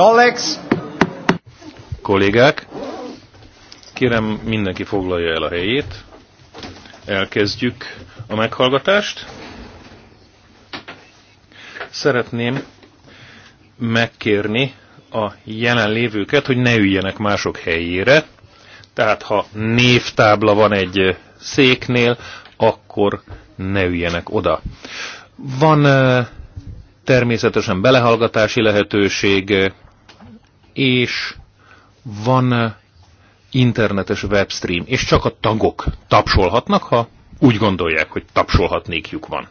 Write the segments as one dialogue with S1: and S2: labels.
S1: Colleagues. Kollégák, kérem mindenki foglalja el a helyét. Elkezdjük a meghallgatást. Szeretném megkérni a jelenlévőket, hogy ne üljenek mások helyére. Tehát ha névtábla van egy széknél, akkor ne üljenek oda. Van természetesen belehallgatási lehetőség, és van eh, internetes webstream, és csak a tagok tapsolhatnak, ha úgy gondolják, hogy tapsolhatnékjuk van.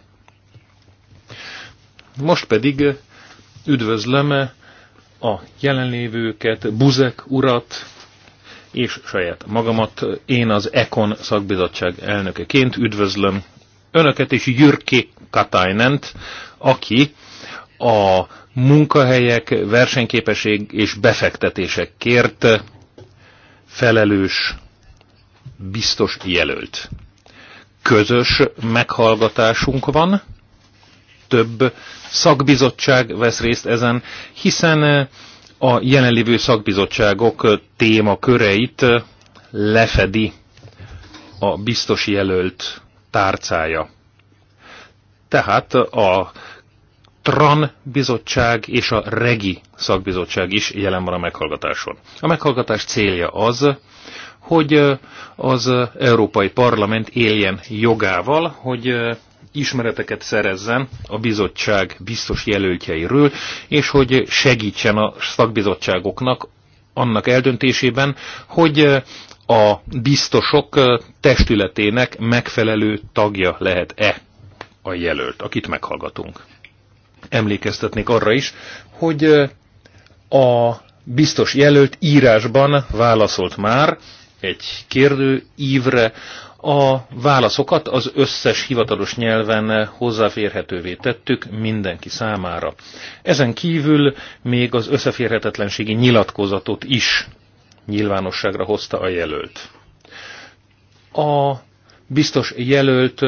S1: Most pedig eh, üdvözlöm eh, a jelenlévőket, Buzek urat, és saját magamat. Én az Ekon szakbizottság elnökeként üdvözlöm Önöket és Jürki Katainent, aki a munkahelyek, versenyképesség és befektetések kért felelős biztos jelölt. Közös meghallgatásunk van, több szakbizottság vesz részt ezen, hiszen eh, a jelenlévő szakbizottságok témaköreit eh, lefedi a biztos jelölt tárcája. Tehát a TRAN bizottság és a REGI szakbizottság is jelen van a meghallgatáson. A meghallgatás célja az, hogy az Európai Parlament éljen jogával, hogy ismereteket szerezzen a bizottság biztos jelöltjeiről, és hogy segítsen a szakbizottságoknak annak eldöntésében, hogy a biztosok testületének megfelelő tagja lehet-e a jelölt, akit meghallgatunk emlékeztetnék arra is, hogy a biztos jelölt írásban válaszolt már egy kérdő ívre, a válaszokat az összes hivatalos nyelven hozzáférhetővé tettük mindenki számára. Ezen kívül még az összeférhetetlenségi nyilatkozatot is nyilvánosságra hozta a jelölt. A biztos jelölt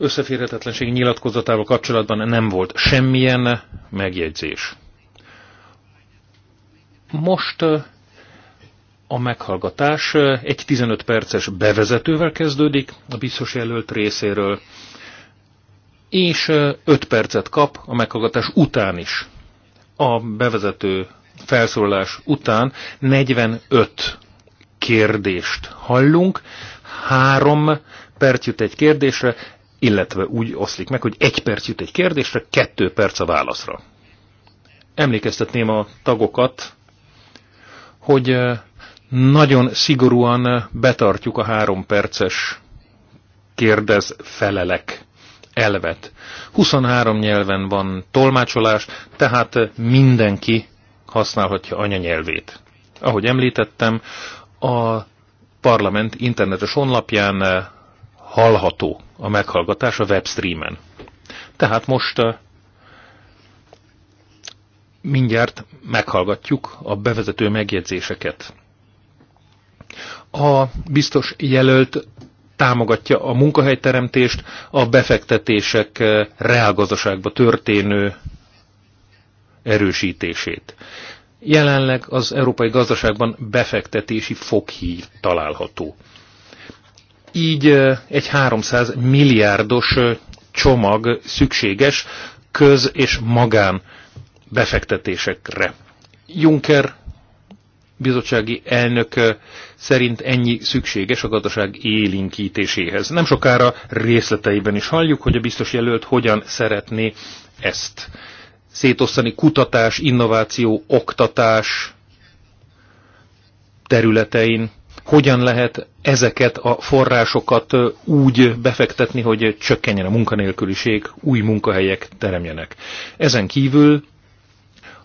S1: összeférhetetlenség nyilatkozatával kapcsolatban nem volt semmilyen megjegyzés. Most a meghallgatás egy 15 perces bevezetővel kezdődik a biztos jelölt részéről, és 5 percet kap a meghallgatás után is. A bevezető felszólás után 45 kérdést hallunk, három perc jut egy kérdésre, illetve úgy oszlik meg, hogy egy perc jut egy kérdésre, kettő perc a válaszra. Emlékeztetném a tagokat, hogy eh, nagyon szigorúan betartjuk a három perces kérdez-felelek elvet. 23 nyelven van tolmácsolás, tehát mindenki használhatja anyanyelvét. Ahogy említettem, a parlament internetes honlapján eh, hallható a meghallgatás a webstreamen. Tehát most mindjárt meghallgatjuk a bevezető megjegyzéseket. A biztos jelölt támogatja a munkahelyteremtést, a befektetések reálgazdaságba történő erősítését. Jelenleg az európai gazdaságban befektetési foghív található. Így egy 300 milliárdos csomag szükséges köz- és magán befektetésekre. Juncker bizottsági elnök szerint ennyi szükséges a gazdaság élinkítéséhez. Nem sokára részleteiben is halljuk, hogy a biztos jelölt hogyan szeretné ezt szétosztani kutatás, innováció, oktatás területein hogyan lehet ezeket a forrásokat úgy befektetni, hogy csökkenjen a munkanélküliség, új munkahelyek teremjenek. Ezen kívül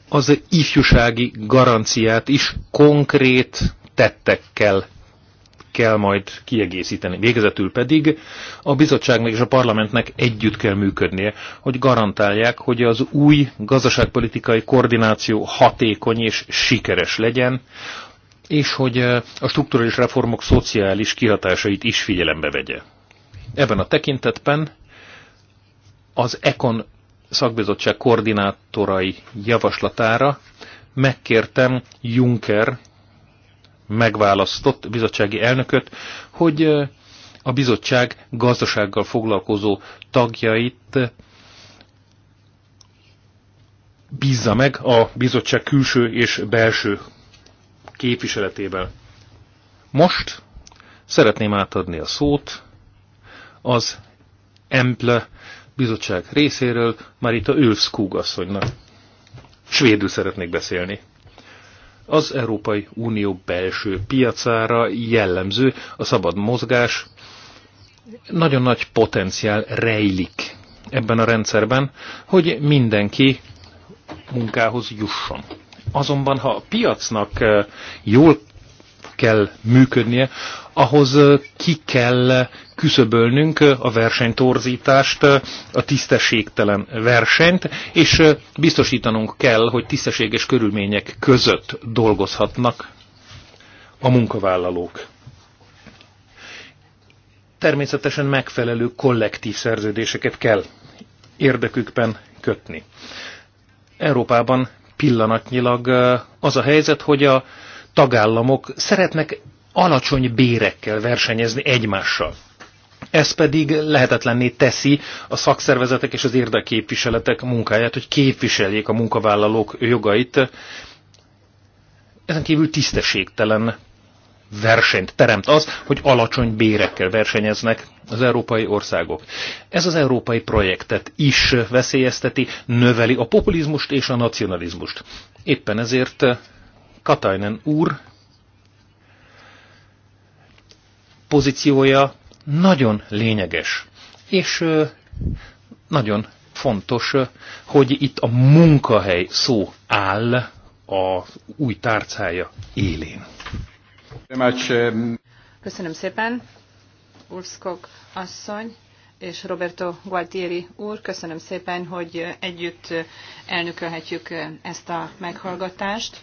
S1: az ifjúsági garanciát is konkrét tettekkel kell majd kiegészíteni. Végezetül pedig a bizottságnak és a parlamentnek együtt kell működnie, hogy garantálják, hogy az új gazdaságpolitikai koordináció hatékony és sikeres legyen, és hogy a strukturális reformok szociális kihatásait is figyelembe vegye. Ebben a tekintetben az Ekon szakbizottság koordinátorai javaslatára megkértem Juncker megválasztott bizottsági elnököt, hogy a bizottság gazdasággal foglalkozó tagjait bízza meg a bizottság külső és belső képviseletével. Most szeretném átadni a szót az Emple bizottság részéről Marita Ölfskúg asszonynak. Svédül szeretnék beszélni. Az Európai Unió belső piacára jellemző a szabad mozgás, nagyon nagy potenciál rejlik ebben a rendszerben, hogy mindenki munkához jusson. Azonban, ha a piacnak jól kell működnie, ahhoz ki kell küszöbölnünk a versenytorzítást, a tisztességtelen versenyt, és biztosítanunk kell, hogy tisztességes körülmények között dolgozhatnak a munkavállalók. Természetesen megfelelő kollektív szerződéseket kell érdekükben kötni. Európában pillanatnyilag az a helyzet, hogy a tagállamok szeretnek alacsony bérekkel versenyezni egymással. Ez pedig lehetetlenné teszi a szakszervezetek és az érdeképviseletek munkáját, hogy képviseljék a munkavállalók jogait. Ezen kívül tisztességtelen versenyt teremt az, hogy alacsony bérekkel versenyeznek az európai országok. Ez az európai projektet is veszélyezteti, növeli a populizmust és a nacionalizmust. Éppen ezért Katajnen úr pozíciója nagyon lényeges, és nagyon fontos, hogy itt a munkahely szó áll a új tárcája élén. Um,
S2: köszönöm szépen, Ulfskog asszony és Roberto Gualtieri úr, köszönöm szépen, hogy együtt elnökölhetjük ezt a meghallgatást.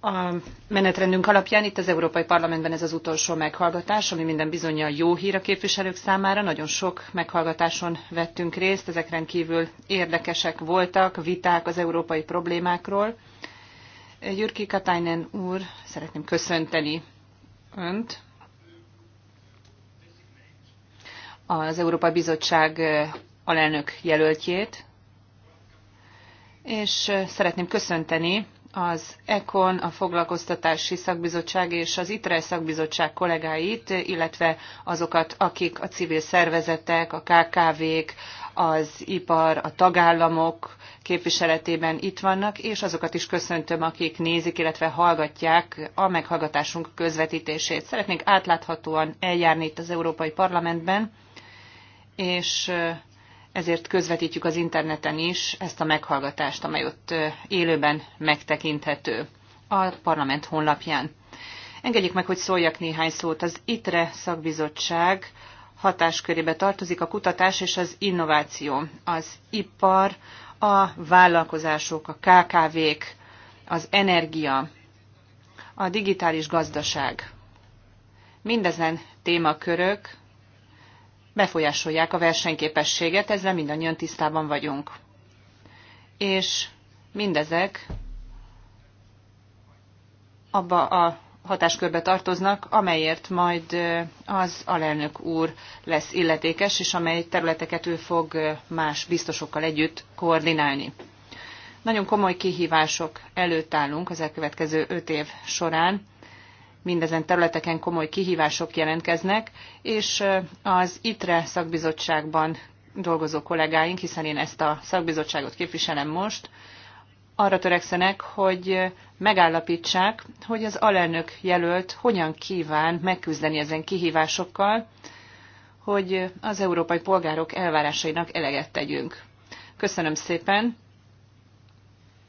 S2: A menetrendünk alapján itt az Európai Parlamentben ez az utolsó meghallgatás, ami minden bizonyja jó hír a képviselők számára. Nagyon sok meghallgatáson vettünk részt, ezek rendkívül érdekesek voltak, viták az európai problémákról. Gyürki Katainen úr, szeretném köszönteni Önt. Az Európai Bizottság alelnök jelöltjét, és szeretném köszönteni az ECON, a Foglalkoztatási Szakbizottság és az ITRE Szakbizottság kollégáit, illetve azokat, akik a civil szervezetek, a KKV-k, az ipar, a tagállamok, képviseletében itt vannak, és azokat is köszöntöm, akik nézik, illetve hallgatják a meghallgatásunk közvetítését. Szeretnénk átláthatóan eljárni itt az Európai Parlamentben, és eh, ezért közvetítjük az interneten is ezt a meghallgatást, amely ott eh, élőben megtekinthető a parlament honlapján. Engedjék meg, hogy szóljak néhány szót. Az ITRE szakbizottság hatáskörébe tartozik a kutatás és az innováció, az ipar, a vállalkozások, a KKV-k, az energia, a digitális gazdaság. Mindezen témakörök befolyásolják a versenyképességet, ezzel mindannyian tisztában vagyunk. És mindezek abba a hatáskörbe tartoznak, amelyért majd az alelnök úr lesz illetékes, és amely területeket ő fog más biztosokkal együtt koordinálni. Nagyon komoly kihívások előtt állunk az elkövetkező öt év során. Mindezen területeken komoly kihívások jelentkeznek, és az ITRE szakbizottságban dolgozó kollégáink, hiszen én ezt a szakbizottságot képviselem most, arra törekszenek, hogy megállapítsák, hogy az alelnök jelölt hogyan kíván megküzdeni ezen kihívásokkal, hogy az európai polgárok elvárásainak eleget tegyünk. Köszönöm szépen,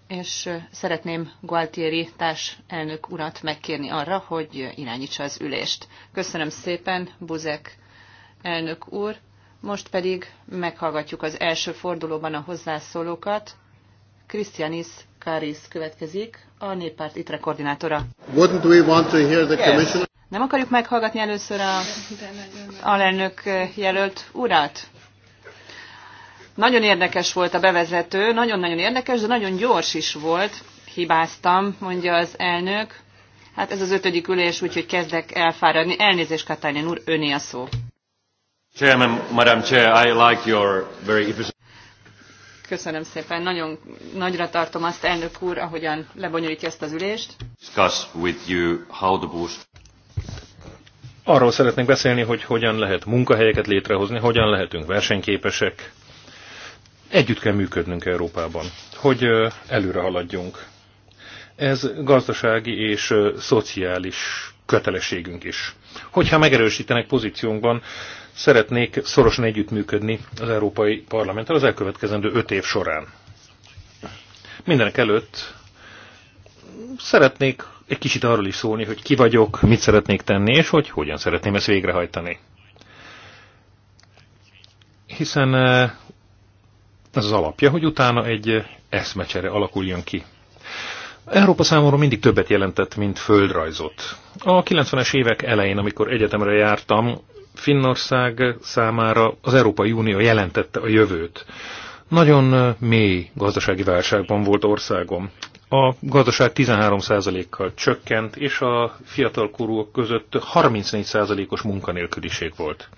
S2: és szeretném Gualtieri társ elnök urat megkérni arra, hogy irányítsa az ülést. Köszönöm szépen, Buzek elnök úr. Most pedig meghallgatjuk az első fordulóban a hozzászólókat. Krisztianis Karis következik, a néppárt ITRE koordinátora. Wouldn't we want to hear the Nem akarjuk meghallgatni először a alelnök jelölt urát? Nagyon érdekes volt a bevezető, nagyon-nagyon érdekes, de nagyon gyors is volt. Hibáztam, mondja az elnök. Hát ez az ötödik ülés, úgyhogy kezdek elfáradni. Elnézést, Katalin úr, öné a szó.
S3: Chairman, Madam Chair, I like your very efficient...
S2: Köszönöm szépen, nagyon nagyra tartom azt, elnök úr, ahogyan lebonyolítja ezt az ülést.
S1: Arról szeretnék beszélni, hogy hogyan lehet munkahelyeket létrehozni, hogyan lehetünk versenyképesek. Együtt kell működnünk Európában, hogy előre haladjunk. Ez gazdasági és szociális kötelességünk is. Hogyha megerősítenek pozíciónkban, szeretnék szorosan együttműködni az Európai Parlamenttel az elkövetkezendő öt év során. Mindenek előtt szeretnék egy kicsit arról is szólni, hogy ki vagyok, mit szeretnék tenni, és hogy hogyan szeretném ezt végrehajtani. Hiszen eh, ez az alapja, hogy utána egy eszmecsere alakuljon ki Európa számomra mindig többet jelentett, mint földrajzot. A 90-es évek elején, amikor egyetemre jártam, Finnország számára az Európai Unió jelentette a jövőt. Nagyon mély gazdasági válságban volt országom. A gazdaság 13%-kal csökkent, és a fiatalkorúak között 34%-os munkanélküliség volt.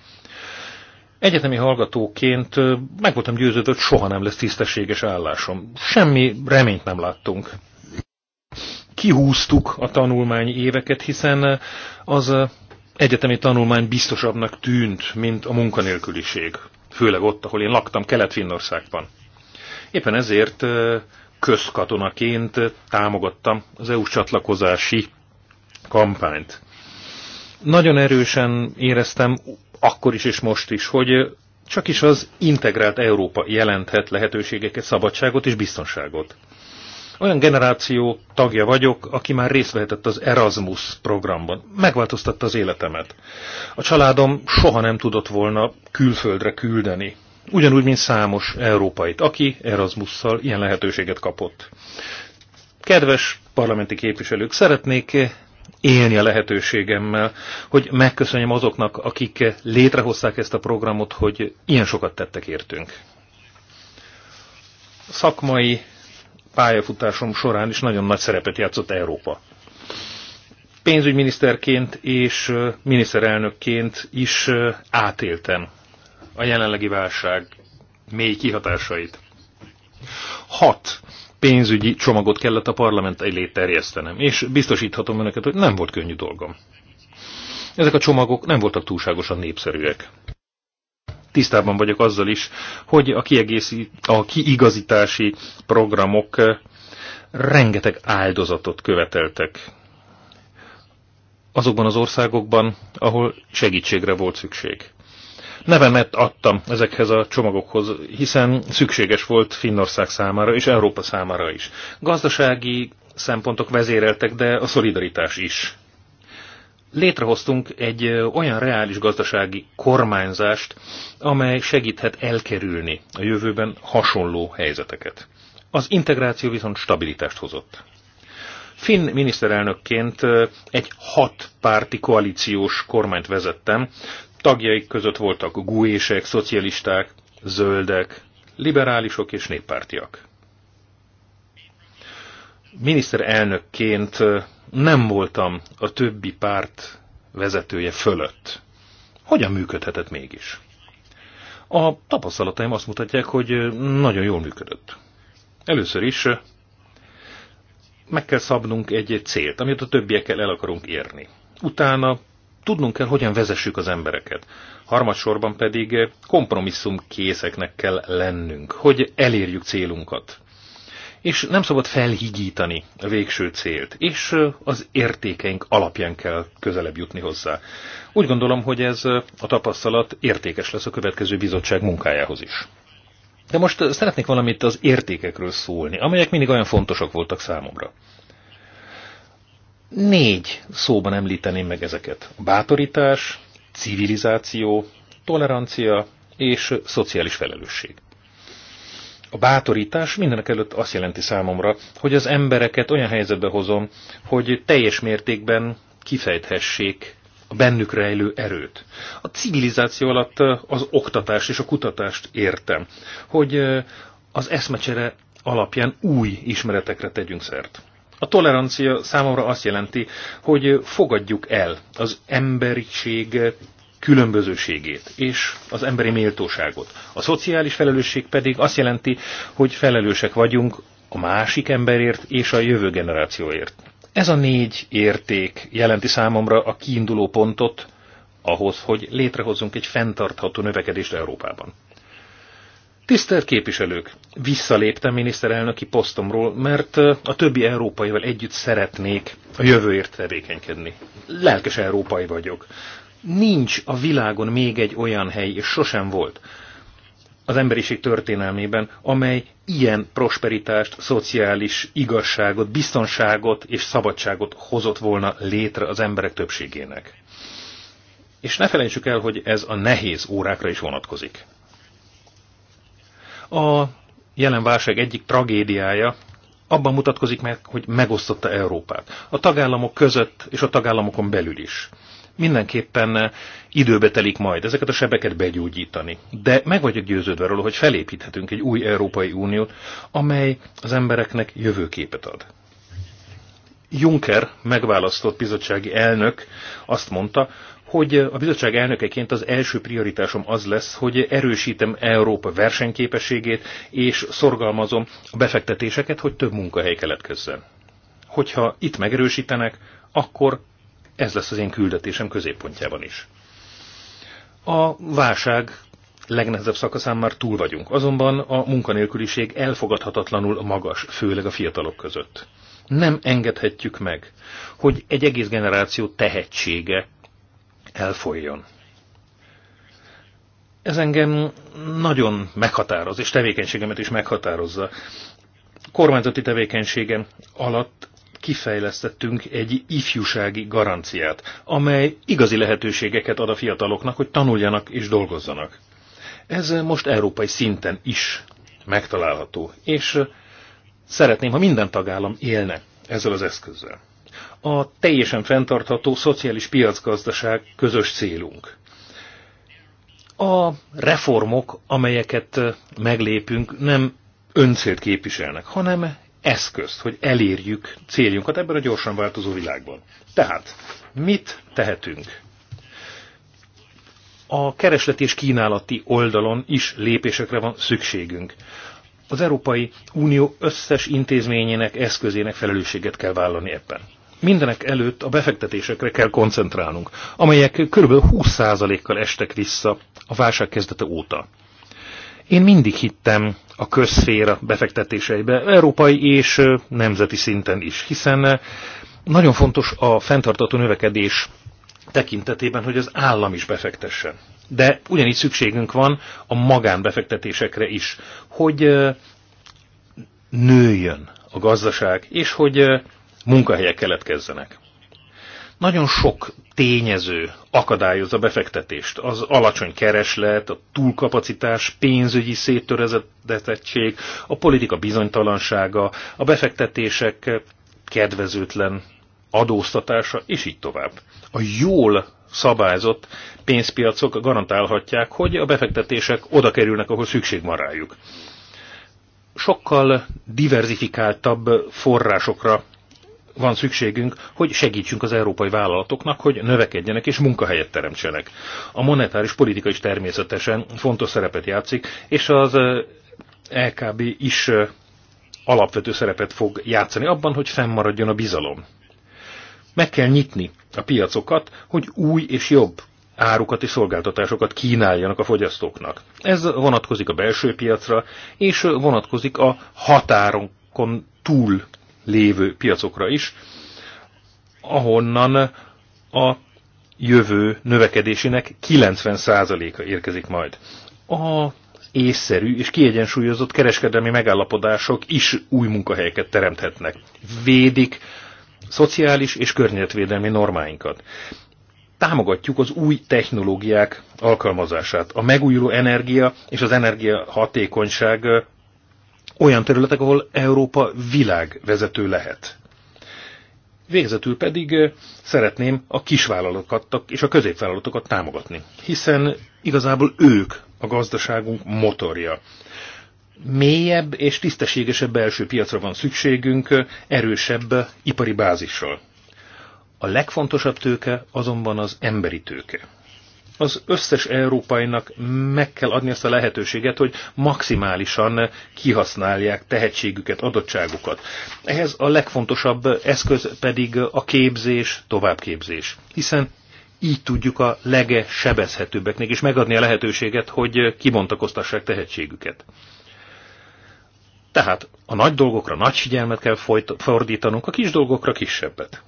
S1: Egyetemi hallgatóként meg voltam győződött, hogy soha nem lesz tisztességes állásom. Semmi reményt nem láttunk kihúztuk a tanulmány éveket, hiszen eh, az eh, egyetemi tanulmány biztosabbnak tűnt, mint a munkanélküliség. Főleg ott, ahol én laktam, Kelet-Finnországban. Éppen ezért eh, közkatonaként támogattam az EU csatlakozási kampányt. Nagyon erősen éreztem akkor is és most is, hogy csak is az integrált Európa jelenthet lehetőségeket, szabadságot és biztonságot olyan generáció tagja vagyok, aki már részt vehetett az Erasmus programban. Megváltoztatta az életemet. A családom soha nem tudott volna külföldre küldeni. Ugyanúgy, mint számos európait, aki Erasmusszal ilyen lehetőséget kapott. Kedves parlamenti képviselők, szeretnék élni a lehetőségemmel, hogy megköszönjem azoknak, akik létrehozták ezt a programot, hogy ilyen sokat tettek értünk. szakmai pályafutásom során is nagyon nagy szerepet játszott Európa. Pénzügyminiszterként és miniszterelnökként is átéltem a jelenlegi válság mély kihatásait. Hat pénzügyi csomagot kellett a parlament elé terjesztenem, és biztosíthatom önöket, hogy nem volt könnyű dolgom. Ezek a csomagok nem voltak túlságosan népszerűek tisztában vagyok azzal is, hogy a, kiegészi, a kiigazítási programok eh, rengeteg áldozatot követeltek azokban az országokban, ahol segítségre volt szükség. Nevemet adtam ezekhez a csomagokhoz, hiszen szükséges volt Finnország számára és Európa számára is. Gazdasági szempontok vezéreltek, de a szolidaritás is létrehoztunk egy olyan reális gazdasági kormányzást, amely segíthet elkerülni a jövőben hasonló helyzeteket. Az integráció viszont stabilitást hozott. Finn miniszterelnökként egy hat párti koalíciós kormányt vezettem, tagjaik között voltak guések, szocialisták, zöldek, liberálisok és néppártiak. Miniszterelnökként nem voltam a többi párt vezetője fölött. Hogyan működhetett mégis? A tapasztalataim azt mutatják, hogy nagyon jól működött. Először is meg kell szabnunk egy célt, amit a többiekkel el akarunk érni. Utána tudnunk kell, hogyan vezessük az embereket. Harmadsorban pedig kompromisszum készeknek kell lennünk, hogy elérjük célunkat és nem szabad felhigítani a végső célt, és az értékeink alapján kell közelebb jutni hozzá. Úgy gondolom, hogy ez a tapasztalat értékes lesz a következő bizottság munkájához is. De most szeretnék valamit az értékekről szólni, amelyek mindig olyan fontosak voltak számomra. Négy szóban említeném meg ezeket. Bátorítás, civilizáció, tolerancia és szociális felelősség. A bátorítás mindenek előtt azt jelenti számomra, hogy az embereket olyan helyzetbe hozom, hogy teljes mértékben kifejthessék a bennük rejlő erőt. A civilizáció alatt az oktatást és a kutatást értem, hogy az eszmecsere alapján új ismeretekre tegyünk szert. A tolerancia számomra azt jelenti, hogy fogadjuk el az emberiség különbözőségét és az emberi méltóságot. A szociális felelősség pedig azt jelenti, hogy felelősek vagyunk a másik emberért és a jövő generációért. Ez a négy érték jelenti számomra a kiinduló pontot ahhoz, hogy létrehozzunk egy fenntartható növekedést Európában. Tisztelt képviselők, visszaléptem miniszterelnöki posztomról, mert uh, a többi európaival együtt szeretnék a jövőért tevékenykedni. Lelkes európai vagyok. Nincs a világon még egy olyan hely, és sosem volt az emberiség történelmében, amely ilyen prosperitást, szociális igazságot, biztonságot és szabadságot hozott volna létre az emberek többségének. És ne felejtsük el, hogy ez a nehéz órákra is vonatkozik. A jelen válság egyik tragédiája abban mutatkozik meg, hogy megosztotta Európát. A tagállamok között és a tagállamokon belül is mindenképpen eh, időbe telik majd ezeket a sebeket begyógyítani. De meg vagyok győződve róla, hogy felépíthetünk egy új Európai Uniót, amely az embereknek jövőképet ad. Juncker, megválasztott bizottsági elnök azt mondta, hogy eh, a bizottság elnökeként az első prioritásom az lesz, hogy erősítem Európa versenyképességét, és szorgalmazom a befektetéseket, hogy több munkahely keletkezzen. Hogyha itt megerősítenek, akkor ez lesz az én küldetésem középpontjában is. A válság legnehezebb szakaszán már túl vagyunk, azonban a munkanélküliség elfogadhatatlanul magas, főleg a fiatalok között. Nem engedhetjük meg, hogy egy egész generáció tehetsége elfolyjon. Ez engem nagyon meghatároz, és tevékenységemet is meghatározza. Kormányzati tevékenységem alatt kifejlesztettünk egy ifjúsági garanciát, amely igazi lehetőségeket ad a fiataloknak, hogy tanuljanak és dolgozzanak. Ez most európai szinten is megtalálható, és szeretném, ha minden tagállam élne ezzel az eszközzel. A teljesen fenntartható szociális piacgazdaság közös célunk. A reformok, amelyeket meglépünk, nem öncélt képviselnek, hanem eszközt, hogy elérjük céljunkat ebben a gyorsan változó világban. Tehát, mit tehetünk? A kereslet és kínálati oldalon is lépésekre van szükségünk. Az Európai Unió összes intézményének, eszközének felelősséget kell vállalni ebben. Mindenek előtt a befektetésekre kell koncentrálnunk, amelyek kb. 20%-kal estek vissza a válság kezdete óta. Én mindig hittem a közszféra befektetéseibe, európai és nemzeti szinten is, hiszen nagyon fontos a fenntartató növekedés tekintetében, hogy az állam is befektessen. De ugyanígy szükségünk van a magánbefektetésekre is, hogy nőjön a gazdaság, és hogy munkahelyek keletkezzenek. Nagyon sok tényező akadályozza befektetést. Az alacsony kereslet, a túlkapacitás, pénzügyi széttörezettség, a politika bizonytalansága, a befektetések kedvezőtlen adóztatása, és így tovább. A jól szabályzott pénzpiacok garantálhatják, hogy a befektetések oda kerülnek, ahol szükség van rájuk. Sokkal diverzifikáltabb forrásokra van szükségünk, hogy segítsünk az európai vállalatoknak, hogy növekedjenek és munkahelyet teremtsenek. A monetáris politika is természetesen fontos szerepet játszik, és az eh, LKB is eh, alapvető szerepet fog játszani abban, hogy fennmaradjon a bizalom. Meg kell nyitni a piacokat, hogy új és jobb árukat és szolgáltatásokat kínáljanak a fogyasztóknak. Ez vonatkozik a belső piacra, és vonatkozik a határon túl lévő piacokra is, ahonnan a jövő növekedésének 90%-a érkezik majd. A észszerű és kiegyensúlyozott kereskedelmi megállapodások is új munkahelyeket teremthetnek. Védik szociális és környezetvédelmi normáinkat. Támogatjuk az új technológiák alkalmazását. A megújuló energia és az energiahatékonyság olyan területek, ahol Európa világvezető lehet. Végzetül pedig szeretném a kisvállalatokat és a középvállalatokat támogatni, hiszen igazából ők a gazdaságunk motorja. Mélyebb és tisztességesebb belső piacra van szükségünk, erősebb ipari bázissal. A legfontosabb tőke azonban az emberi tőke az összes európainak meg kell adni azt a lehetőséget, hogy maximálisan kihasználják tehetségüket, adottságukat. Ehhez a legfontosabb eszköz pedig a képzés, továbbképzés. Hiszen így tudjuk a legesebezhetőbbeknek is megadni a lehetőséget, hogy kibontakoztassák tehetségüket. Tehát a nagy dolgokra nagy figyelmet kell fordítanunk, a kis dolgokra kisebbet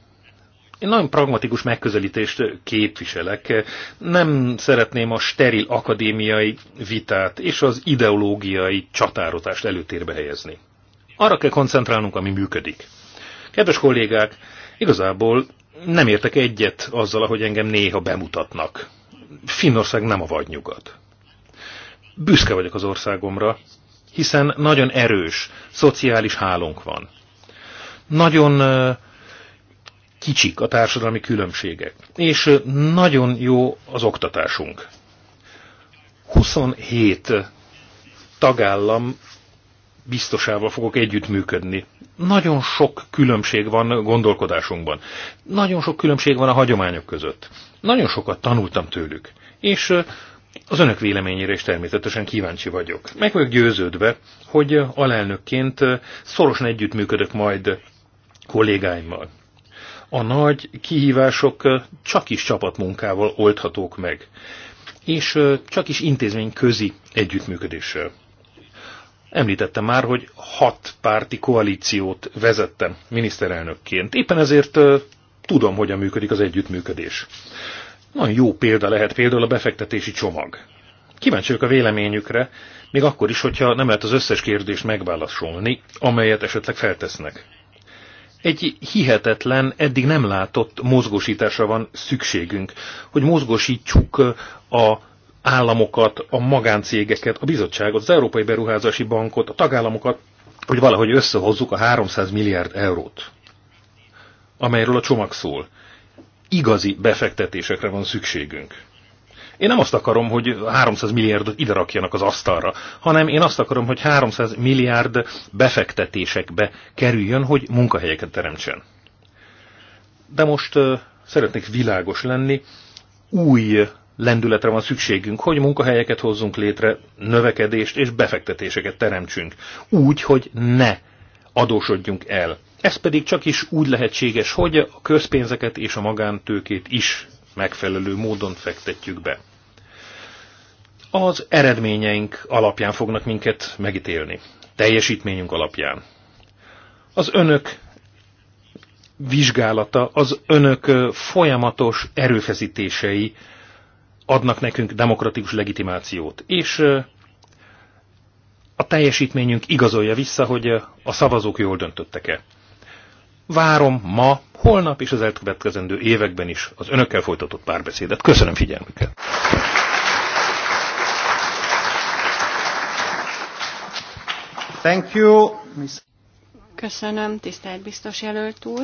S1: én nagyon pragmatikus megközelítést képviselek. Nem szeretném a steril akadémiai vitát és az ideológiai csatározást előtérbe helyezni. Arra kell koncentrálnunk, ami működik. Kedves kollégák, igazából nem értek egyet azzal, ahogy engem néha bemutatnak. Finnország nem a vadnyugat. Büszke vagyok az országomra, hiszen nagyon erős, szociális hálónk van. Nagyon kicsik a társadalmi különbségek, és nagyon jó az oktatásunk. 27 tagállam biztosával fogok együttműködni. Nagyon sok különbség van gondolkodásunkban. Nagyon sok különbség van a hagyományok között. Nagyon sokat tanultam tőlük. És az önök véleményére is természetesen kíváncsi vagyok. Meg vagyok győződve, hogy alelnökként szorosan együttműködök majd kollégáimmal a nagy kihívások csak is csapatmunkával oldhatók meg, és csak is közi együttműködéssel. Említettem már, hogy hat párti koalíciót vezettem miniszterelnökként. Éppen ezért tudom, hogyan működik az együttműködés. Nagyon jó példa lehet például a befektetési csomag. Kíváncsi vagyok a véleményükre, még akkor is, hogyha nem lehet az összes kérdést megválaszolni, amelyet esetleg feltesznek egy hihetetlen, eddig nem látott mozgósításra van szükségünk, hogy mozgósítsuk a államokat, a magáncégeket, a bizottságot, az Európai Beruházási Bankot, a tagállamokat, hogy valahogy összehozzuk a 300 milliárd eurót, amelyről a csomag szól. Igazi befektetésekre van szükségünk. Én nem azt akarom, hogy 300 milliárdot ide rakjanak az asztalra, hanem én azt akarom, hogy 300 milliárd befektetésekbe kerüljön, hogy munkahelyeket teremtsen. De most uh, szeretnék világos lenni, új lendületre van szükségünk, hogy munkahelyeket hozzunk létre, növekedést és befektetéseket teremtsünk. Úgy, hogy ne adósodjunk el. Ez pedig csak is úgy lehetséges, hogy a közpénzeket és a magántőkét is megfelelő módon fektetjük be. Az eredményeink alapján fognak minket megítélni, teljesítményünk alapján. Az önök vizsgálata, az önök folyamatos erőfeszítései adnak nekünk demokratikus legitimációt, és a teljesítményünk igazolja vissza, hogy a szavazók jól döntöttek-e várom ma, holnap és az elkövetkezendő években is az önökkel folytatott párbeszédet. Köszönöm figyelmüket! Thank you.
S4: Köszönöm, tisztelt biztos jelölt úr.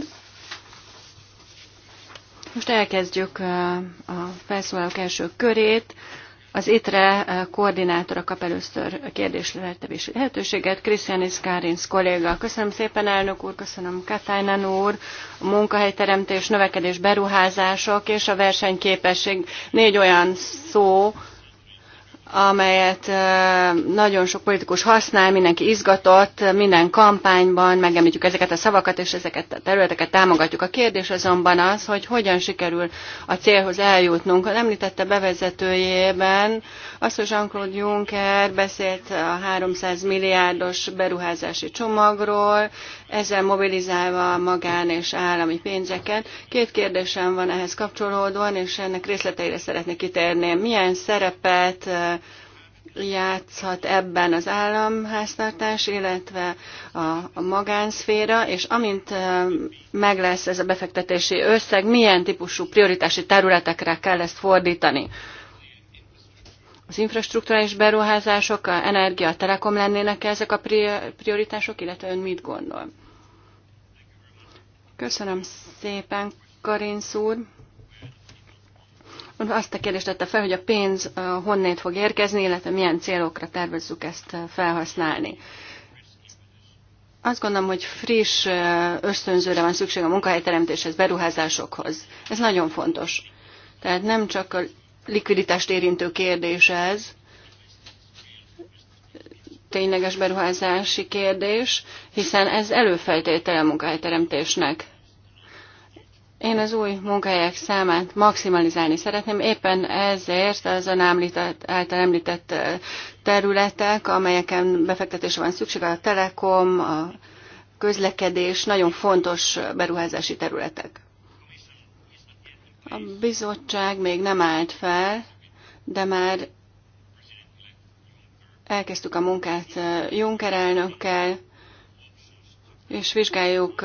S4: Most elkezdjük uh, a felszólalók első körét. Az ITRE eh, koordinátora kap először kérdésre tevési lehetőséget. Krisztianis Kárinsz kolléga. Köszönöm szépen, elnök úr, köszönöm Katájnán úr. A munkahelyteremtés, növekedés, beruházások és a versenyképesség négy olyan szó, amelyet nagyon sok politikus használ, mindenki izgatott, minden kampányban megemlítjük ezeket a szavakat, és ezeket a területeket támogatjuk. A kérdés azonban az, hogy hogyan sikerül a célhoz eljutnunk. Említette bevezetőjében azt, hogy Jean-Claude Juncker beszélt a 300 milliárdos beruházási csomagról, ezzel mobilizálva magán és állami pénzeket. Két kérdésem van ehhez kapcsolódóan, és ennek részleteire szeretnék kitérni. Milyen szerepet játszhat ebben az államháztartás, illetve a, a magánszféra, és amint meg lesz ez a befektetési összeg, milyen típusú prioritási területekre kell ezt fordítani? Az infrastruktúrális beruházások, a energia, a telekom lennének -e ezek a prioritások, illetve ön mit gondol? Köszönöm szépen, Karin úr. Azt a kérdést tette fel, hogy a pénz honnét fog érkezni, illetve milyen célokra tervezzük ezt felhasználni. Azt gondolom, hogy friss ösztönzőre van szükség a munkahelyteremtéshez, beruházásokhoz. Ez nagyon fontos. Tehát nem csak a likviditást érintő kérdés ez, tényleges beruházási kérdés, hiszen ez előfeltétele a munkahelyteremtésnek. Én az új munkahelyek számát maximalizálni szeretném, éppen ezért az ön említett, által említett területek, amelyeken befektetésre van szükség, a telekom, a közlekedés, nagyon fontos beruházási területek. A bizottság még nem állt fel, de már elkezdtük a munkát Juncker elnökkel, és vizsgáljuk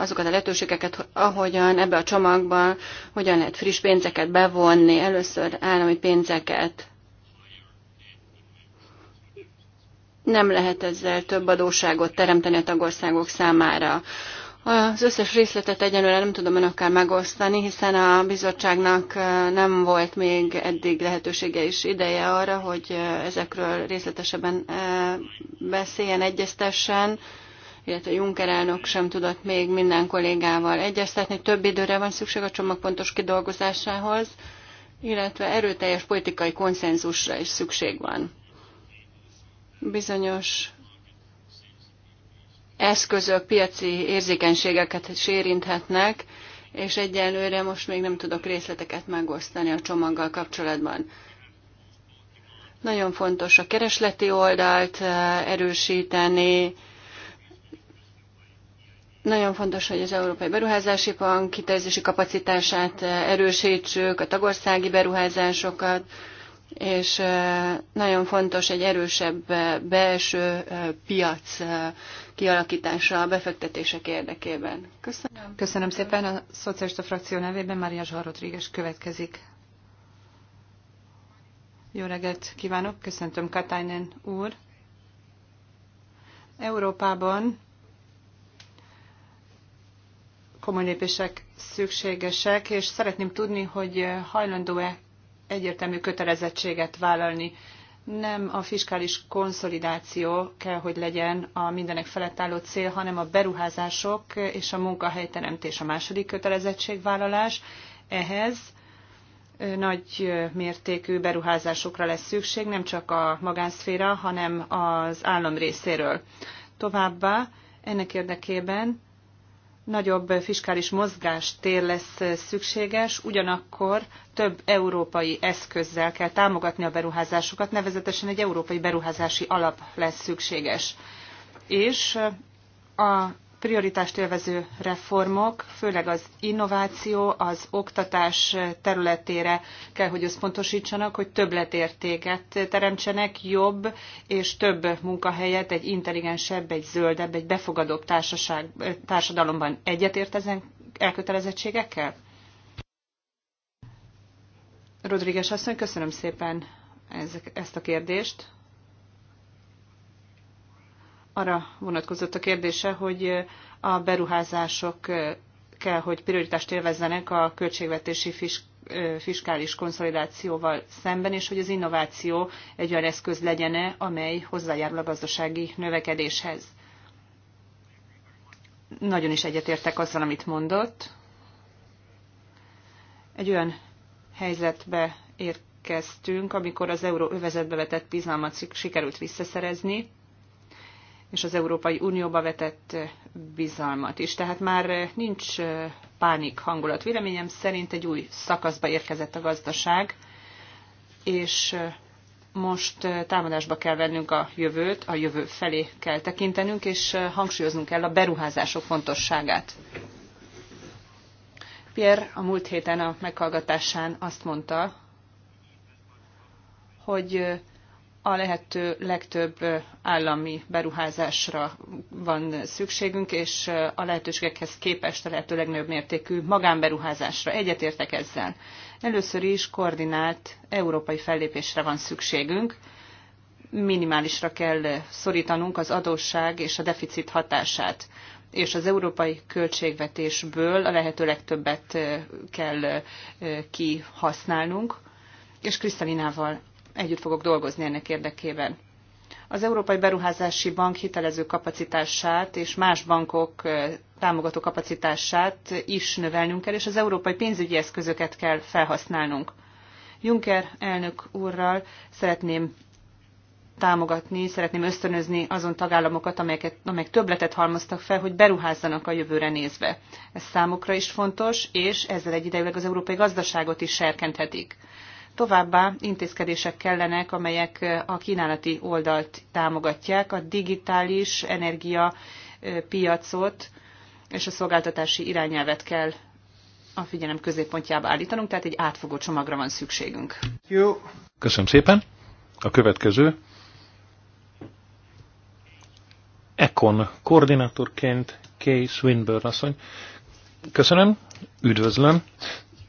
S4: azokat a lehetőségeket, ahogyan ebbe a csomagban hogyan lehet friss pénzeket bevonni, először állami pénzeket. Nem lehet ezzel több adósságot teremteni a tagországok számára. Az összes részletet egyenlőre nem tudom önökkel megosztani, hiszen a bizottságnak nem volt még eddig lehetősége és ideje arra, hogy ezekről részletesebben beszéljen, egyeztessen illetve Juncker elnök sem tudott még minden kollégával egyeztetni. Több időre van szükség a csomag pontos kidolgozásához, illetve erőteljes politikai konszenzusra is szükség van. Bizonyos eszközök piaci érzékenységeket is érinthetnek, és egyelőre most még nem tudok részleteket megosztani a csomaggal kapcsolatban. Nagyon fontos a keresleti oldalt eh, erősíteni, nagyon fontos, hogy az Európai Beruházási Bank kitelezési kapacitását eh, erősítsük, a tagországi beruházásokat, és eh, nagyon fontos egy erősebb eh, belső piac kialakítása a befektetések érdekében.
S2: Köszönöm. Köszönöm szépen. A szocialista frakció nevében Mária Zsar Rodríguez következik. Jó reggelt kívánok, köszöntöm Katainen úr. Európában komoly lépések szükségesek, és szeretném tudni, hogy hajlandó-e egyértelmű kötelezettséget vállalni. Nem a fiskális konszolidáció kell, hogy legyen a mindenek felett álló cél, hanem a beruházások és a munkahelyteremtés a második kötelezettségvállalás. Ehhez nagy mértékű beruházásokra lesz szükség, nem csak a magánszféra, hanem az állam részéről. Továbbá ennek érdekében nagyobb fiskális mozgástér lesz szükséges, ugyanakkor több európai eszközzel kell támogatni a beruházásokat, nevezetesen egy európai beruházási alap lesz szükséges. És a prioritást élvező reformok, főleg az innováció, az oktatás területére kell, hogy összpontosítsanak, hogy többletértéket teremtsenek, jobb és több munkahelyet egy intelligensebb, egy zöldebb, egy befogadóbb társaság, társadalomban egyetért ezen elkötelezettségekkel? Rodríguez asszony, köszönöm szépen ezt a kérdést arra vonatkozott a kérdése, hogy a beruházások kell, hogy prioritást élvezzenek a költségvetési fisk fiskális konszolidációval szemben, és hogy az innováció egy olyan eszköz legyen, amely hozzájárul a gazdasági növekedéshez. Nagyon is egyetértek azzal, amit mondott. Egy olyan helyzetbe érkeztünk, amikor az euróövezetbe vetett bizalmat sikerült visszaszerezni, és az Európai Unióba vetett bizalmat is. Tehát már nincs pánik hangulat. Véleményem szerint egy új szakaszba érkezett a gazdaság, és most támadásba kell vennünk a jövőt, a jövő felé kell tekintenünk, és hangsúlyoznunk kell a beruházások fontosságát. Pierre a múlt héten a meghallgatásán azt mondta, hogy a lehető legtöbb állami beruházásra van szükségünk, és a lehetőségekhez képest a lehető legnagyobb mértékű magánberuházásra. Egyetértek ezzel. Először is koordinált európai fellépésre van szükségünk. Minimálisra kell szorítanunk az adósság és a deficit hatását és az európai költségvetésből a lehető legtöbbet kell kihasználnunk, és Krisztalinával együtt fogok dolgozni ennek érdekében. Az Európai Beruházási Bank hitelező kapacitását és más bankok támogató kapacitását is növelnünk kell, és az európai pénzügyi eszközöket kell felhasználnunk. Juncker elnök úrral szeretném támogatni, szeretném ösztönözni azon tagállamokat, amelyeket, amelyek többletet halmoztak fel, hogy beruházzanak a jövőre nézve. Ez számukra is fontos, és ezzel egyidejűleg az európai gazdaságot is serkenthetik. Továbbá intézkedések kellenek, amelyek a kínálati oldalt támogatják, a digitális energia piacot és a szolgáltatási irányelvet kell a figyelem középpontjába állítanunk, tehát egy átfogó csomagra van szükségünk. Jó.
S1: Köszönöm szépen. A következő. Econ koordinátorként Kay Swinburne asszony. Köszönöm, üdvözlöm.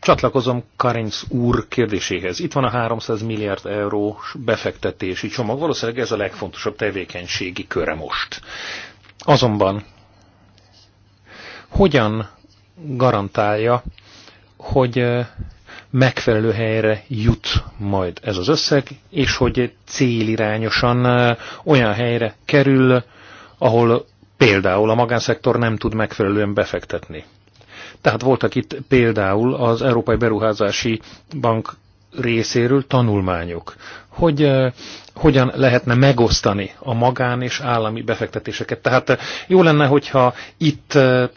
S1: Csatlakozom Karinc úr kérdéséhez. Itt van a 300 milliárd eurós befektetési csomag. Valószínűleg ez a legfontosabb tevékenységi köre most. Azonban hogyan garantálja, hogy megfelelő helyre jut majd ez az összeg, és hogy célirányosan olyan helyre kerül, ahol például a magánszektor nem tud megfelelően befektetni. Tehát voltak itt például az Európai Beruházási Bank részéről tanulmányok, hogy eh, hogyan lehetne megosztani a magán és állami befektetéseket. Tehát eh, jó lenne, hogyha itt eh,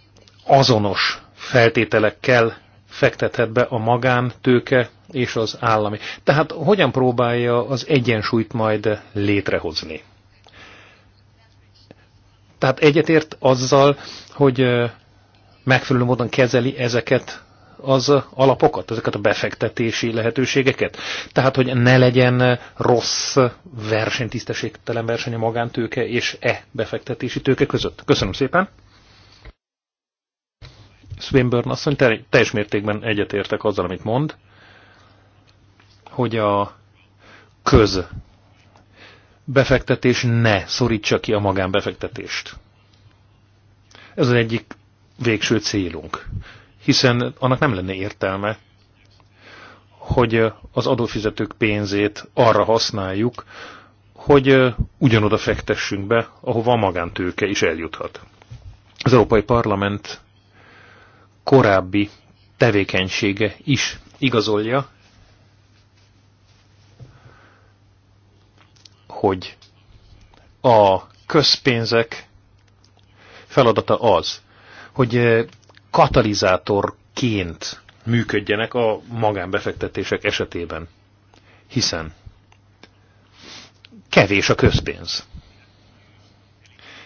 S1: azonos feltételekkel fektethet be a magántőke és az állami. Tehát hogyan próbálja az egyensúlyt majd létrehozni? Tehát egyetért azzal, hogy megfelelő módon kezeli ezeket az alapokat, ezeket a befektetési lehetőségeket? Tehát, hogy ne legyen rossz verseny, tisztességtelen verseny a magántőke és e befektetési tőke között. Köszönöm szépen! Swinburne mondja, teljes mértékben egyetértek azzal, amit mond, hogy a köz befektetés ne szorítsa ki a magánbefektetést. Ez az egyik végső célunk. Hiszen annak nem lenne értelme, hogy az adófizetők pénzét arra használjuk, hogy ugyanoda fektessünk be, ahova a magántőke is eljuthat. Az Európai Parlament korábbi tevékenysége is igazolja, hogy a közpénzek feladata az, hogy eh, katalizátorként működjenek a magánbefektetések esetében. Hiszen kevés a közpénz.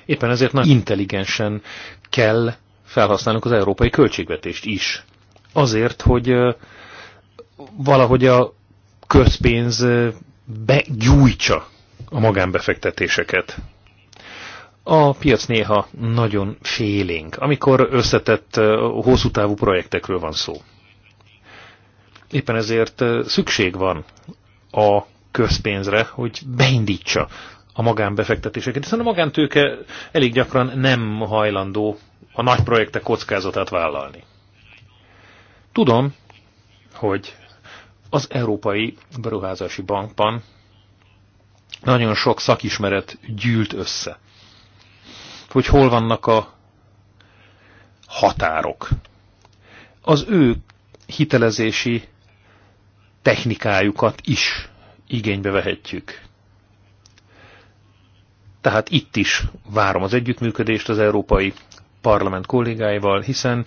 S1: Éppen ezért nagyon intelligensen kell felhasználnunk az európai költségvetést is. Azért, hogy eh, valahogy a közpénz eh, begyújtsa a magánbefektetéseket. A piac néha nagyon félénk, amikor összetett hosszú távú projektekről van szó. Éppen ezért szükség van a közpénzre, hogy beindítsa a magánbefektetéseket, hiszen a magántőke elég gyakran nem hajlandó a nagy projektek kockázatát vállalni. Tudom, hogy az Európai Beruházási Bankban nagyon sok szakismeret gyűlt össze hogy hol vannak a határok. Az ő hitelezési technikájukat is igénybe vehetjük. Tehát itt is várom az együttműködést az Európai Parlament kollégáival, hiszen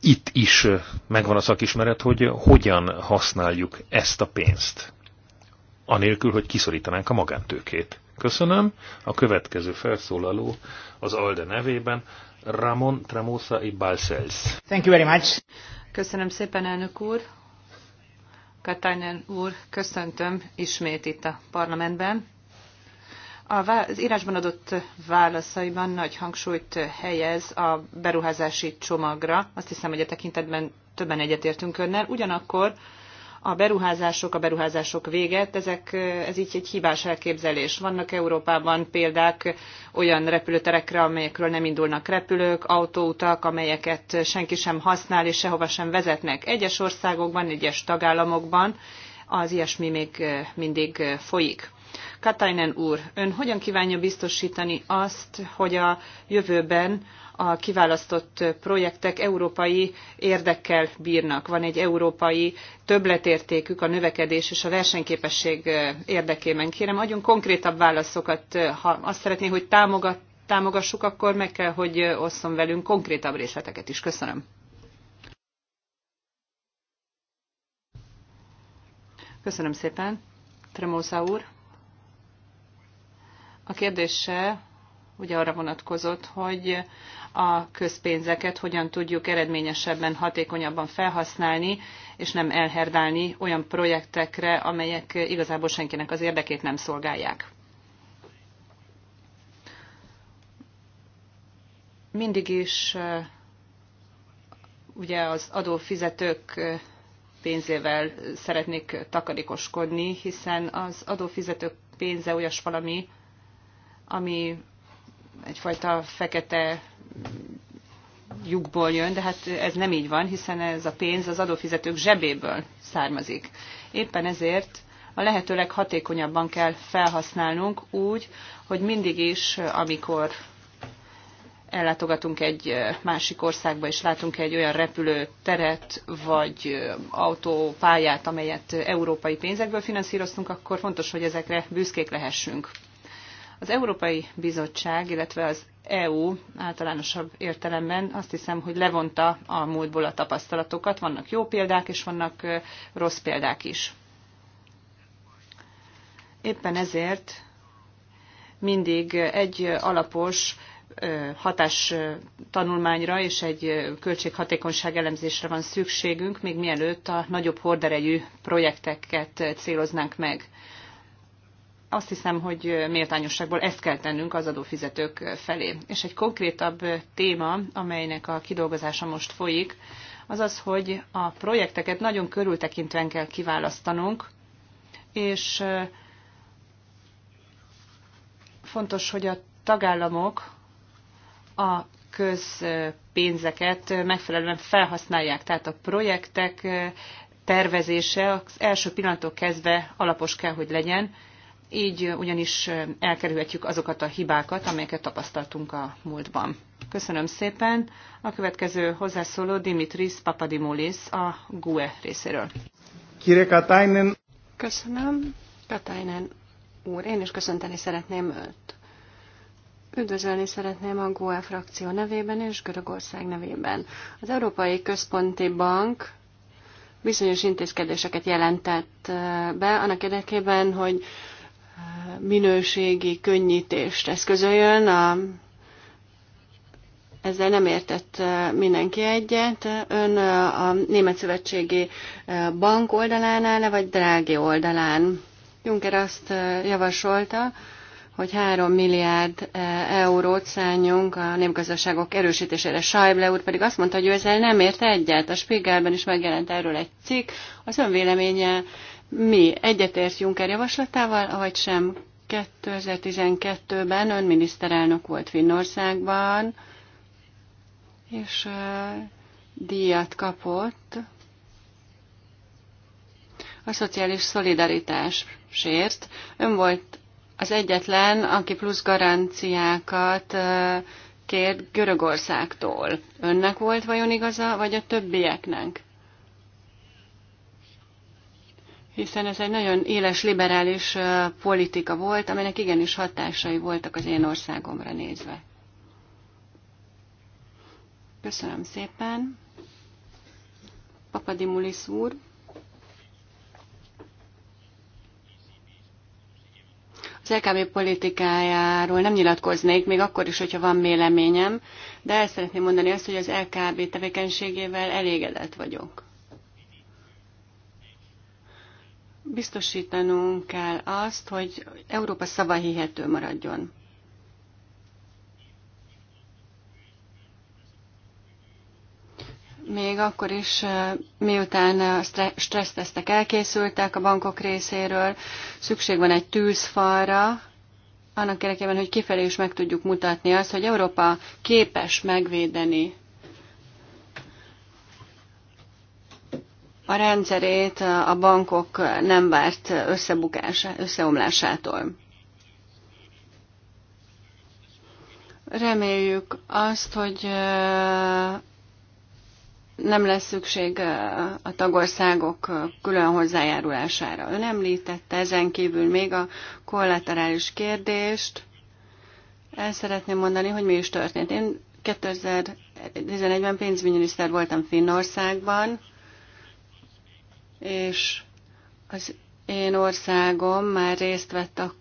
S1: itt is megvan a szakismeret, hogy hogyan használjuk ezt a pénzt, anélkül, hogy kiszorítanánk a magántőkét. Köszönöm. A következő felszólaló az ALDE nevében Ramon Tremosa i Balcells.
S2: Thank you very much. Köszönöm szépen, elnök úr. Katainen úr, köszöntöm ismét itt a parlamentben. Az írásban adott válaszaiban nagy hangsúlyt helyez a beruházási csomagra. Azt hiszem, hogy a tekintetben többen egyetértünk önnel. Ugyanakkor a beruházások, a beruházások véget, ezek, ez így egy hibás elképzelés. Vannak Európában példák olyan repülőterekre, amelyekről nem indulnak repülők, autóutak, amelyeket senki sem használ és sehova sem vezetnek. Egyes országokban, egyes tagállamokban az ilyesmi még mindig folyik. Katainen úr, ön hogyan kívánja biztosítani azt, hogy a jövőben a kiválasztott projektek európai érdekkel bírnak? Van egy európai többletértékük a növekedés és a versenyképesség érdekében. Kérem, adjon konkrétabb válaszokat. Ha azt szeretné, hogy támogat, támogassuk, akkor meg kell, hogy osszon velünk konkrétabb részleteket is. Köszönöm. Köszönöm szépen. Tremosa úr. A kérdése ugye arra vonatkozott, hogy a közpénzeket hogyan tudjuk eredményesebben, hatékonyabban felhasználni, és nem elherdálni olyan projektekre, amelyek igazából senkinek az érdekét nem szolgálják. Mindig is eh, ugye az adófizetők eh, pénzével szeretnék takarékoskodni, hiszen az adófizetők pénze olyas valami, ami egyfajta fekete lyukból jön, de hát ez nem így van, hiszen ez a pénz az adófizetők zsebéből származik. Éppen ezért a lehető leghatékonyabban kell felhasználnunk úgy, hogy mindig is, amikor ellátogatunk egy másik országba, és látunk egy olyan repülőteret, vagy autópályát, amelyet európai pénzekből finanszíroztunk, akkor fontos, hogy ezekre büszkék lehessünk. Az Európai Bizottság, illetve az EU általánosabb értelemben azt hiszem, hogy levonta a múltból a tapasztalatokat. Vannak jó példák, és vannak rossz példák is. Éppen ezért mindig egy alapos hatás tanulmányra és egy költséghatékonyság elemzésre van szükségünk, még mielőtt a nagyobb horderejű projekteket céloznánk meg azt hiszem, hogy méltányosságból ezt kell tennünk az adófizetők felé. És egy konkrétabb téma, amelynek a kidolgozása most folyik, az az, hogy a projekteket nagyon körültekintően kell kiválasztanunk, és fontos, hogy a tagállamok a közpénzeket megfelelően felhasználják. Tehát a projektek tervezése az első pillanattól kezdve alapos kell, hogy legyen, így ugyanis elkerülhetjük azokat a hibákat, amelyeket tapasztaltunk a múltban. Köszönöm szépen. A következő hozzászóló Dimitris Papadimoulis a GUE részéről.
S5: Kire Katainen.
S4: Köszönöm. Katainen úr, én is köszönteni szeretném őt. Üdvözölni szeretném a GUE frakció nevében és Görögország nevében. Az Európai Központi Bank bizonyos intézkedéseket jelentett be annak érdekében, hogy minőségi könnyítést eszközöljön. A, ezzel nem értett mindenki egyet. Ön a Német Szövetségi Bank oldalán áll, vagy Drági oldalán? Juncker azt javasolta, hogy 3 milliárd eurót szálljunk a népgazdaságok erősítésére. Schäuble úr pedig azt mondta, hogy ő ezzel nem ért egyet. A Spiegelben is megjelent erről egy cikk. Az önvéleménye mi egyetért Juncker javaslatával, vagy sem? 2012-ben ön miniszterelnök volt Finnországban, és uh, díjat kapott a szociális szolidaritásért. Ön volt az egyetlen, aki plusz garanciákat uh, kért Görögországtól. Önnek volt vajon igaza, vagy a többieknek? hiszen ez egy nagyon éles liberális politika volt, amelynek igenis hatásai voltak az én országomra nézve. Köszönöm szépen. Papadimulis úr. Az LKB politikájáról nem nyilatkoznék, még akkor is, hogyha van véleményem, de el szeretném mondani azt, hogy az LKB tevékenységével elégedett vagyok. Biztosítanunk kell azt, hogy Európa szava hihető maradjon. Még akkor is, eh, miután a eh, stressztesztek elkészültek a bankok részéről, szükség van egy tűzfalra, annak érdekében, hogy kifelé is meg tudjuk mutatni azt, hogy Európa képes megvédeni a rendszerét a bankok nem várt összebukása, összeomlásától. Reméljük azt, hogy nem lesz szükség a tagországok külön hozzájárulására. Ön említette ezen kívül még a kollaterális kérdést. El szeretném mondani, hogy mi is történt. Én 2011-ben pénzügyminiszter voltam Finnországban, és az én országom már részt vett a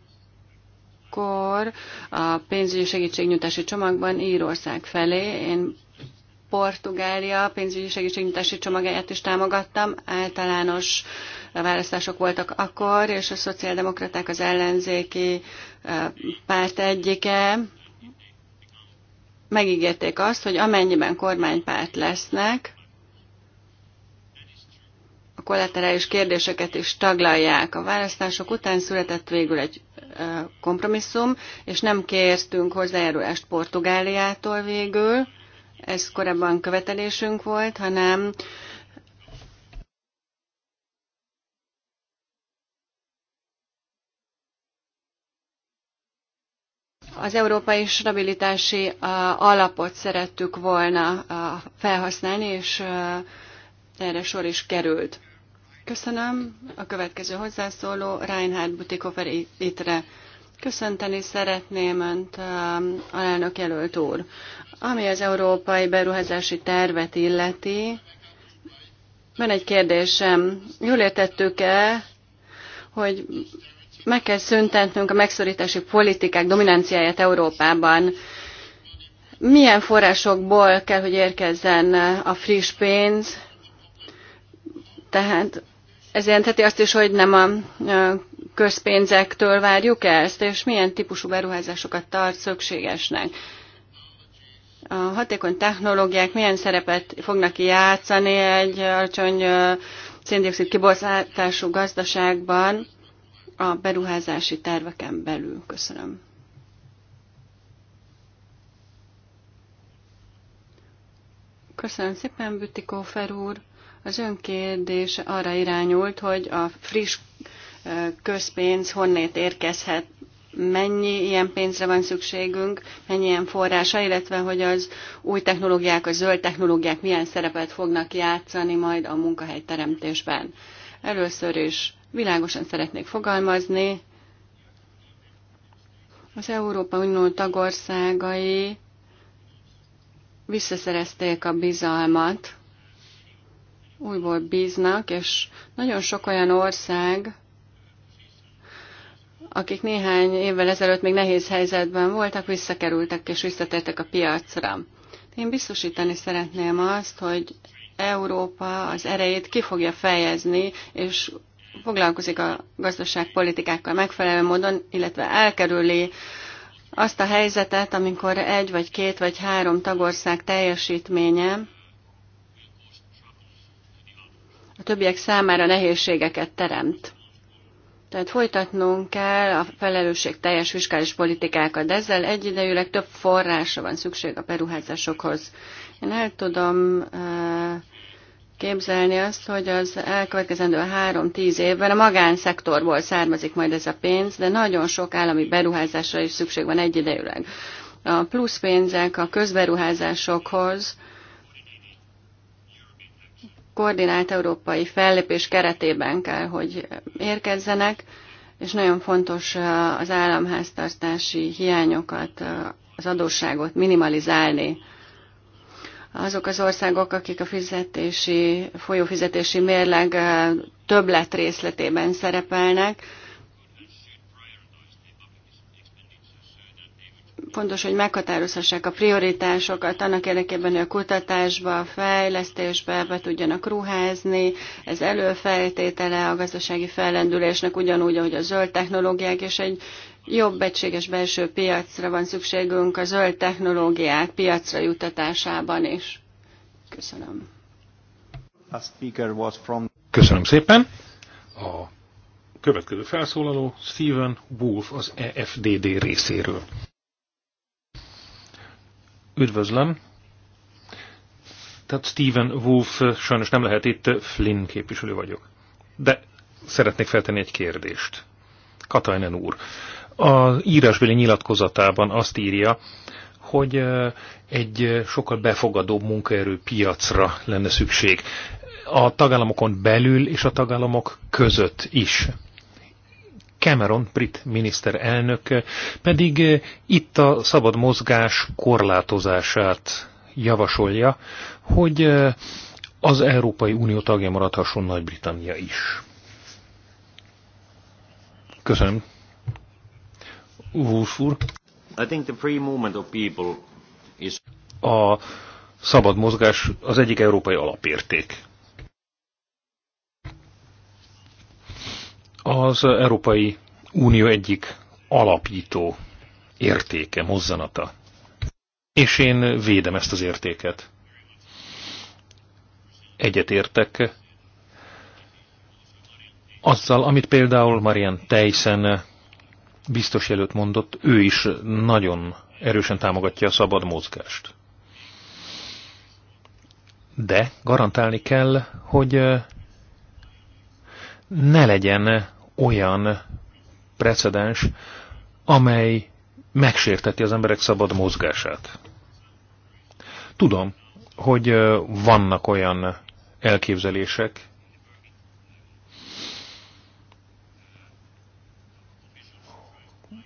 S4: akkor a pénzügyi segítségnyújtási csomagban Írország felé. Én Portugália pénzügyi segítségnyújtási csomagáját is támogattam. Általános választások voltak akkor, és a szociáldemokraták az ellenzéki párt egyike. Megígérték azt, hogy amennyiben kormánypárt lesznek, a kollaterális kérdéseket is taglalják. A választások után született végül egy kompromisszum, és nem kértünk hozzájárulást Portugáliától végül, ez korábban követelésünk volt, hanem az európai stabilitási alapot szerettük volna felhasználni, és erre sor is került. Köszönöm. A következő hozzászóló Reinhard Butikofer ittre. Köszönteni szeretném Önt, um, alelnök jelölt úr. Ami az európai beruházási tervet illeti, van egy kérdésem. Jól értettük-e, hogy meg kell szüntetnünk a megszorítási politikák dominanciáját Európában? Milyen forrásokból kell, hogy érkezzen a friss pénz? Tehát ez jelenteti azt is, hogy nem a közpénzektől várjuk ezt, és milyen típusú beruházásokat tart szükségesnek. A hatékony technológiák milyen szerepet fognak játszani egy alacsony széndiokszid kibocsátású gazdaságban a beruházási terveken belül? Köszönöm. Köszönöm szépen, Bütikófer úr. Az önkérdés arra irányult, hogy a friss közpénz honnét érkezhet, mennyi ilyen pénzre van szükségünk, mennyi ilyen forrása, illetve hogy az új technológiák, a zöld technológiák milyen szerepet fognak játszani majd a munkahelyteremtésben. Először is világosan szeretnék fogalmazni, az Európa Unió tagországai visszaszerezték a bizalmat újból bíznak, és nagyon sok olyan ország, akik néhány évvel ezelőtt még nehéz helyzetben voltak, visszakerültek és visszatértek a piacra. Én biztosítani szeretném azt, hogy Európa az erejét ki fogja fejezni, és foglalkozik a gazdaságpolitikákkal megfelelő módon, illetve elkerüli azt a helyzetet, amikor egy vagy két vagy három tagország teljesítménye a többiek számára nehézségeket teremt. Tehát folytatnunk kell a felelősség teljes fiskális politikákat, de ezzel egyidejűleg több forrásra van szükség a beruházásokhoz. Én el tudom eh, képzelni azt, hogy az elkövetkezendő három-tíz évben a magánszektorból származik majd ez a pénz, de nagyon sok állami beruházásra is szükség van egyidejűleg. A plusz pénzek a közberuházásokhoz, koordinált európai fellépés keretében kell, hogy érkezzenek, és nagyon fontos uh, az államháztartási hiányokat, uh, az adósságot minimalizálni. Azok az országok, akik a fizetési, folyófizetési mérleg uh, többlet részletében szerepelnek, fontos, hogy meghatározhassák a prioritásokat annak érdekében, hogy a kutatásba, a fejlesztésbe be tudjanak ruházni. Ez előfeltétele a gazdasági fellendülésnek, ugyanúgy, ahogy a zöld technológiák, és egy jobb egységes belső piacra van szükségünk a zöld technológiák piacra jutatásában is. Köszönöm.
S1: Köszönöm szépen. A következő felszólaló Stephen Wolf az EFDD részéről. Üdvözlöm. Tehát Stephen Wolf sajnos nem lehet itt, Flynn képviselő vagyok. De szeretnék feltenni egy kérdést. Katajnen úr, az írásbeli nyilatkozatában azt írja, hogy egy sokkal befogadóbb piacra lenne szükség a tagállamokon belül és a tagállamok között is. Cameron, brit miniszterelnök pedig eh, itt a szabad mozgás korlátozását javasolja, hogy eh, az Európai Unió tagja maradhasson Nagy-Britannia is. Köszönöm. Wolf úr.
S3: I think the free movement of people
S1: is... A szabad mozgás az egyik európai alapérték. az Európai Unió egyik alapító értéke, mozzanata. És én védem ezt az értéket. Egyetértek azzal, amit például Marian Teyssen biztos jelölt mondott, ő is nagyon erősen támogatja a szabad mozgást. De garantálni kell, hogy ne legyen olyan precedens, amely megsérteti az emberek szabad mozgását. Tudom, hogy vannak olyan elképzelések,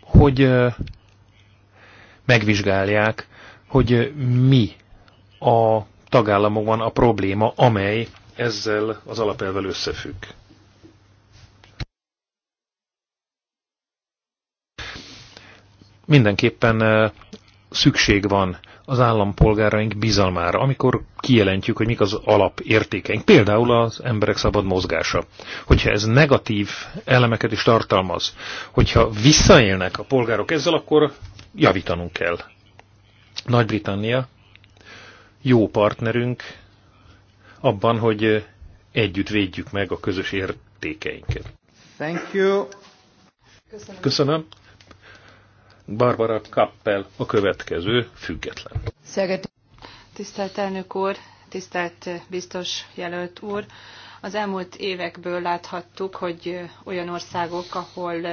S1: hogy megvizsgálják, hogy mi a tagállamokban a probléma, amely ezzel az alapelvel összefügg. mindenképpen szükség van az állampolgáraink bizalmára, amikor kijelentjük, hogy mik az alapértékeink, például az emberek szabad mozgása. Hogyha ez negatív elemeket is tartalmaz, hogyha visszaélnek a polgárok ezzel, akkor javítanunk kell. Nagy-Britannia jó partnerünk abban, hogy együtt védjük meg a közös értékeinket. Thank you. Köszönöm. Köszönöm. Barbara Kappel a következő független.
S2: Szeged. Tisztelt elnök úr, tisztelt biztos jelölt úr! Az elmúlt évekből láthattuk, hogy olyan országok, ahol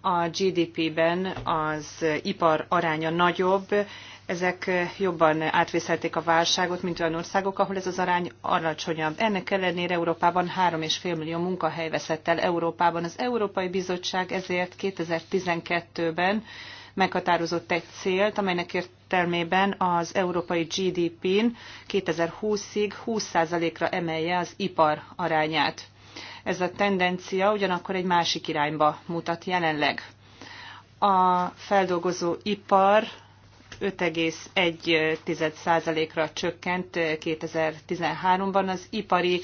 S2: a GDP-ben az ipar aránya nagyobb, ezek jobban átvészelték a válságot, mint olyan országok, ahol ez az arány alacsonyabb. Ennek ellenére Európában 3,5 millió munkahely veszett el Európában. Az Európai Bizottság ezért 2012-ben meghatározott egy célt, amelynek értelmében az európai GDP-n 2020-ig 20%-ra emelje az ipar arányát. Ez a tendencia ugyanakkor egy másik irányba mutat jelenleg. A feldolgozó ipar 5,1%-ra csökkent 2013-ban, az ipari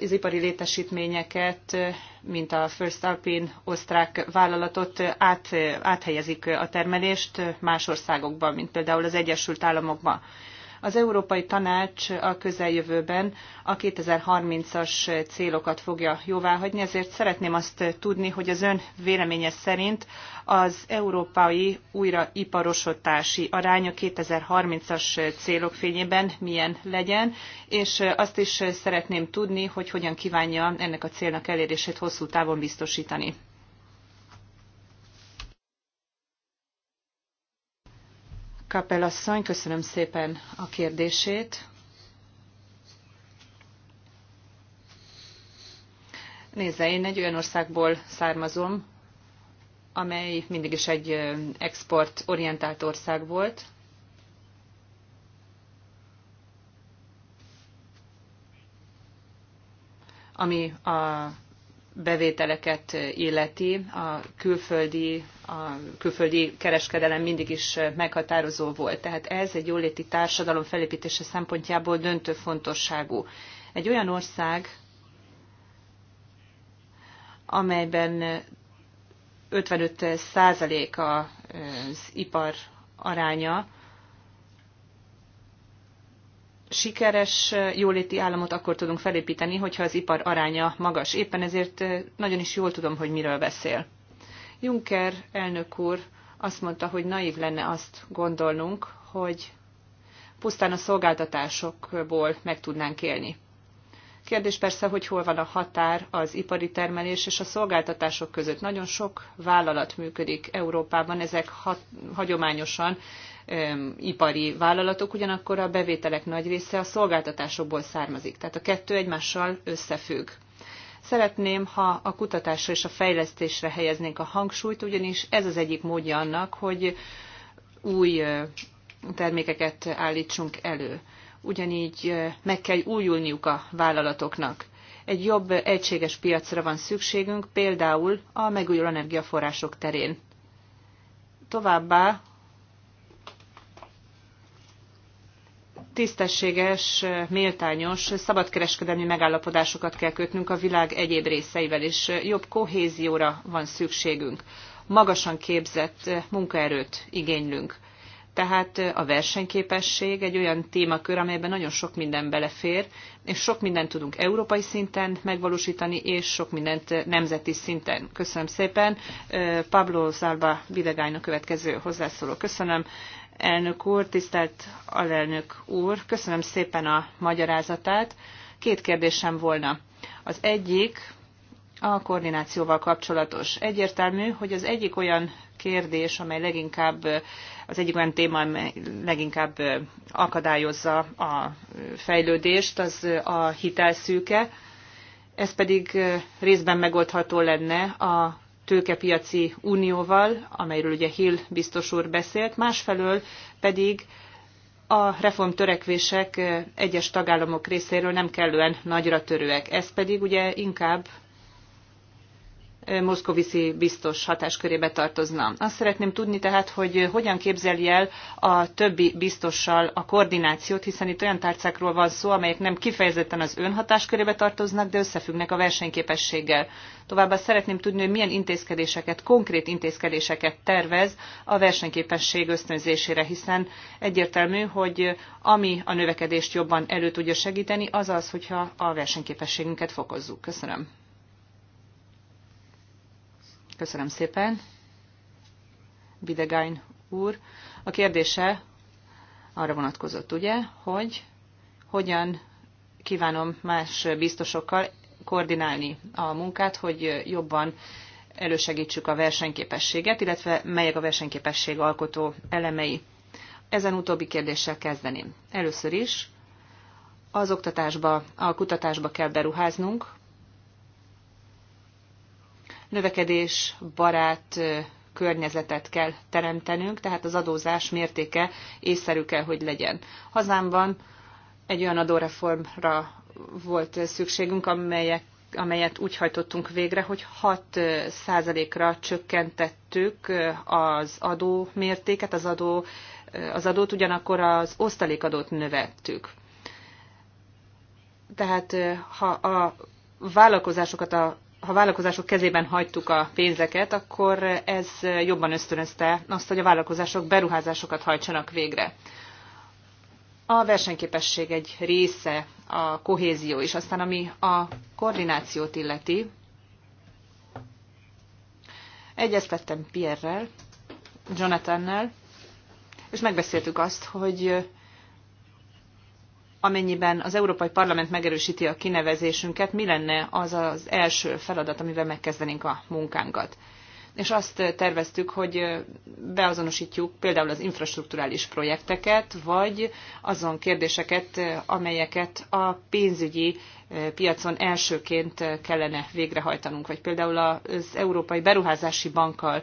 S2: az ipari létesítményeket, mint a First Alpine osztrák vállalatot át, áthelyezik a termelést más országokban, mint például az Egyesült Államokban. Az Európai Tanács a közeljövőben a 2030-as célokat fogja jóváhagyni, ezért szeretném azt tudni, hogy az ön véleménye szerint az európai újraiparosodtási aránya 2030-as célok fényében milyen legyen, és azt is szeretném tudni, hogy hogyan kívánja ennek a célnak elérését hosszú távon biztosítani. Kapel asszony, köszönöm szépen a kérdését. Nézze, én egy olyan országból származom, amely mindig is egy exportorientált ország volt. Ami a bevételeket illeti, a külföldi, a külföldi kereskedelem mindig is meghatározó volt. Tehát ez egy jóléti társadalom felépítése szempontjából döntő fontosságú. Egy olyan ország, amelyben 55 százalék az ipar aránya, sikeres eh, jóléti államot akkor tudunk felépíteni, hogyha az ipar aránya magas. Éppen ezért eh, nagyon is jól tudom, hogy miről beszél. Juncker elnök úr azt mondta, hogy naív lenne azt gondolnunk, hogy pusztán a szolgáltatásokból meg tudnánk élni. Kérdés persze, hogy hol van a határ az ipari termelés és a szolgáltatások között. Nagyon sok vállalat működik Európában, ezek hat, hagyományosan ipari vállalatok, ugyanakkor a bevételek nagy része a szolgáltatásokból származik. Tehát a kettő egymással összefügg. Szeretném, ha a kutatásra és a fejlesztésre helyeznénk a hangsúlyt, ugyanis ez az egyik módja annak, hogy új termékeket állítsunk elő. Ugyanígy meg kell újulniuk a vállalatoknak. Egy jobb, egységes piacra van szükségünk, például a megújuló energiaforrások terén. Továbbá tisztességes, méltányos, szabadkereskedelmi megállapodásokat kell kötnünk a világ egyéb részeivel, és jobb kohézióra van szükségünk. Magasan képzett munkaerőt igénylünk. Tehát a versenyképesség egy olyan témakör, amelyben nagyon sok minden belefér, és sok mindent tudunk európai szinten megvalósítani, és sok mindent nemzeti szinten. Köszönöm szépen. Pablo Zalba Videgány a következő hozzászóló. Köszönöm elnök úr, tisztelt alelnök úr, köszönöm szépen a magyarázatát. Két kérdésem volna. Az egyik a koordinációval kapcsolatos. Egyértelmű, hogy az egyik olyan kérdés, amely leginkább, az egyik olyan téma, amely leginkább akadályozza a fejlődést, az a hitelszűke. Ez pedig részben megoldható lenne a tőkepiaci unióval, amelyről ugye Hill biztos úr beszélt, másfelől pedig a reformtörekvések egyes tagállamok részéről nem kellően nagyra törőek. Ez pedig ugye inkább Moszkoviszi biztos hatáskörébe tartozna. Azt szeretném tudni tehát, hogy hogyan képzeli el a többi biztossal a koordinációt, hiszen itt olyan tárcákról van szó, amelyek nem kifejezetten az ön hatáskörébe tartoznak, de összefüggnek a versenyképességgel. Továbbá szeretném tudni, hogy milyen intézkedéseket, konkrét intézkedéseket tervez a versenyképesség ösztönzésére, hiszen egyértelmű, hogy ami a növekedést jobban elő tudja segíteni, az az, hogyha a versenyképességünket fokozzuk. Köszönöm. Köszönöm szépen. Bidegány úr. A kérdése arra vonatkozott, ugye, hogy hogyan kívánom más biztosokkal koordinálni a munkát, hogy jobban elősegítsük a versenyképességet, illetve melyek a versenyképesség alkotó elemei. Ezen utóbbi kérdéssel kezdeném. Először is az oktatásba, a kutatásba kell beruháznunk, növekedés barát környezetet kell teremtenünk, tehát az adózás mértéke észszerű kell, hogy legyen. Hazámban egy olyan adóreformra volt szükségünk, amelyek amelyet úgy hajtottunk végre, hogy 6%-ra csökkentettük az adó mértéket, az, adó, az adót, ugyanakkor az osztalékadót növettük. Tehát ha a vállalkozásokat a ha vállalkozások kezében hagytuk a pénzeket, akkor ez jobban ösztönözte azt, hogy a vállalkozások beruházásokat hajtsanak végre. A versenyképesség egy része a kohézió is, aztán ami a koordinációt illeti, egyeztettem Pierrel, Jonathannel, és megbeszéltük azt, hogy amennyiben az Európai Parlament megerősíti a kinevezésünket, mi lenne az az első feladat, amivel megkezdenénk a munkánkat. És azt terveztük, hogy beazonosítjuk például az infrastruktúrális projekteket, vagy azon kérdéseket, amelyeket a pénzügyi piacon elsőként kellene végrehajtanunk, vagy például az Európai Beruházási Bankkal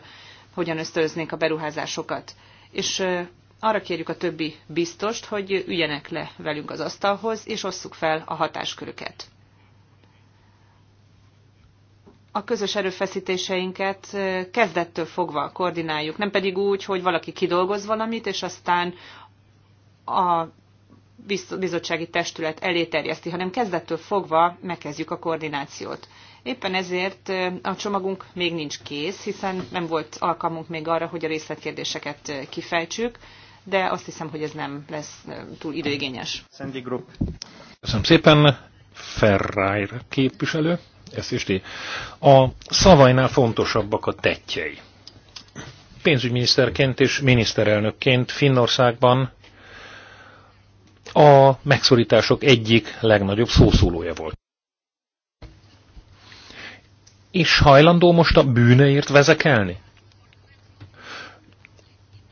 S2: hogyan ösztönöznénk a beruházásokat. És arra kérjük a többi biztost, hogy üljenek le velünk az asztalhoz, és osszuk fel a hatásköröket. A közös erőfeszítéseinket kezdettől fogva koordináljuk, nem pedig úgy, hogy valaki kidolgoz valamit, és aztán a bizottsági testület elé terjeszti, hanem kezdettől fogva megkezdjük a koordinációt. Éppen ezért a csomagunk még nincs kész, hiszen nem volt alkalmunk még arra, hogy a részletkérdéseket kifejtsük, de azt hiszem, hogy ez nem lesz túl időigényes. Sandy
S3: Group.
S1: Köszönöm szépen. Ferrair képviselő, SZSD. A szavainál fontosabbak a tettjei. Pénzügyminiszterként és miniszterelnökként Finnországban a megszorítások egyik legnagyobb szószólója volt. És hajlandó most a bűneért vezekelni?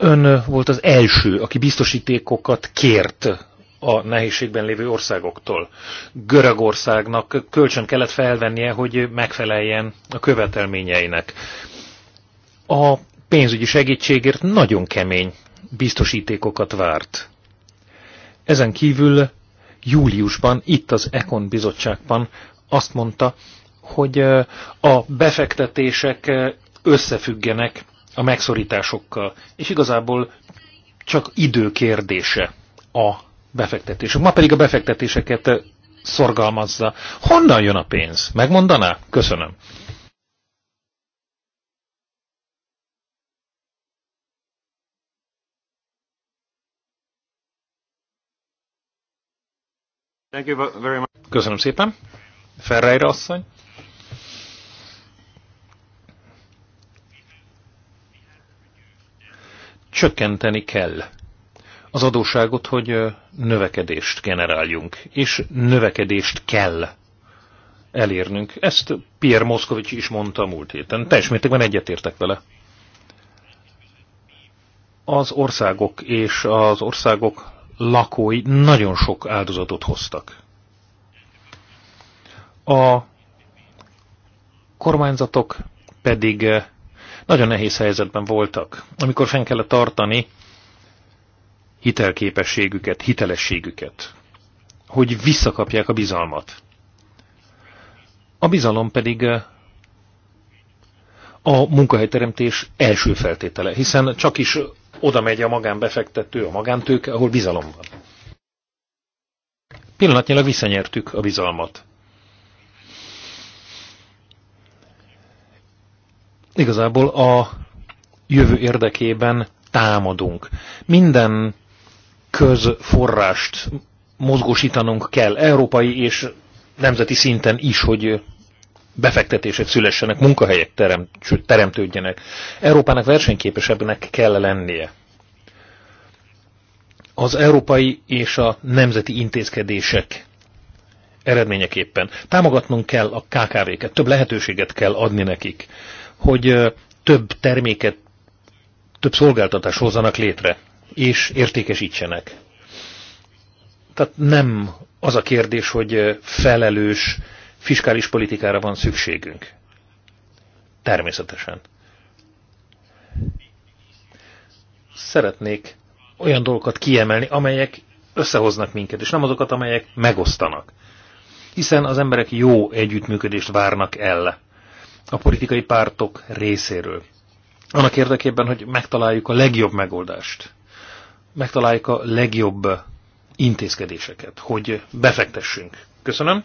S1: Ön volt az első, aki biztosítékokat kért a nehézségben lévő országoktól. Görögországnak kölcsön kellett felvennie, hogy megfeleljen a követelményeinek. A pénzügyi segítségért nagyon kemény biztosítékokat várt. Ezen kívül júliusban itt az Econ bizottságban azt mondta, hogy a befektetések összefüggenek a megszorításokkal, és igazából csak idő kérdése a befektetések. Ma pedig a befektetéseket szorgalmazza. Honnan jön a pénz? Megmondaná? Köszönöm.
S3: Köszönöm szépen.
S1: Ferreira asszony. csökkenteni kell az adóságot, hogy növekedést generáljunk, és növekedést kell elérnünk. Ezt Pierre Moszkovics is mondta a múlt héten. Teljes mértékben egyetértek vele. Az országok és az országok lakói nagyon sok áldozatot hoztak. A kormányzatok pedig nagyon nehéz helyzetben voltak, amikor fenn kellett tartani hitelképességüket, hitelességüket, hogy visszakapják a bizalmat. A bizalom pedig eh, a munkahelyteremtés első feltétele, hiszen csak is oda megy a magánbefektető, a magántőke, ahol bizalom van. Pillanatnyilag visszanyertük a bizalmat. igazából a jövő érdekében támadunk. Minden közforrást mozgósítanunk kell európai és nemzeti szinten is, hogy befektetések szülessenek, munkahelyek terem, teremtődjenek. Európának versenyképesebbnek kell lennie. Az európai és a nemzeti intézkedések eredményeképpen. Támogatnunk kell a KKV-ket, több lehetőséget kell adni nekik hogy több terméket, több szolgáltatást hozzanak létre, és értékesítsenek. Tehát nem az a kérdés, hogy felelős fiskális politikára van szükségünk. Természetesen. Szeretnék olyan dolgokat kiemelni, amelyek összehoznak minket, és nem azokat, amelyek megosztanak. Hiszen az emberek jó együttműködést várnak el a politikai pártok részéről. Annak érdekében, hogy megtaláljuk a legjobb megoldást, megtaláljuk a legjobb intézkedéseket, hogy befektessünk. Köszönöm.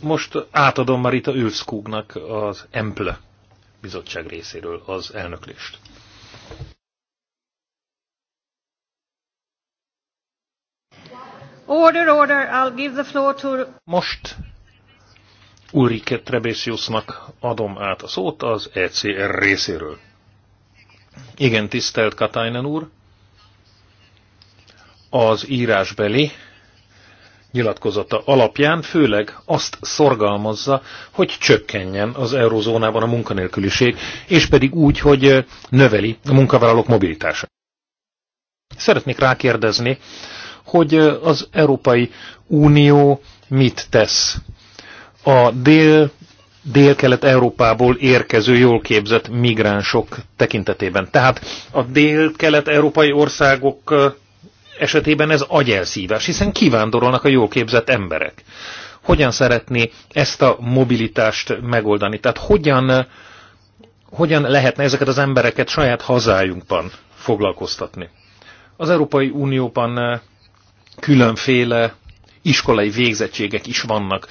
S1: Most átadom Marita Ülszkúgnak az EMPLE bizottság részéről az elnöklést.
S4: Order, order, I'll give the floor to...
S1: Most Ulrike Trebésiusnak adom át a szót az ECR részéről. Igen, tisztelt Katainen úr, az írásbeli nyilatkozata alapján főleg azt szorgalmazza, hogy csökkenjen az eurozónában a munkanélküliség, és pedig úgy, hogy növeli a munkavállalók mobilitását. Szeretnék rákérdezni, hogy az Európai Unió mit tesz a dél Dél-Kelet-Európából érkező jól képzett migránsok tekintetében. Tehát a dél-kelet-európai országok esetében ez agyelszívás, hiszen kivándorolnak a jól képzett emberek. Hogyan szeretné ezt a mobilitást megoldani? Tehát hogyan, hogyan lehetne ezeket az embereket saját hazájunkban foglalkoztatni? Az Európai Unióban különféle iskolai végzettségek is vannak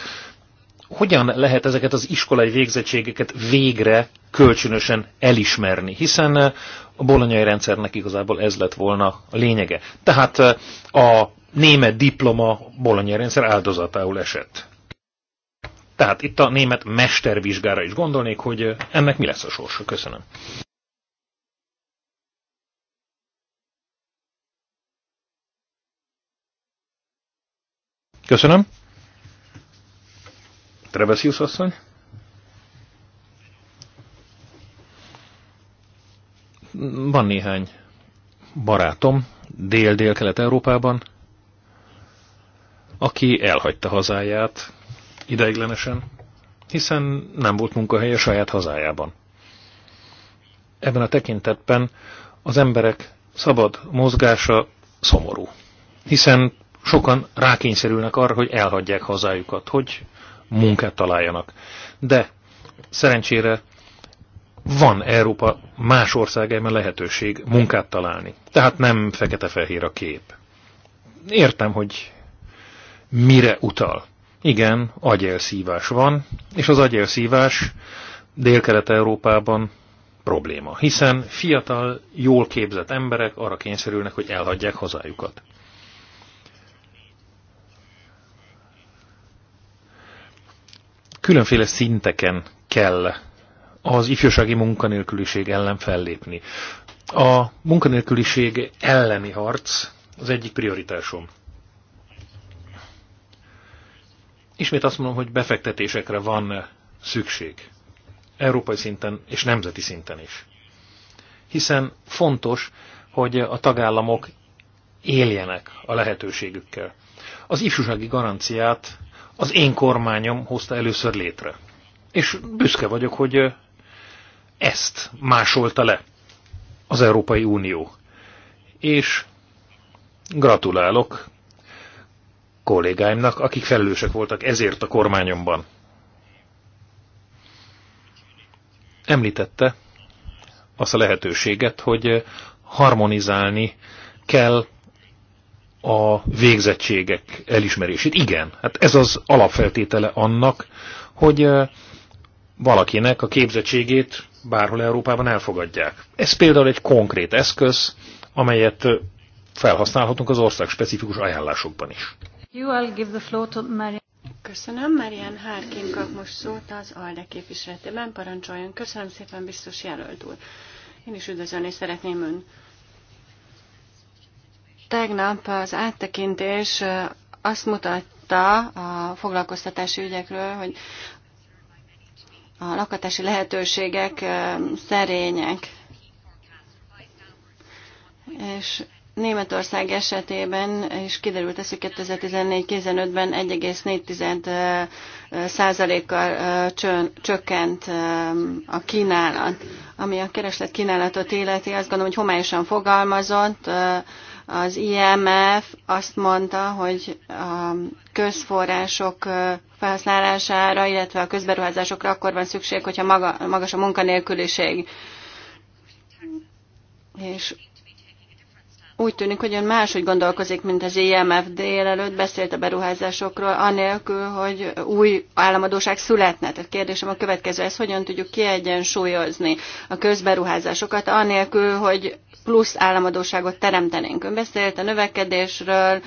S1: hogyan lehet ezeket az iskolai végzettségeket végre kölcsönösen elismerni, hiszen eh, a bolonyai rendszernek igazából ez lett volna a lényege. Tehát eh, a német diploma bolonyai rendszer áldozatául esett. Tehát itt a német mestervizsgára is gondolnék, hogy eh, ennek mi lesz a sorsa. Köszönöm. Köszönöm. Trebeszius asszony? Van néhány barátom dél-dél-kelet-európában, aki elhagyta hazáját ideiglenesen, hiszen nem volt munkahelye saját hazájában. Ebben a tekintetben az emberek szabad mozgása szomorú, hiszen sokan rákényszerülnek arra, hogy elhagyják hazájukat, hogy munkát találjanak. De szerencsére van Európa más országában lehetőség munkát találni. Tehát nem fekete-fehér a kép. Értem, hogy mire utal. Igen, agyelszívás van, és az agyelszívás Dél-Kelet-Európában probléma, hiszen fiatal, jól képzett emberek arra kényszerülnek, hogy elhagyják hazájukat. különféle szinteken kell az ifjúsági munkanélküliség ellen fellépni. A munkanélküliség elleni harc az egyik prioritásom. Ismét azt mondom, hogy befektetésekre van szükség. Európai szinten és nemzeti szinten is. Hiszen fontos, hogy a tagállamok éljenek a lehetőségükkel. Az ifjúsági garanciát az én kormányom hozta először létre. És büszke vagyok, hogy ezt másolta le az Európai Unió. És gratulálok kollégáimnak, akik felelősek voltak ezért a kormányomban. Említette azt a lehetőséget, hogy harmonizálni kell a végzettségek elismerését. Igen, hát ez az alapfeltétele annak, hogy valakinek a képzettségét bárhol Európában elfogadják. Ez például egy konkrét eszköz, amelyet felhasználhatunk az ország specifikus ajánlásokban is.
S4: You, give the floor to Köszönöm. Marian Harkin kap most szót az ALDE képviseletében. Parancsoljon. Köszönöm szépen, biztos jelölt úr. Én is üdvözölni szeretném ön. Tegnap az áttekintés azt mutatta a foglalkoztatási ügyekről, hogy a lakhatási lehetőségek szerények. És Németország esetében is kiderült ez, hogy 2014-15-ben 1,4 százalékkal csökkent a kínálat. Ami a kereslet kínálatot illeti, azt gondolom, hogy homályosan fogalmazott, az IMF azt mondta, hogy a közforrások felhasználására, illetve a közberuházásokra akkor van szükség, hogyha maga, magas a munkanélküliség. És úgy tűnik, hogy ön máshogy gondolkozik, mint az IMF délelőtt beszélt a beruházásokról, anélkül, hogy új államadóság születne. Tehát kérdésem a következő, ez hogyan tudjuk kiegyensúlyozni a közberuházásokat, anélkül, hogy plusz államadóságot teremtenénk. Ön beszélt a növekedésről,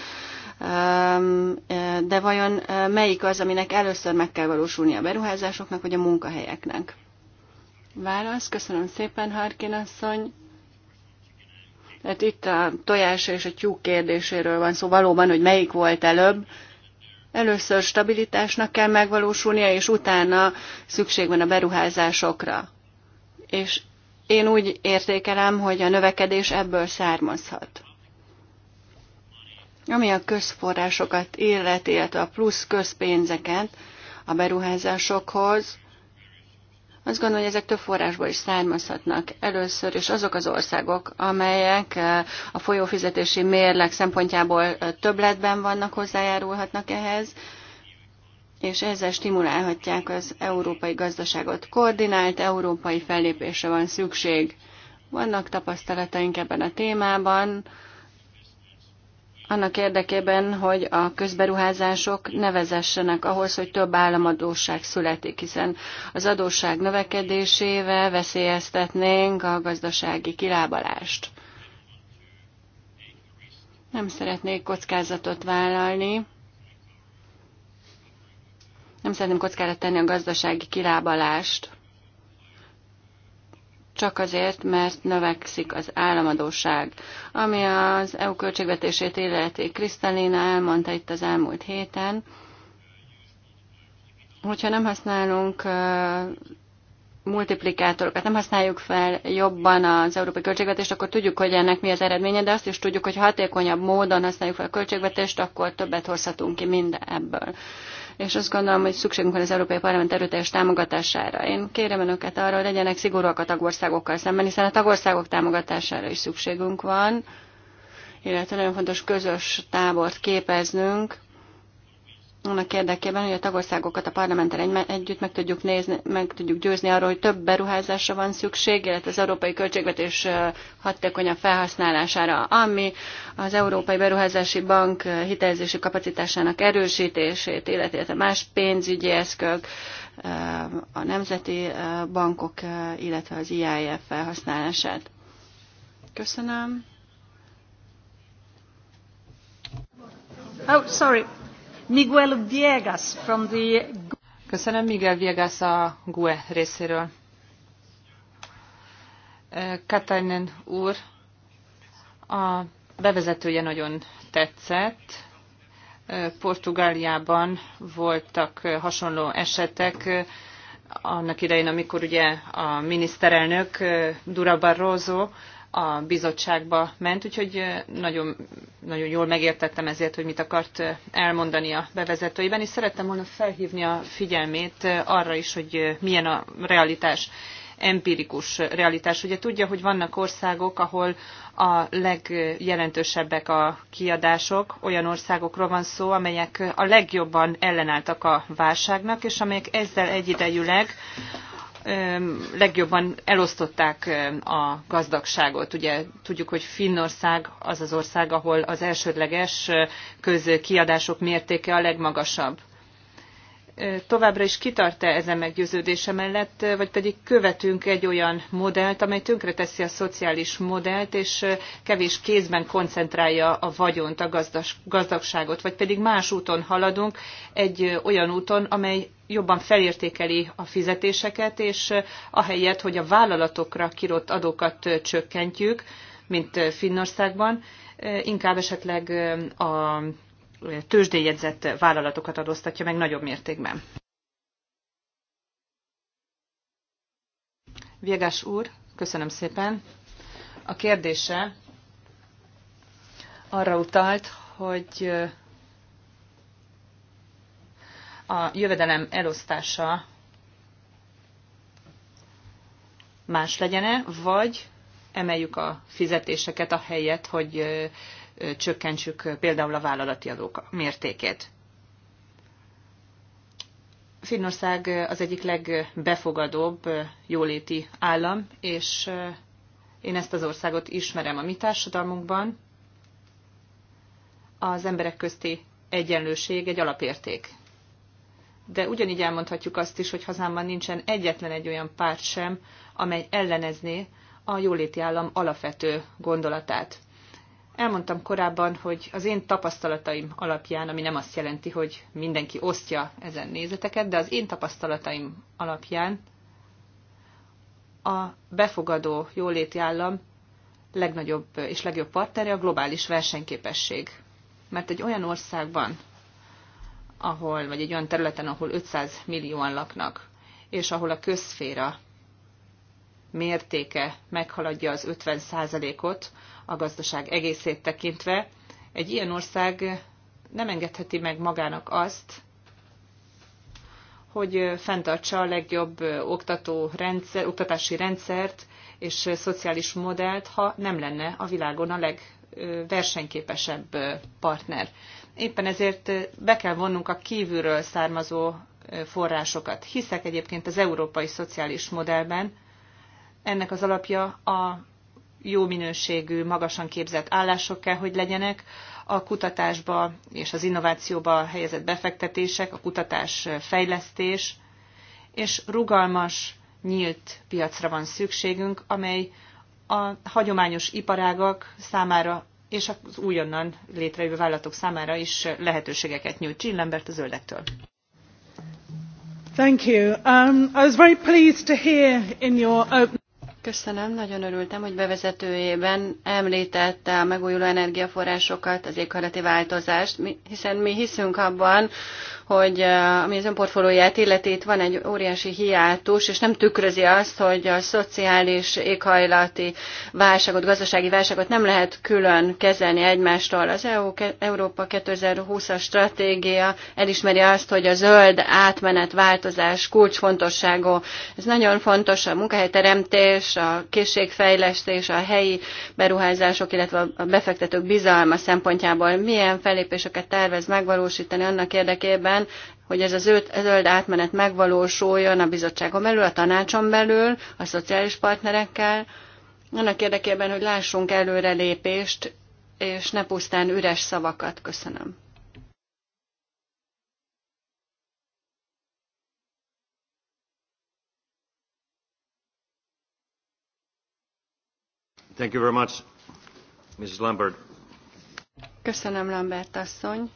S4: um, de vajon uh, melyik az, aminek először meg kell valósulni a beruházásoknak, vagy a munkahelyeknek? Válasz, köszönöm szépen, Harkin asszony. Hát itt a tojás és a tyúk kérdéséről van szó valóban, hogy melyik volt előbb. Először stabilitásnak kell megvalósulnia, és utána szükség van a beruházásokra. És én úgy értékelem, hogy a növekedés ebből származhat. Ami a közforrásokat illeti, illetve a plusz közpénzeket a beruházásokhoz, azt gondolom, hogy ezek több forrásból is származhatnak. Először is azok az országok, amelyek eh, a folyófizetési mérleg szempontjából eh, többletben vannak, hozzájárulhatnak ehhez, és ezzel stimulálhatják az európai gazdaságot. Koordinált európai fellépésre van szükség. Vannak tapasztalataink ebben a témában, annak érdekében, hogy a közberuházások ne vezessenek ahhoz, hogy több államadóság születik, hiszen az adósság növekedésével veszélyeztetnénk a gazdasági kilábalást. Nem szeretnék kockázatot vállalni. Nem szeretném kockára tenni a gazdasági kilábalást csak azért, mert növekszik az államadóság. Ami az EU költségvetését illeti, Krisztalina elmondta itt az elmúlt héten, hogyha nem használunk multiplikátorokat, nem használjuk fel jobban az európai költségvetést, akkor tudjuk, hogy ennek mi az eredménye, de azt is tudjuk, hogy hatékonyabb módon használjuk fel a költségvetést, akkor többet hozhatunk ki mind ebből és azt gondolom, hogy szükségünk van az Európai Parlament erőteljes támogatására. Én kérem önöket arra, hogy legyenek szigorúak a tagországokkal szemben, hiszen a tagországok támogatására is szükségünk van, illetve nagyon fontos közös tábort képeznünk, annak érdekében, hogy a tagországokat a parlamenten együtt meg tudjuk, nézni, meg tudjuk győzni arról, hogy több beruházásra van szükség, illetve az európai költségvetés hatékonyabb felhasználására, ami az Európai Beruházási Bank hitelezési kapacitásának erősítését, illetve más pénzügyi eszközök, a nemzeti bankok, illetve az IIF felhasználását. Köszönöm.
S2: Oh, sorry. Miguel Viegas from the... Köszönöm, Miguel Viegas a GUE részéről. Katainen úr, a bevezetője nagyon tetszett. Portugáliában voltak hasonló esetek, annak idején, amikor ugye a miniszterelnök Dura Barroso a bizottságba ment, úgyhogy nagyon, nagyon jól megértettem ezért, hogy mit akart elmondani a bevezetőiben, és szerettem volna felhívni a figyelmét arra is, hogy milyen a realitás empirikus realitás. Ugye tudja, hogy vannak országok, ahol a legjelentősebbek a kiadások, olyan országokról van szó, amelyek a legjobban ellenálltak a válságnak, és amelyek ezzel egyidejűleg legjobban elosztották a gazdagságot. Ugye tudjuk, hogy Finnország az az ország, ahol az elsődleges közkiadások mértéke a legmagasabb továbbra is kitart-e ezen meggyőződése mellett, vagy pedig követünk egy olyan modellt, amely tönkreteszi a szociális modellt, és kevés kézben koncentrálja a vagyont, a gazdas, gazdagságot, vagy pedig más úton haladunk, egy olyan úton, amely jobban felértékeli a fizetéseket, és ahelyett, hogy a vállalatokra kirott adókat csökkentjük, mint Finnországban, inkább esetleg a tőzsdéjegyzett vállalatokat adóztatja meg nagyobb mértékben. Viegás úr, köszönöm szépen. A kérdése arra utalt, hogy a jövedelem elosztása más legyen-e, vagy emeljük a fizetéseket a helyet, hogy csökkentsük például a vállalati adók mértékét. Finnország az egyik legbefogadóbb jóléti állam, és én ezt az országot ismerem a mi társadalmunkban. Az emberek közti egyenlőség egy alapérték. De ugyanígy elmondhatjuk azt is, hogy hazámban nincsen egyetlen egy olyan párt sem, amely ellenezné a jóléti állam alapvető gondolatát. Elmondtam korábban, hogy az én tapasztalataim alapján, ami nem azt jelenti, hogy mindenki osztja ezen nézeteket, de az én tapasztalataim alapján a befogadó jóléti állam legnagyobb és legjobb partnere a globális versenyképesség. Mert egy olyan országban, ahol, vagy egy olyan területen, ahol 500 millióan laknak, és ahol a közféra mértéke meghaladja az 50%-ot a gazdaság egészét tekintve, egy ilyen ország nem engedheti meg magának azt, hogy fenntartsa a legjobb oktató rendszer, oktatási rendszert és szociális modellt, ha nem lenne a világon a legversenyképesebb partner. Éppen ezért be kell vonnunk a kívülről származó forrásokat. Hiszek egyébként az európai szociális modellben, ennek az alapja a jó minőségű, magasan képzett állások kell, hogy legyenek, a kutatásba és az innovációba helyezett befektetések, a kutatás fejlesztés, és rugalmas, nyílt piacra van szükségünk, amely a hagyományos iparágak számára és az újonnan létrejövő vállalatok számára is lehetőségeket nyújt. Jean Lambert a zöldektől.
S4: Thank you. Um, I was very pleased to hear in your opening... Köszönöm, nagyon örültem, hogy bevezetőjében említette a megújuló energiaforrásokat, az éghajlati változást, hiszen mi hiszünk abban, hogy eh, ami az önportfólióját illeti, itt van egy óriási hiátus, és nem tükrözi azt, hogy a szociális, éghajlati válságot, gazdasági válságot nem lehet külön kezelni egymástól. Az EU, Európa 2020-as stratégia elismeri azt, hogy a zöld átmenet változás kulcsfontosságú. Ez nagyon fontos a munkahelyteremtés, a készségfejlesztés, a helyi beruházások, illetve a befektetők bizalma szempontjából. Milyen fellépéseket tervez megvalósítani annak érdekében, kapcsán, hogy ez az öt zöld átmenet megvalósuljon a bizottságon belül, a tanácson belül, a szociális partnerekkel, annak érdekében, hogy lássunk lépést és ne pusztán üres szavakat. Köszönöm.
S3: Thank you very much, Mrs. Lambert.
S4: Köszönöm, Lambert asszony.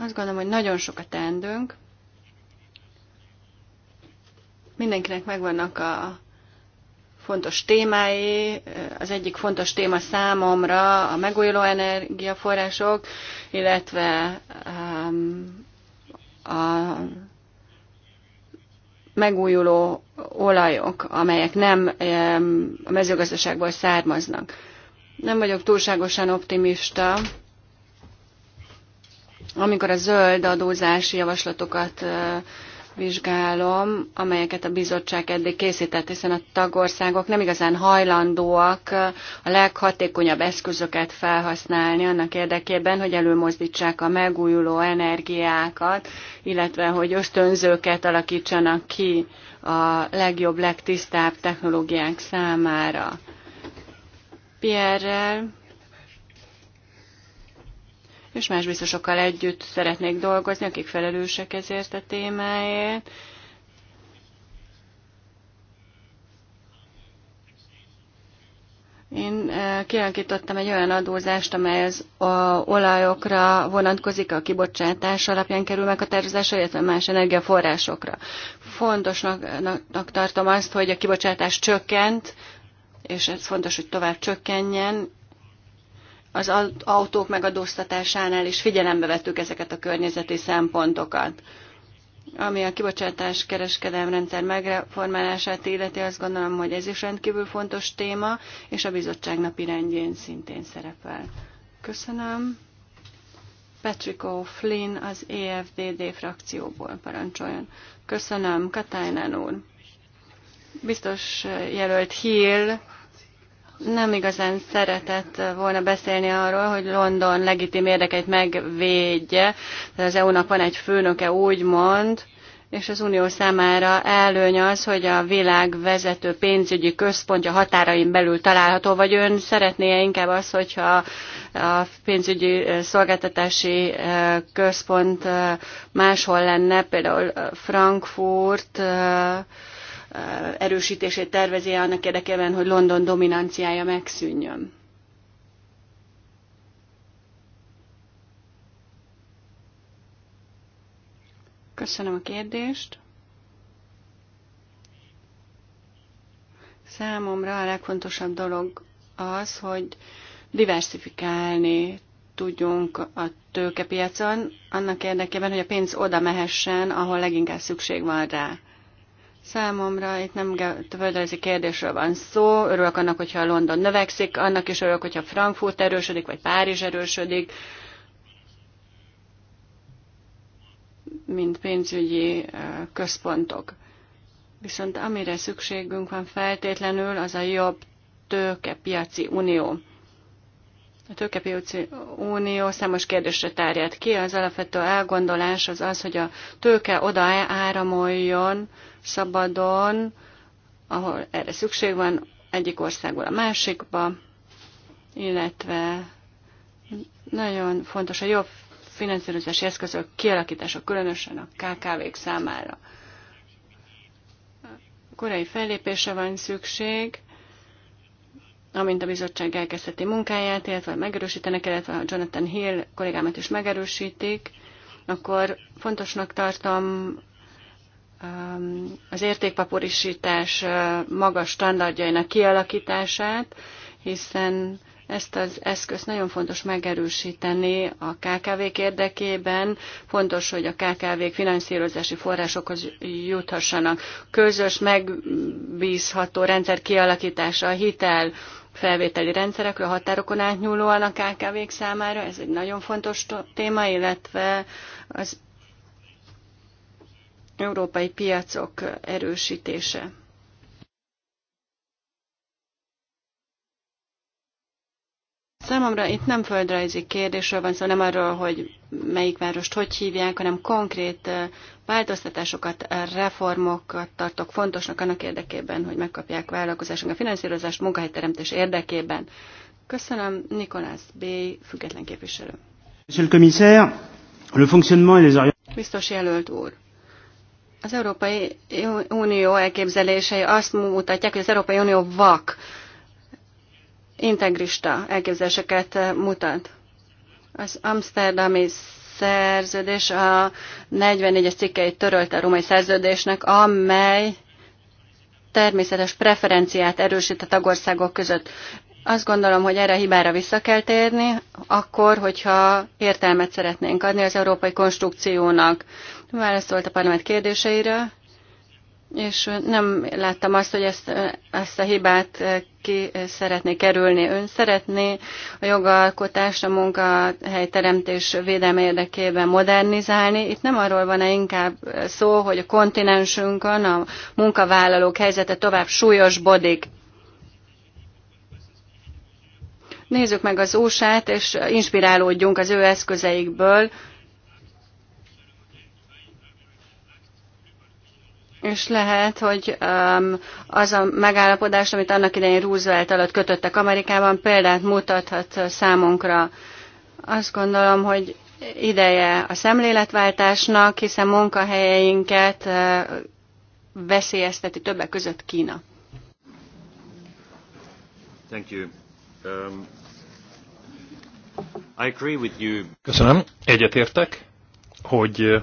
S4: Azt gondolom, hogy nagyon sokat teendőnk. Mindenkinek megvannak a fontos témái. Az egyik fontos téma számomra a megújuló energiaforrások, illetve um, a megújuló olajok, amelyek nem um, a mezőgazdaságból származnak. Nem vagyok túlságosan optimista amikor a zöld adózási javaslatokat vizsgálom, amelyeket a bizottság eddig készített, hiszen a tagországok nem igazán hajlandóak a leghatékonyabb eszközöket felhasználni annak érdekében, hogy előmozdítsák a megújuló energiákat, illetve hogy ösztönzőket alakítsanak ki a legjobb, legtisztább technológiák számára. Pierre, és más biztosokkal együtt szeretnék dolgozni, akik felelősek ezért a témáért. Én eh, kialakítottam egy olyan adózást, amely az olajokra vonatkozik, a kibocsátás alapján kerül meg a tervezésre, illetve más energiaforrásokra. Fontosnak tartom azt, hogy a kibocsátás csökkent, és ez fontos, hogy tovább csökkenjen, az autók megadóztatásánál is figyelembe vettük ezeket a környezeti szempontokat. Ami a kibocsátás kereskedelmi rendszer megreformálását illeti, azt gondolom, hogy ez is rendkívül fontos téma, és a bizottság napi rendjén szintén szerepel. Köszönöm. Patrick O'Flynn az EFDD frakcióból parancsoljon. Köszönöm, Katájnán úr. Biztos jelölt Hill nem igazán szeretett volna beszélni arról, hogy London legitim érdekeit megvédje, tehát az EU-nak van egy főnöke mond, és az Unió számára előny az, hogy a világ vezető pénzügyi központja határain belül található, vagy ön szeretné -e inkább az, hogyha a pénzügyi szolgáltatási központ máshol lenne, például Frankfurt, Eh, erősítését tervezi -e annak érdekében, hogy London dominanciája megszűnjön. Köszönöm a kérdést. Számomra a legfontosabb dolog az, hogy diversifikálni tudjunk a tőkepiacon, annak érdekében, hogy a pénz oda mehessen, ahol leginkább szükség van rá. Számomra itt nem földrajzi kérdésről van szó. Örülök annak, hogyha London növekszik, annak is örülök, hogyha Frankfurt erősödik, vagy Párizs erősödik. mint pénzügyi központok. Viszont amire szükségünk van feltétlenül, az a jobb tőkepiaci unió. A tőkepiaci unió számos kérdésre tárját ki. Az alapvető elgondolás az az, hogy a tőke oda áramoljon szabadon, ahol erre szükség van, egyik országból a másikba, illetve nagyon fontos a jobb finanszírozási eszközök kialakítása, különösen a KKV-k számára. Korai fellépése van szükség, amint a bizottság elkezdheti munkáját, illetve megerősítenek, illetve a Jonathan Hill kollégámat is megerősítik, akkor fontosnak tartom um, az értékpapírisítás uh, magas standardjainak kialakítását, hiszen ezt az eszközt nagyon fontos megerősíteni a KKV-k érdekében. Fontos, hogy a KKV-k finanszírozási forrásokhoz juthassanak. Közös, megbízható rendszer kialakítása, a hitel, felvételi rendszerekről határokon átnyúlóan a KKV-k számára. Ez egy nagyon fontos téma, illetve az európai piacok erősítése. Számomra itt nem földrajzi kérdésről van szó, szóval nem arról, hogy melyik várost hogy hívják, hanem konkrét változtatásokat, reformokat tartok fontosnak annak érdekében, hogy megkapják vállalkozásunk a finanszírozást munkahelyteremtés érdekében. Köszönöm, Nikolász B. független képviselő. Biztos jelölt úr. Az Európai Unió elképzelései azt mutatják, hogy az Európai Unió vak integrista elképzeléseket mutat. Az amsterdami szerződés a 44-es cikkeit törölte a római szerződésnek, amely természetes preferenciát erősít a tagországok között. Azt gondolom, hogy erre a hibára vissza kell térni, akkor, hogyha értelmet szeretnénk adni az európai konstrukciónak. Válaszolt a parlament kérdéseire és nem láttam azt, hogy ezt, ezt a hibát ki szeretné kerülni. Ön szeretné a jogalkotást a munkahelyteremtés védelme érdekében modernizálni. Itt nem arról van-e inkább szó, hogy a kontinensünkön a munkavállalók helyzete tovább súlyosbodik. Nézzük meg az usa és inspirálódjunk az ő eszközeikből, És lehet, hogy um, az a megállapodás, amit annak idején Roosevelt alatt kötöttek Amerikában, példát mutathat számunkra. Azt gondolom, hogy ideje a szemléletváltásnak, hiszen munkahelyeinket uh, veszélyezteti többek között Kína.
S3: Thank you. Um, I agree with you. Köszönöm. Egyetértek,
S1: hogy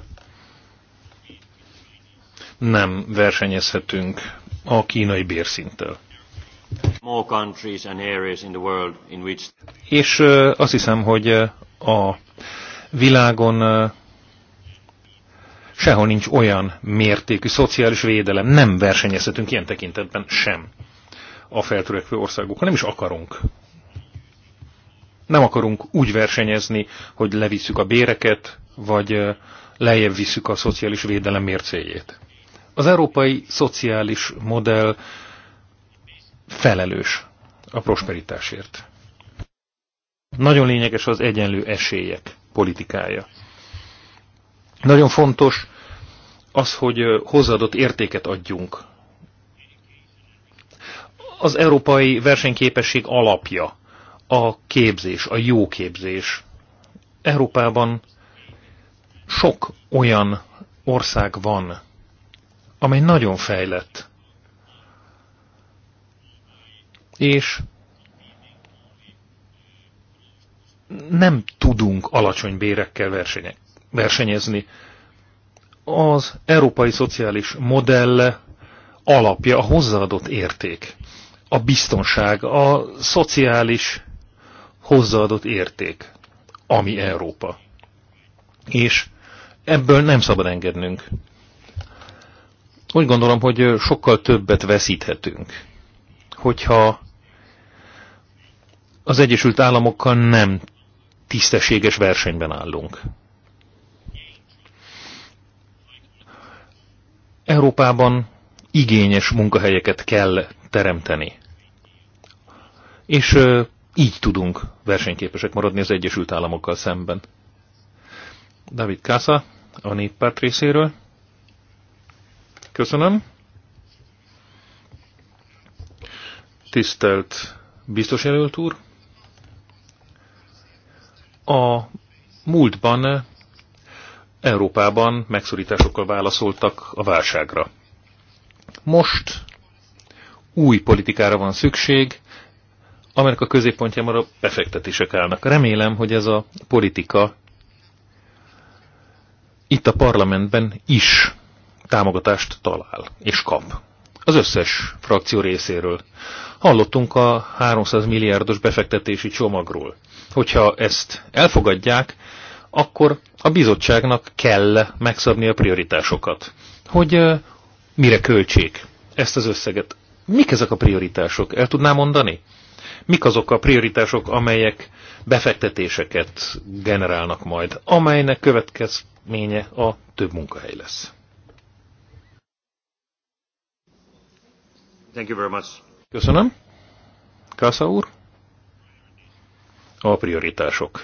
S1: nem versenyezhetünk a kínai bérszinttel. És azt hiszem, hogy a világon sehol nincs olyan mértékű szociális védelem, nem versenyezhetünk ilyen tekintetben sem a feltörekvő országokkal, nem is akarunk. Nem akarunk úgy versenyezni, hogy levisszük a béreket, vagy lejjebb visszük a szociális védelem mércéjét. Az európai szociális modell felelős a prosperitásért. Nagyon lényeges az egyenlő esélyek politikája. Nagyon fontos az, hogy hozzáadott értéket adjunk. Az európai versenyképesség alapja a képzés, a jó képzés. Európában sok olyan ország van, amely nagyon fejlett. És nem tudunk alacsony bérekkel versenyezni. Az európai szociális modell alapja a hozzáadott érték. A biztonság, a szociális hozzáadott érték, ami Európa. És ebből nem szabad engednünk. Úgy gondolom, hogy sokkal többet veszíthetünk, hogyha az Egyesült Államokkal nem tisztességes versenyben állunk. Európában igényes munkahelyeket kell teremteni. És így tudunk versenyképesek maradni az Egyesült Államokkal szemben. David Kassa, a néppárt részéről. Köszönöm. Tisztelt biztos jelölt úr! A múltban Európában megszorításokkal válaszoltak a válságra. Most új politikára van szükség, a középpontjában a befektetések állnak. Remélem, hogy ez a politika itt a parlamentben is támogatást talál és kap. Az összes frakció részéről. Hallottunk a 300 milliárdos befektetési csomagról. Hogyha ezt elfogadják, akkor a bizottságnak kell megszabni a prioritásokat. Hogy mire költsék ezt az összeget? Mik ezek a prioritások? El tudná mondani? Mik azok a prioritások, amelyek befektetéseket generálnak majd, amelynek következménye a több munkahely lesz?
S3: Thank you very much. Köszönöm.
S1: Kassa úr? A prioritások.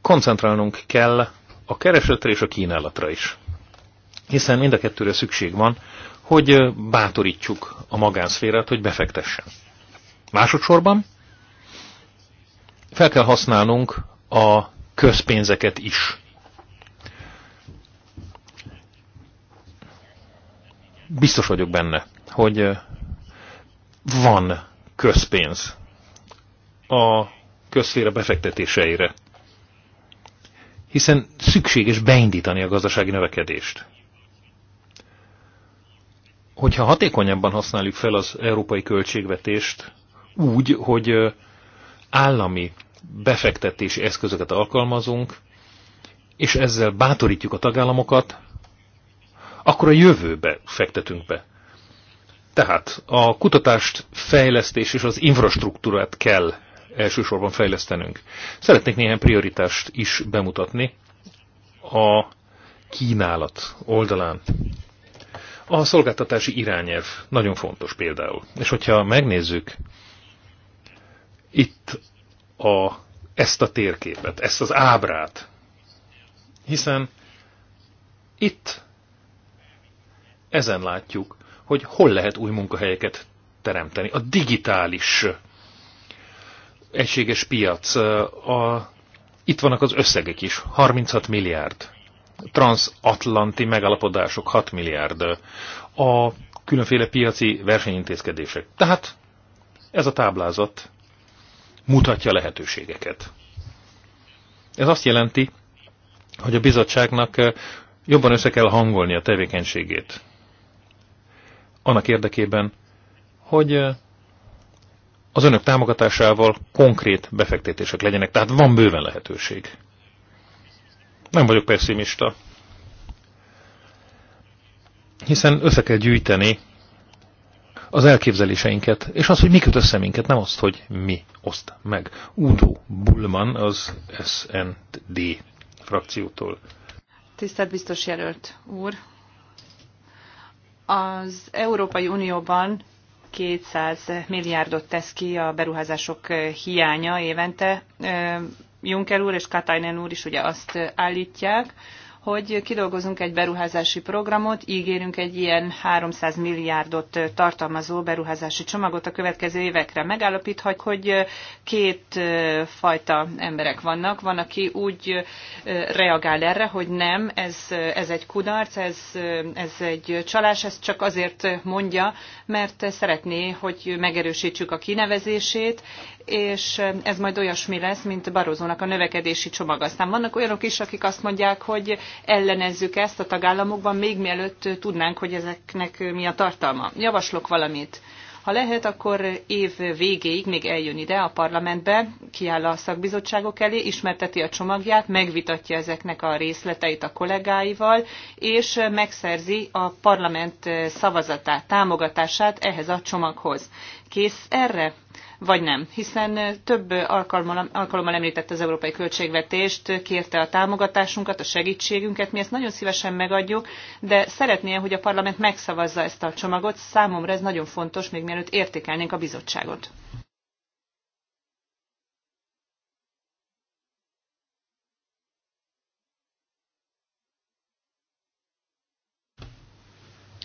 S1: Koncentrálnunk kell a keresetre és a kínálatra is. Hiszen mind a kettőre szükség van, hogy bátorítsuk a magánszférát, hogy befektessen. Másodszorban fel kell használnunk a közpénzeket is biztos vagyok benne, hogy van közpénz a közszféra befektetéseire, hiszen szükséges beindítani a gazdasági növekedést. Hogyha hatékonyabban használjuk fel az európai költségvetést úgy, hogy állami befektetési eszközöket alkalmazunk, és ezzel bátorítjuk a tagállamokat, akkor a jövőbe fektetünk be. Tehát a kutatást, fejlesztés és az infrastruktúrát kell elsősorban fejlesztenünk. Szeretnék néhány prioritást is bemutatni a kínálat oldalán. A szolgáltatási irányelv nagyon fontos például. És hogyha megnézzük itt a, ezt a térképet, ezt az ábrát, hiszen itt ezen látjuk, hogy hol lehet új munkahelyeket teremteni. A digitális egységes piac, a, itt vannak az összegek is, 36 milliárd, transatlanti megalapodások 6 milliárd, a különféle piaci versenyintézkedések. Tehát ez a táblázat mutatja lehetőségeket. Ez azt jelenti, hogy a bizottságnak jobban össze kell hangolni a tevékenységét annak érdekében, hogy az önök támogatásával konkrét befektetések legyenek. Tehát van bőven lehetőség. Nem vagyok pessimista, hiszen össze kell gyűjteni az elképzeléseinket, és az, hogy mi köt össze minket, nem azt, hogy mi oszt meg. Udo Bullman az SND frakciótól.
S2: Tisztelt biztos jelölt úr, az Európai Unióban 200 milliárdot tesz ki a beruházások hiánya évente. Juncker úr és Katainen úr is ugye azt állítják, hogy kidolgozunk egy beruházási programot, ígérünk egy ilyen 300 milliárdot tartalmazó beruházási csomagot a következő évekre. Megállapíthat, hogy két fajta emberek vannak. Van, aki úgy reagál erre, hogy nem, ez, ez egy kudarc, ez, ez egy csalás, ezt csak azért mondja, mert szeretné, hogy megerősítsük a kinevezését, és ez majd olyasmi lesz, mint Barozónak a növekedési csomag. Aztán vannak olyanok is, akik azt mondják, hogy ellenezzük ezt a tagállamokban, még mielőtt tudnánk, hogy ezeknek mi a tartalma. Javaslok valamit. Ha lehet, akkor év végéig még eljön ide a parlamentbe, kiáll a szakbizottságok elé, ismerteti a csomagját, megvitatja ezeknek a részleteit a kollégáival, és megszerzi a parlament szavazatát, támogatását ehhez a csomaghoz. Kész erre? vagy nem, hiszen több alkalommal, alkalommal említett az európai költségvetést, kérte a támogatásunkat, a segítségünket, mi ezt nagyon szívesen megadjuk, de szeretné, hogy a parlament megszavazza ezt a csomagot, számomra ez nagyon fontos, még mielőtt értékelnénk a bizottságot.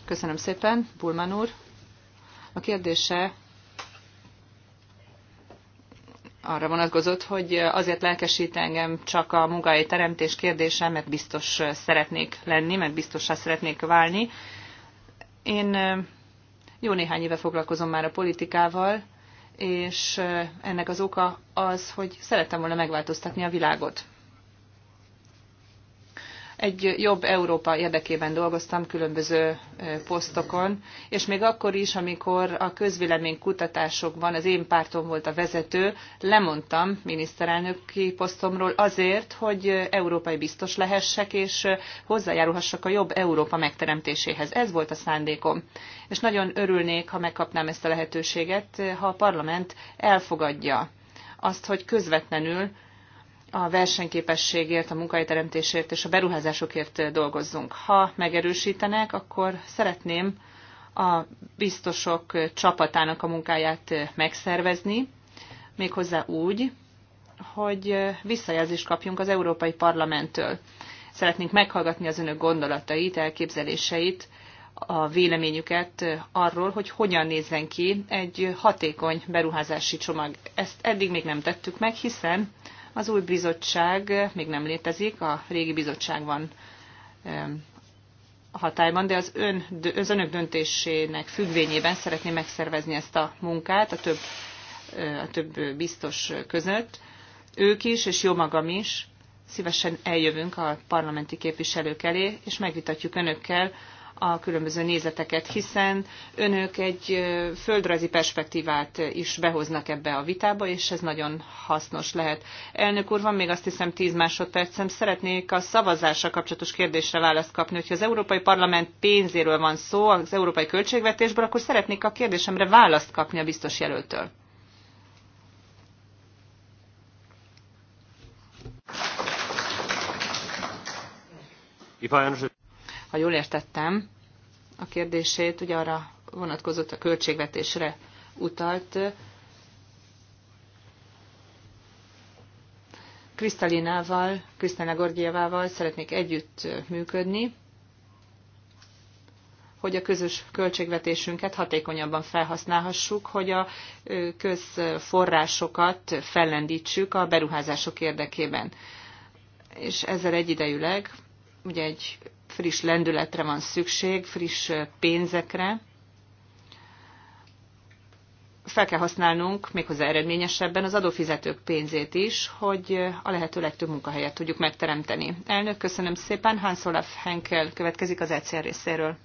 S2: Köszönöm szépen, Bulman úr. A kérdése arra vonatkozott, hogy azért lelkesít engem csak a munkai teremtés kérdése, mert biztos szeretnék lenni, mert biztosra szeretnék válni. Én jó néhány éve foglalkozom már a politikával, és ennek az oka az, hogy szerettem volna megváltoztatni a világot egy jobb Európa érdekében dolgoztam különböző posztokon, és még akkor is, amikor a közvélemény kutatásokban az én pártom volt a vezető, lemondtam miniszterelnöki posztomról azért, hogy európai biztos lehessek, és hozzájárulhassak a jobb Európa megteremtéséhez. Ez volt a szándékom. És nagyon örülnék, ha megkapnám ezt a lehetőséget, ha a parlament elfogadja azt, hogy közvetlenül a versenyképességért, a munkahelyteremtésért és a beruházásokért dolgozzunk. Ha megerősítenek, akkor szeretném a biztosok csapatának a munkáját megszervezni, méghozzá úgy, hogy visszajelzést kapjunk az Európai Parlamenttől. Szeretnénk meghallgatni az önök gondolatait, elképzeléseit, a véleményüket arról, hogy hogyan nézzen ki egy hatékony beruházási csomag. Ezt eddig még nem tettük meg, hiszen az új bizottság még nem létezik, a régi bizottság van hatályban, de az, ön, az önök döntésének függvényében szeretném megszervezni ezt a munkát a több, a több biztos között. Ők is, és jó magam is, szívesen eljövünk a parlamenti képviselők elé, és megvitatjuk önökkel a különböző nézeteket, hiszen önök egy földrajzi perspektívát is behoznak ebbe a vitába, és ez nagyon hasznos lehet. Elnök úr, van még azt hiszem 10 másodpercem. Szeretnék a szavazással kapcsolatos kérdésre választ kapni. Hogyha az Európai Parlament pénzéről van szó, az európai költségvetésből, akkor szeretnék a kérdésemre választ kapni a biztos jelöltől. If I understood ha jól értettem, a kérdését ugye arra vonatkozott a költségvetésre utalt. Krisztalinával, Krisztina Gorgievával szeretnék együtt működni, hogy a közös költségvetésünket hatékonyabban felhasználhassuk, hogy a közforrásokat fellendítsük a beruházások érdekében. És ezzel egyidejűleg ugye egy friss lendületre van szükség, friss pénzekre. Fel kell használnunk méghozzá eredményesebben az adófizetők pénzét is, hogy a lehető legtöbb munkahelyet tudjuk megteremteni. Elnök, köszönöm szépen. Hans Olaf Henkel következik
S4: az ECR részéről.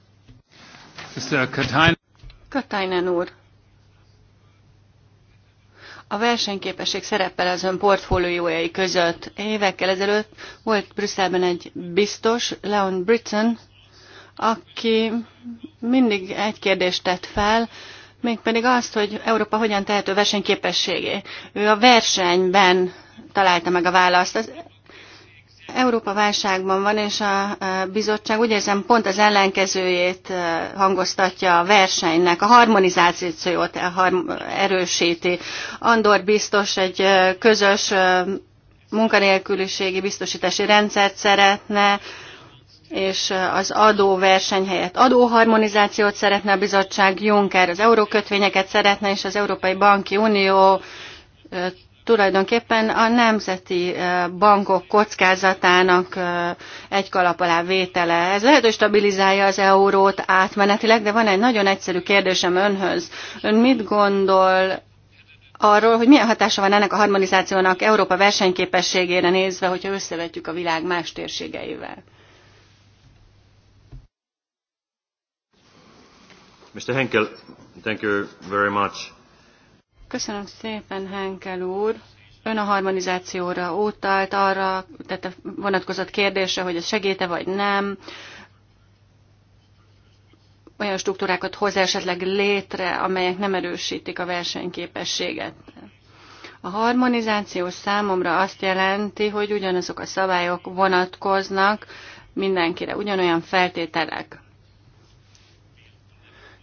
S4: Katainen úr, a versenyképesség szerepel az ön portfóliójai között. Évekkel ezelőtt volt Brüsszelben egy biztos, Leon Britton, aki mindig egy kérdést tett fel, mégpedig azt, hogy Európa hogyan tehető versenyképességé. Ő a versenyben találta meg a választ. Az Európa válságban van, és a bizottság úgy érzem pont az ellenkezőjét hangoztatja a versenynek, a harmonizációt erősíti. Andor biztos egy közös munkanélküliségi biztosítási rendszert szeretne, és az adóverseny helyett adóharmonizációt szeretne a bizottság, Juncker az eurókötvényeket szeretne, és az Európai Banki Unió tulajdonképpen a nemzeti eh, bankok kockázatának eh, egy kalap alá vétele. Ez lehet, hogy stabilizálja az eurót átmenetileg, de van egy nagyon egyszerű kérdésem önhöz. Ön mit gondol arról, hogy milyen hatása van ennek a harmonizációnak Európa versenyképességére nézve, hogyha összevetjük a világ más térségeivel?
S3: Mr. Henkel, thank you very much.
S4: Köszönöm szépen, Henkel úr. Ön a harmonizációra utalt, arra tehát vonatkozott kérdése, hogy ez segíte vagy nem. Olyan struktúrákat hoz esetleg létre, amelyek nem erősítik a versenyképességet. A harmonizáció számomra azt jelenti, hogy ugyanazok a szabályok vonatkoznak mindenkire, ugyanolyan feltételek.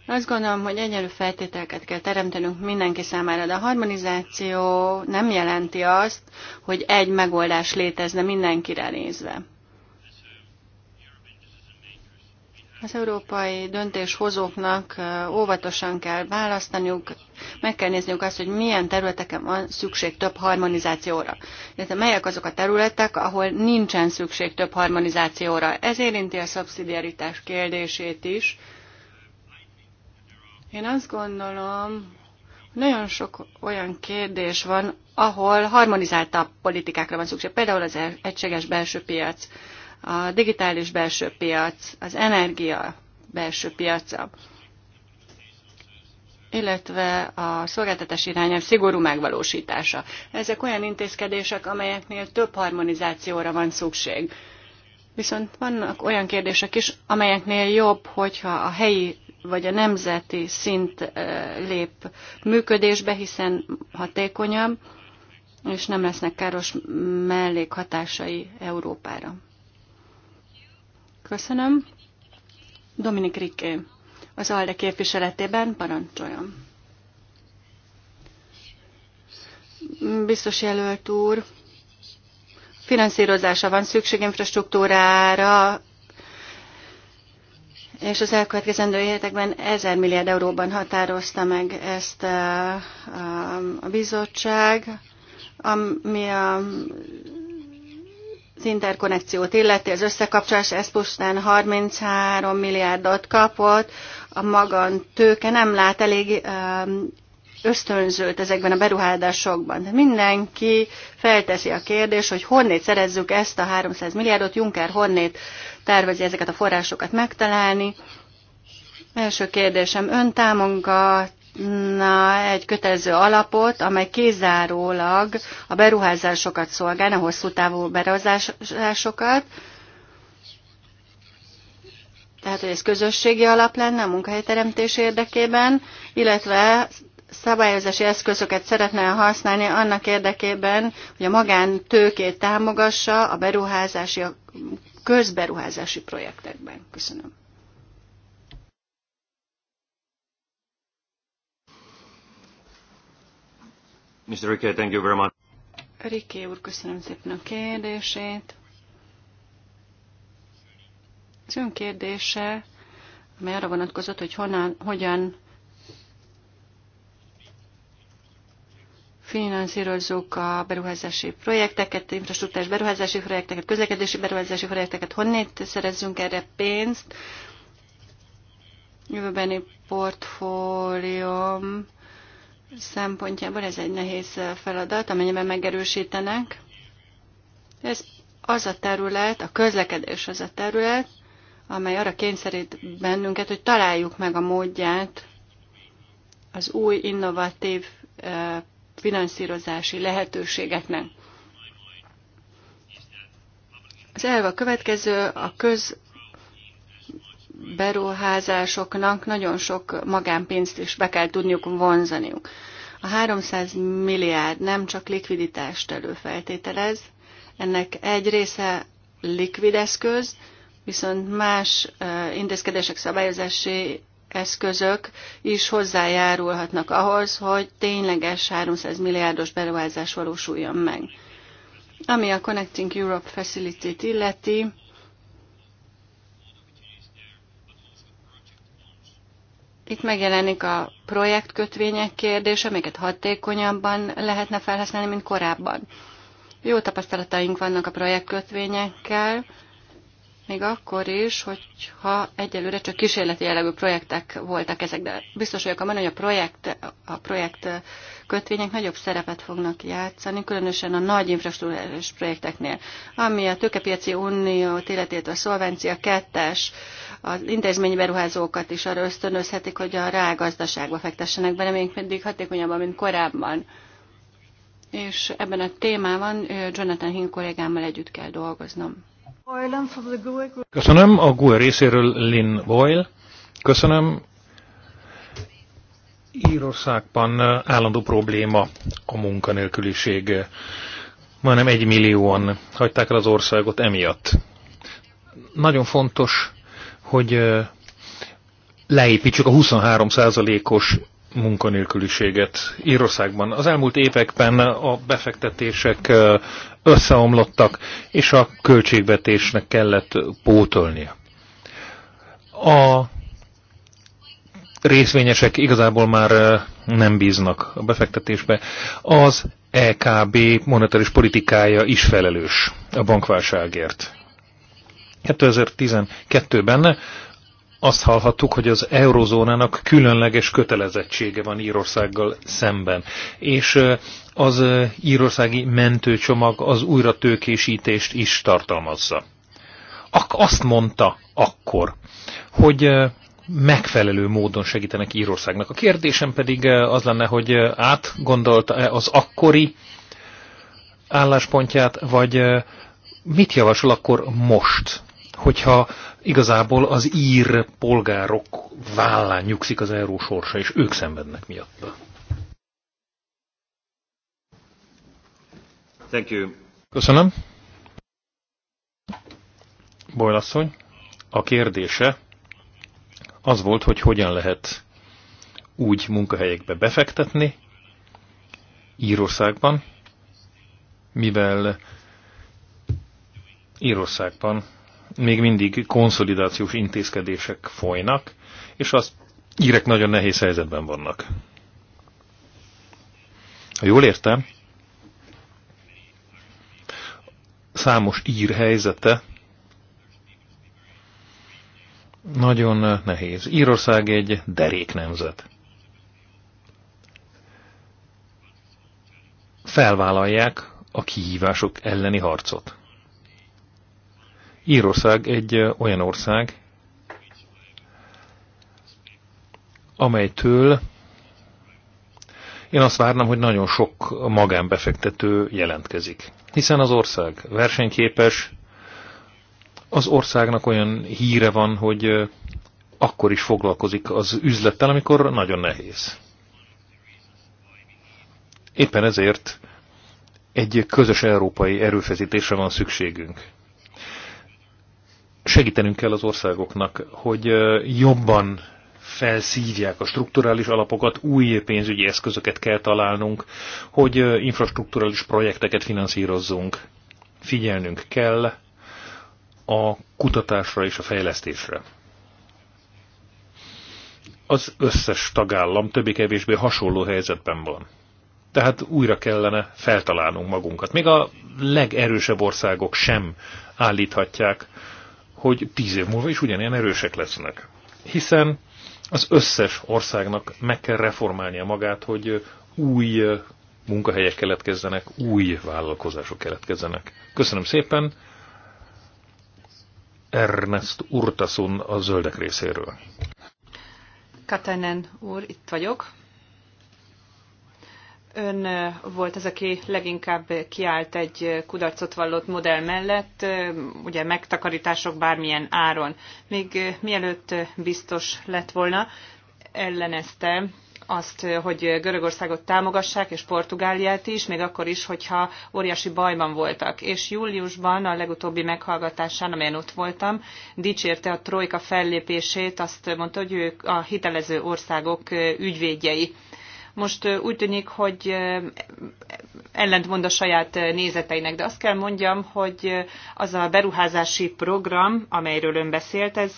S4: Azt gondolom, hogy egyenlő feltételeket kell teremtenünk mindenki számára, de a harmonizáció nem jelenti azt, hogy egy megoldás létezne mindenkire nézve. Az európai döntéshozóknak óvatosan kell választaniuk, meg kell nézniük azt, hogy milyen területeken van szükség több harmonizációra, illetve melyek azok a területek, ahol nincsen szükség több harmonizációra. Ez érinti a szubszidiaritás kérdését is, én azt gondolom, hogy nagyon sok olyan kérdés van, ahol harmonizáltabb politikákra van szükség. Például az egységes belső piac, a digitális belső piac, az energia belső piaca, illetve a szolgáltatás irányelv szigorú megvalósítása. Ezek olyan intézkedések, amelyeknél több harmonizációra van szükség. Viszont vannak olyan kérdések is, amelyeknél jobb, hogyha a helyi vagy a nemzeti szint lép működésbe, hiszen hatékonyabb, és nem lesznek káros mellékhatásai Európára. Köszönöm. Dominik Riké, az ALDE képviseletében parancsoljon. Biztos jelölt úr, finanszírozásra van szükség infrastruktúrára, és az elkövetkezendő években 1000 milliárd euróban határozta meg ezt eh, a bizottság, ami a az interkonnekciót illeti, az összekapcsolás, ez pusztán 33 milliárdot kapott, a magantőke nem lát elég eh, ösztönzőt ezekben a beruházásokban. Mindenki felteszi a kérdés, hogy honnét szerezzük ezt a 300 milliárdot, Juncker honnét tervezi ezeket a forrásokat megtalálni. Első kérdésem, ön támogatna egy kötelező alapot, amely kizárólag a beruházásokat szolgálna, a hosszú távú beruházásokat, tehát hogy ez közösségi alap lenne a munkahelyteremtés érdekében, illetve szabályozási eszközöket szeretne használni annak érdekében, hogy a magántőkét támogassa a beruházási, a közberuházási projektekben. Köszönöm.
S3: Mr. Rike, thank you very much.
S4: Rike úr, köszönöm szépen a kérdését. Az ön kérdése, amely arra vonatkozott, hogy honnan, hogyan finanszírozzuk a beruházási projekteket, infrastruktúrás beruházási projekteket, közlekedési beruházási projekteket, honnét szerezzünk erre pénzt. Jövőbeni portfólióm szempontjából ez egy nehéz feladat, amennyiben megerősítenek. Ez az a terület, a közlekedés az a terület, amely arra kényszerít bennünket, hogy találjuk meg a módját az új innovatív eh, finanszírozási lehetőségeknek. Az elv a következő, a köz beruházásoknak nagyon sok magánpénzt is be kell tudniuk vonzaniuk. A 300 milliárd nem csak likviditást előfeltételez, ennek egy része likvideszköz, viszont más eh, intézkedések szabályozási eszközök is hozzájárulhatnak ahhoz, hogy tényleges 300 milliárdos beruházás valósuljon meg. Ami a Connecting Europe Facility-t illeti, Itt megjelenik a projektkötvények kérdése, amiket hatékonyabban lehetne felhasználni, mint korábban. Jó tapasztalataink vannak a projektkötvényekkel, még akkor is, hogyha egyelőre csak kísérleti jellegű projektek voltak ezek, de biztos vagyok abban, hogy a projekt, a projekt kötvények nagyobb szerepet fognak játszani, különösen a nagy infrastruktúrális projekteknél, ami a tőkepiaci unió életét a szolvencia kettes, az intézményi beruházókat is arra ösztönözhetik, hogy a gazdaságba fektessenek bele, még pedig hatékonyabban, mint korábban. És ebben a témában Jonathan Hinn kollégámmal együtt kell dolgoznom. Köszönöm a
S1: GUE részéről Lynn Boyle. Köszönöm. Írországban eh, állandó probléma a munkanélküliség. Majdnem egy millióan hagyták el az országot emiatt. Nagyon fontos, hogy eh, leépítsük a 23%-os munkanélküliséget Írországban. Az elmúlt években a befektetések összeomlottak, és a költségvetésnek kellett pótolnia. A részvényesek igazából már nem bíznak a befektetésbe. Az EKB monetáris politikája is felelős a bankválságért. 2012-ben azt hallhattuk, hogy az eurozónának különleges kötelezettsége van Írországgal szemben, és az írországi mentőcsomag az tőkésítést is tartalmazza. Ak azt mondta akkor, hogy megfelelő módon segítenek Írországnak. A kérdésem pedig az lenne, hogy átgondolta-e az akkori álláspontját, vagy mit javasol akkor most, hogyha igazából az ír polgárok vállán nyugszik az euró sorsa, és ők szenvednek miatta. Thank you. Köszönöm. Bojlasszony, a kérdése az volt, hogy hogyan lehet úgy munkahelyekbe befektetni Írországban, mivel Írországban még mindig konszolidációs intézkedések folynak, és az írek nagyon nehéz helyzetben vannak. Ha jól értem, számos ír helyzete nagyon nehéz. Írország egy derék nemzet. Felvállalják a kihívások elleni harcot. Írország egy olyan ország, amelytől én azt várnám, hogy nagyon sok magánbefektető jelentkezik. Hiszen az ország versenyképes, az országnak olyan híre van, hogy akkor is foglalkozik az üzlettel, amikor nagyon nehéz. Éppen ezért egy közös európai erőfeszítésre van szükségünk segítenünk kell az országoknak, hogy jobban felszívják a strukturális alapokat, új pénzügyi eszközöket kell találnunk, hogy infrastruktúrális projekteket finanszírozzunk. Figyelnünk kell a kutatásra és a fejlesztésre. Az összes tagállam többé-kevésbé hasonló helyzetben van. Tehát újra kellene feltalálnunk magunkat. Még a legerősebb országok sem állíthatják, hogy tíz év múlva is ugyanilyen erősek lesznek. Hiszen az összes országnak meg kell reformálnia magát, hogy új munkahelyek keletkezzenek, új vállalkozások keletkezzenek. Köszönöm szépen! Ernest Urtasun a zöldek részéről.
S2: Katainen úr, itt vagyok. Ön volt az, aki leginkább kiállt egy kudarcot vallott modell mellett, ugye megtakarítások bármilyen áron. Még mielőtt biztos lett volna, ellenezte azt, hogy Görögországot támogassák, és Portugáliát is, még akkor is, hogyha óriási bajban voltak. És júliusban a legutóbbi meghallgatásán, amelyen ott voltam, dicsérte a Trojka fellépését, azt mondta, hogy ők a hitelező országok ügyvédjei most úgy tűnik, hogy ellentmond a saját nézeteinek, de azt kell mondjam, hogy az a beruházási program, amelyről ön beszélt, ez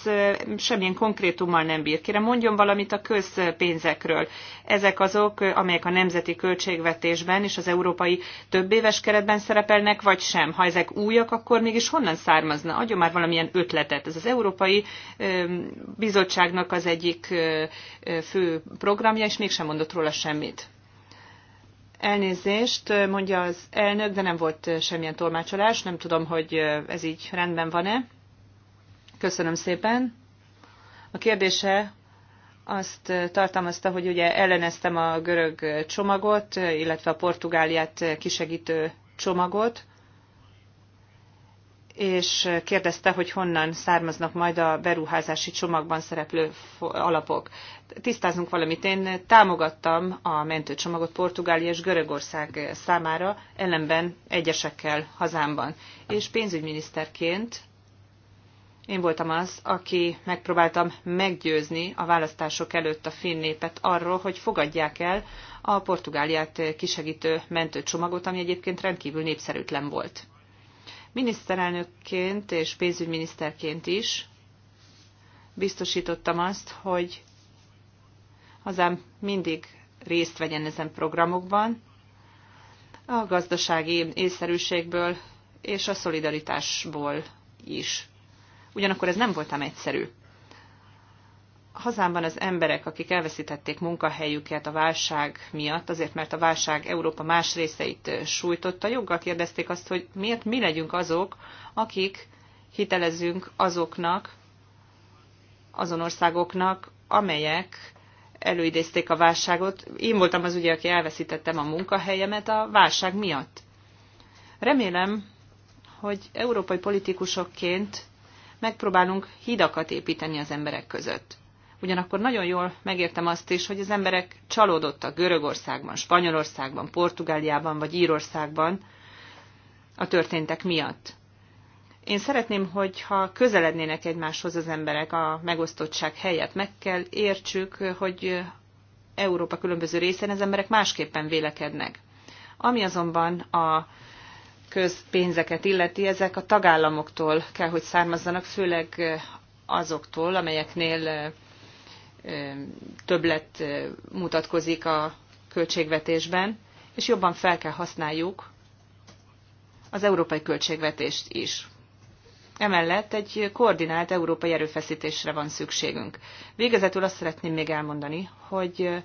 S2: semmilyen konkrétummal nem bír. Kérem, mondjon valamit a közpénzekről. Ezek azok, amelyek a nemzeti költségvetésben és az európai többéves keretben szerepelnek, vagy sem. Ha ezek újak, akkor mégis honnan származna? Adjon már valamilyen ötletet. Ez az Európai Bizottságnak az egyik fő programja, és mégsem mondott róla semmit. Elnézést, mondja az elnök, de nem volt semmilyen tolmácsolás. Nem tudom, hogy ez így rendben van-e. Köszönöm szépen. A kérdése azt tartalmazta, hogy ugye elleneztem a görög csomagot, illetve a Portugáliát kisegítő csomagot és kérdezte, hogy honnan származnak majd a beruházási csomagban szereplő alapok. Tisztázunk valamit, én támogattam a mentőcsomagot Portugália és Görögország számára, ellenben egyesekkel hazámban. És pénzügyminiszterként én voltam az, aki megpróbáltam meggyőzni a választások előtt a finn népet arról, hogy fogadják el a Portugáliát kisegítő mentőcsomagot, ami egyébként rendkívül népszerűtlen volt. Miniszterelnökként és pénzügyminiszterként is biztosítottam azt, hogy hazám mindig részt vegyen ezen programokban, a gazdasági észszerűségből és a szolidaritásból is. Ugyanakkor ez nem voltam egyszerű hazámban az emberek, akik elveszítették munkahelyüket a válság miatt, azért mert a válság Európa más részeit sújtotta, joggal kérdezték azt, hogy miért mi legyünk azok, akik hitelezünk azoknak, azon országoknak, amelyek előidézték a válságot. Én voltam az ugye, aki elveszítettem a munkahelyemet a válság miatt. Remélem, hogy európai politikusokként megpróbálunk hidakat építeni az emberek között Ugyanakkor nagyon jól megértem azt is, hogy az emberek csalódottak Görögországban, Spanyolországban, Portugáliában vagy Írországban a történtek miatt. Én szeretném, hogyha közelednének egymáshoz az emberek a megosztottság helyett. Meg kell értsük, hogy Európa különböző részén az emberek másképpen vélekednek. Ami azonban a közpénzeket illeti, ezek a tagállamoktól kell, hogy származzanak, főleg azoktól, amelyeknél többlet mutatkozik a költségvetésben, és jobban fel kell használjuk az európai költségvetést is. Emellett egy koordinált európai erőfeszítésre van szükségünk. Végezetül azt szeretném még elmondani, hogy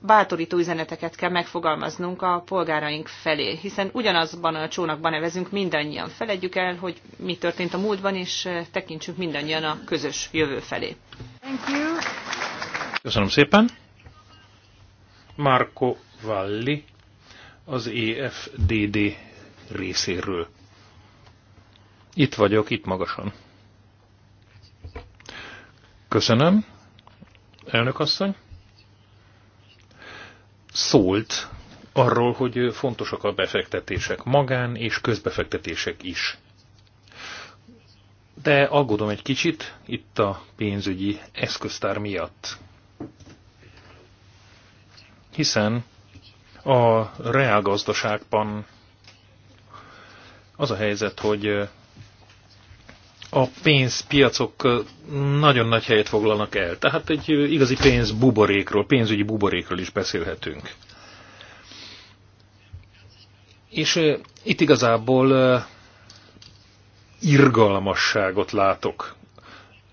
S2: bátorító üzeneteket kell megfogalmaznunk a polgáraink felé, hiszen ugyanazban a csónakban nevezünk mindannyian. Feledjük el, hogy mi történt a múltban, és eh, tekintsünk mindannyian a közös jövő felé. Thank
S1: you. Köszönöm szépen. Marco Valli az EFDD részéről. Itt vagyok, itt magasan. Köszönöm. Elnök asszony szólt arról, hogy fontosak a befektetések magán és közbefektetések is. De aggódom egy kicsit itt a pénzügyi eszköztár miatt. Hiszen a reálgazdaságban az a helyzet, hogy a pénzpiacok nagyon nagy helyet foglalnak el. Tehát egy igazi pénz buborékról, pénzügyi buborékról is beszélhetünk. És itt igazából irgalmasságot látok.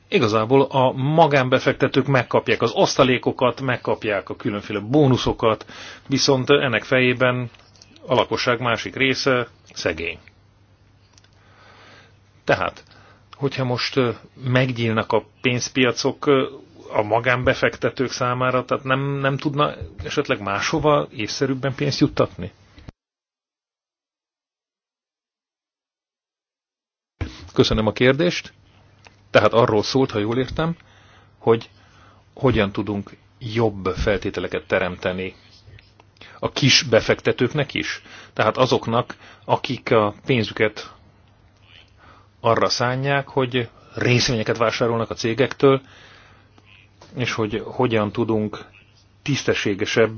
S1: Igazából a magánbefektetők megkapják az osztalékokat, megkapják a különféle bónuszokat, viszont ennek fejében a lakosság másik része szegény. Tehát hogyha most megnyílnak a pénzpiacok a magánbefektetők számára, tehát nem, nem tudna esetleg máshova észszerűbben pénzt juttatni? Köszönöm a kérdést. Tehát arról szólt, ha jól értem, hogy hogyan tudunk jobb feltételeket teremteni a kis befektetőknek is. Tehát azoknak, akik a pénzüket arra szánják, hogy részvényeket vásárolnak a cégektől, és hogy hogyan tudunk tisztességesebb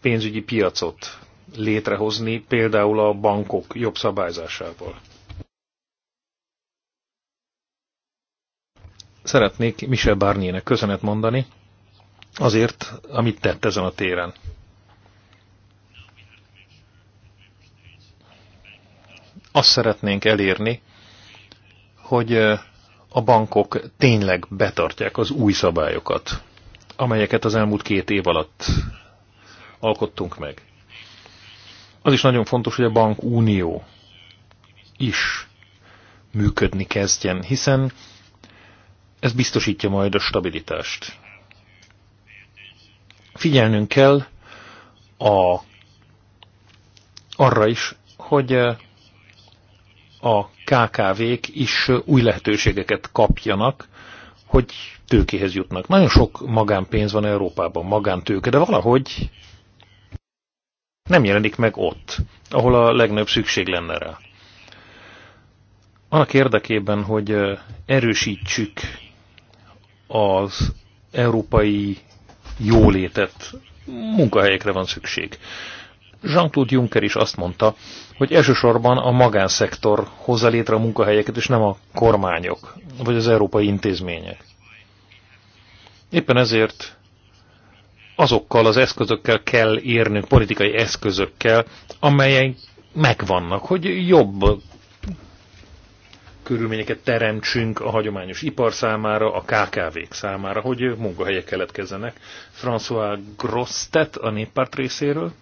S1: pénzügyi piacot létrehozni, például a bankok jobb szabályzásával. Szeretnék Michel Barnier-nek köszönet mondani azért, amit tett ezen a téren. Azt szeretnénk elérni, hogy a bankok tényleg betartják az új szabályokat, amelyeket az elmúlt két év alatt alkottunk meg. Az is nagyon fontos, hogy a bankunió is működni kezdjen, hiszen ez biztosítja majd a stabilitást. Figyelnünk kell a, arra is, hogy a KKV-k is új lehetőségeket kapjanak, hogy tőkéhez jutnak. Nagyon sok magánpénz van Európában, magántőke, de valahogy nem jelenik meg ott, ahol a legnagyobb szükség lenne rá. Annak érdekében, hogy erősítsük az európai jólétet, munkahelyekre van szükség. Jean-Claude Juncker is azt mondta, hogy elsősorban a magánszektor hozza létre a munkahelyeket, és nem a kormányok, vagy az európai intézmények. Éppen ezért azokkal az eszközökkel kell érnünk, politikai eszközökkel, amelyek megvannak, hogy jobb körülményeket teremtsünk a hagyományos ipar számára, a KKV-k számára, hogy munkahelyek keletkezzenek. François Grosztet a néppárt részéről.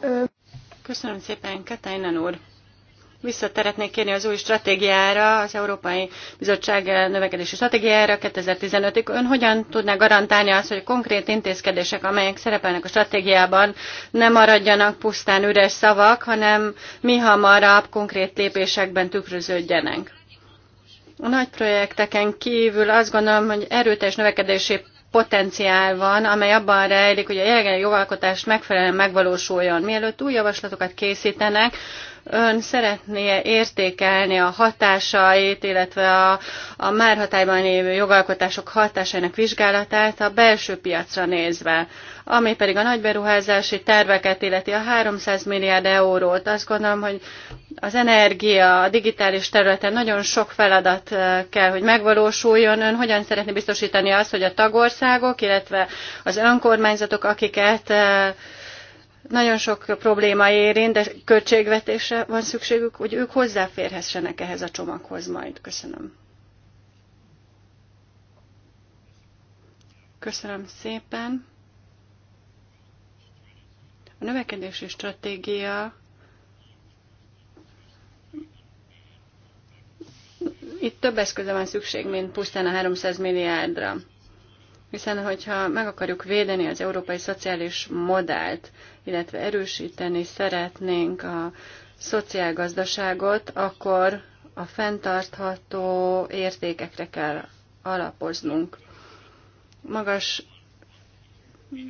S5: Euh,
S4: Köszönöm szépen, Katainen úr. Vissza szeretnék kérni az új stratégiára, az Európai Bizottság növekedési stratégiára 2015-ig. Ön hogyan tudná garantálni azt, hogy a konkrét intézkedések, amelyek szerepelnek a stratégiában, nem maradjanak pusztán üres szavak, hanem mi hamarabb konkrét lépésekben tükröződjenek? A nagy projekteken kívül azt gondolom, hogy erőteljes növekedési potenciál van, amely abban rejlik, hogy a jelenlegi jogalkotás megfelelően megvalósuljon. Mielőtt új javaslatokat készítenek, ön szeretné értékelni a hatásait, illetve a, a már hatályban lévő jogalkotások hatásainak vizsgálatát a belső piacra nézve, ami pedig a nagyberuházási terveket illeti a 300 milliárd eurót. Azt gondolom, hogy az energia, a digitális területen nagyon sok feladat eh, kell, hogy megvalósuljon. Ön hogyan szeretné biztosítani azt, hogy a tagországok, illetve az önkormányzatok, akiket eh, nagyon sok probléma érint, de költségvetésre van szükségük, hogy ők hozzáférhessenek ehhez a csomaghoz majd. Köszönöm. Köszönöm szépen. A növekedési stratégia itt több eszköze van szükség, mint pusztán a 300 milliárdra. Hiszen, hogyha meg akarjuk védeni az európai szociális modellt, illetve erősíteni szeretnénk a szociálgazdaságot, akkor a fenntartható értékekre kell alapoznunk. Magas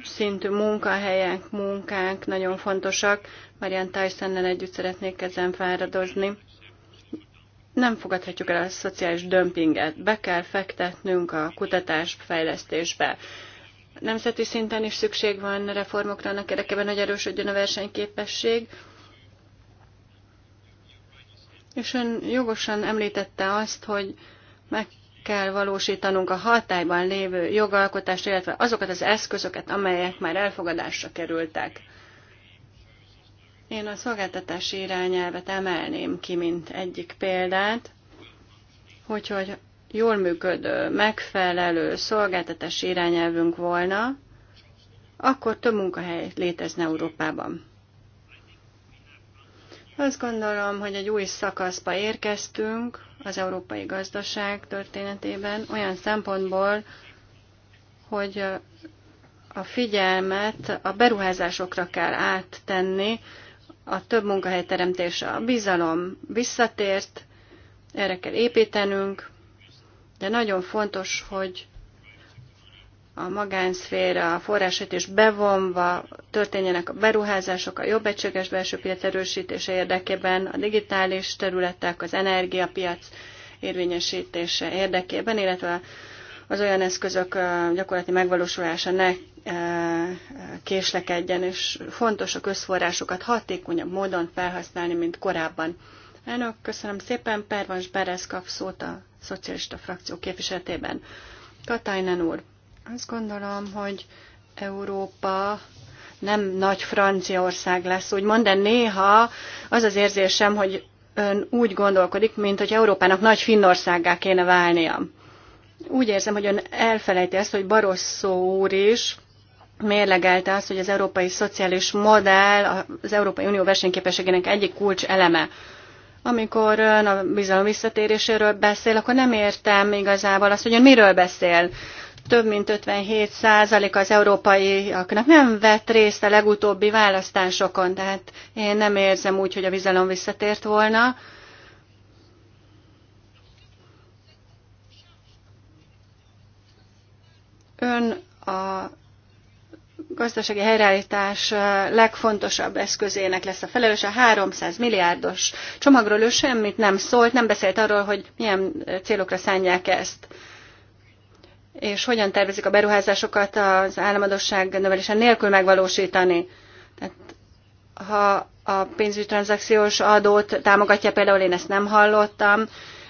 S4: szintű munkahelyek, munkánk nagyon fontosak. Marian Tyson-nel együtt szeretnék ezen fáradozni. Nem fogadhatjuk el a szociális dömpinget. Be kell fektetnünk a kutatás fejlesztésbe. Nemzeti szinten is szükség van reformokra annak érdekében, hogy erősödjön a versenyképesség. És ön jogosan említette azt, hogy meg kell valósítanunk a hatályban lévő jogalkotást, illetve azokat az eszközöket, amelyek már elfogadásra kerültek. Én a szolgáltatási irányelvet emelném ki, mint egyik példát, hogyha jól működő, megfelelő szolgáltatási irányelvünk volna, akkor több munkahely létezne Európában. Azt gondolom, hogy egy új szakaszba érkeztünk az európai gazdaság történetében, olyan szempontból, hogy a figyelmet a beruházásokra kell áttenni, a több munkahely teremtése a bizalom visszatért, erre kell építenünk, de nagyon fontos, hogy a magánszféra, a forrásait is bevonva történjenek a beruházások a jobb egységes belső piac erősítése érdekében, a digitális területek, az energiapiac érvényesítése érdekében, illetve az olyan eszközök gyakorlati megvalósulása ne késlekedjen, és fontos a közforrásokat hatékonyabb módon felhasználni, mint korábban. Elnök, köszönöm szépen. Pervans Berez kap szót a szocialista frakció képviseletében. Katainen úr, azt gondolom, hogy Európa nem nagy Franciaország lesz, úgymond, de néha az az érzésem, hogy ön úgy gondolkodik, mint hogy Európának nagy Finnországá kéne válnia. Úgy érzem, hogy ön elfelejti ezt, hogy Barosszó úr is mérlegelte azt, hogy az európai szociális modell az Európai Unió versenyképességének egyik kulcs eleme. Amikor ön a bizalom visszatéréséről beszél, akkor nem értem igazából azt, hogy ön miről beszél. Több mint 57 százalék az európaiaknak nem vett részt a legutóbbi választásokon, tehát én nem érzem úgy, hogy a bizalom visszatért volna. Ön a gazdasági helyreállítás legfontosabb eszközének lesz a felelős. A 300 milliárdos csomagról ő semmit nem szólt, nem beszélt arról, hogy milyen célokra szánják ezt és hogyan tervezik a beruházásokat az államadosság növelése nélkül megvalósítani. Tehát, ha a pénzügyi tranzakciós adót támogatja, például én ezt nem hallottam,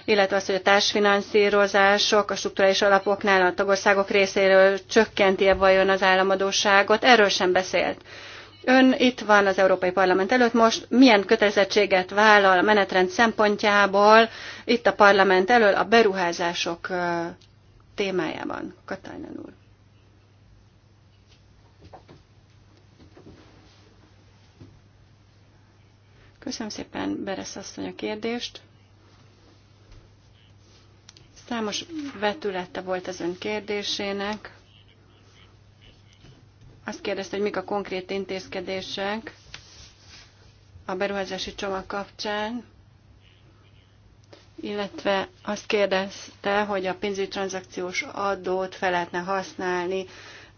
S4: illetve az, hogy a társfinanszírozások a struktúrális alapoknál a tagországok részéről csökkenti-e vajon az államadóságot, erről sem beszélt. Ön itt van az Európai Parlament előtt most, milyen kötelezettséget vállal a menetrend szempontjából itt a parlament elől a beruházások témájában? Katalin úr. Köszönöm szépen Beresz asszony a kérdést. Számos vetülete volt az ön kérdésének. Azt kérdezte, hogy mik a konkrét intézkedések a beruházási csomag kapcsán, illetve azt kérdezte, hogy a pénzügyi tranzakciós adót fel lehetne használni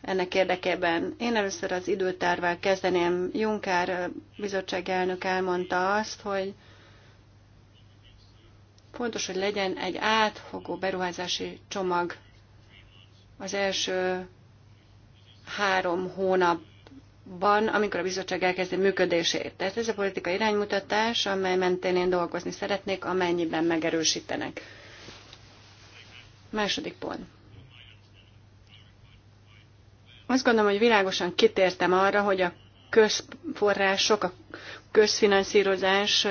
S4: ennek érdekében. Én először az időtárval kezdeném. Junkár bizottság elnök elmondta azt, hogy Fontos, hogy legyen egy átfogó beruházási csomag az első három hónapban, amikor a bizottság elkezdi működését. Tehát ez a politika iránymutatás, amely mentén én dolgozni szeretnék, amennyiben megerősítenek. Második pont. Azt gondolom, hogy világosan kitértem arra, hogy a közforrások, a közfinanszírozás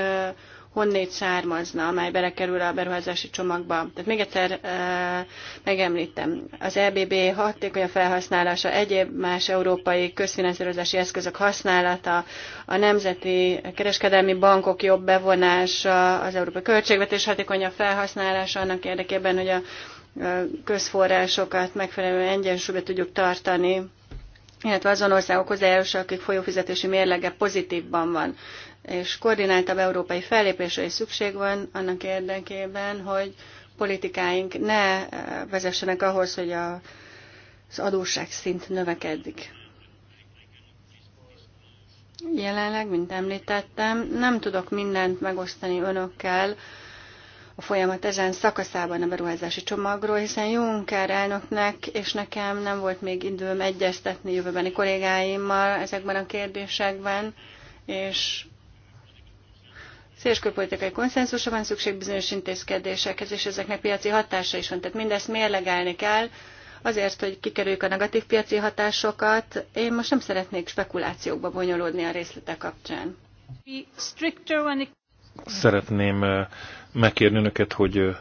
S4: honnét származna, amely belekerül a beruházási csomagba. Tehát még egyszer e, megemlítem, az EBB hatékony felhasználása, egyéb más európai közfinanszírozási eszközök használata, a nemzeti kereskedelmi bankok jobb bevonása, az európai költségvetés a felhasználása annak érdekében, hogy a eh, közforrásokat megfelelően egyensúlyba tudjuk tartani illetve azon országok hozzájárulása, akik folyófizetési mérlege pozitívban van és koordináltabb európai fellépésre is szükség van annak érdekében, hogy politikáink ne eh, vezessenek ahhoz, hogy a, az adósság szint növekedik. Jelenleg, mint említettem, nem tudok mindent megosztani önökkel a folyamat ezen szakaszában a beruházási csomagról, hiszen Juncker elnöknek és nekem nem volt még időm egyeztetni jövőbeni kollégáimmal ezekben a kérdésekben, és szélskörpolitikai konszenzusra van szükség bizonyos intézkedésekhez, és ezeknek piaci hatása is van. Tehát mindezt mérlegelni kell, azért, hogy kikerüljük a negatív piaci hatásokat. Én most nem szeretnék spekulációkba bonyolódni a részletek kapcsán.
S1: Szeretném eh, megkérni önöket, hogy eh,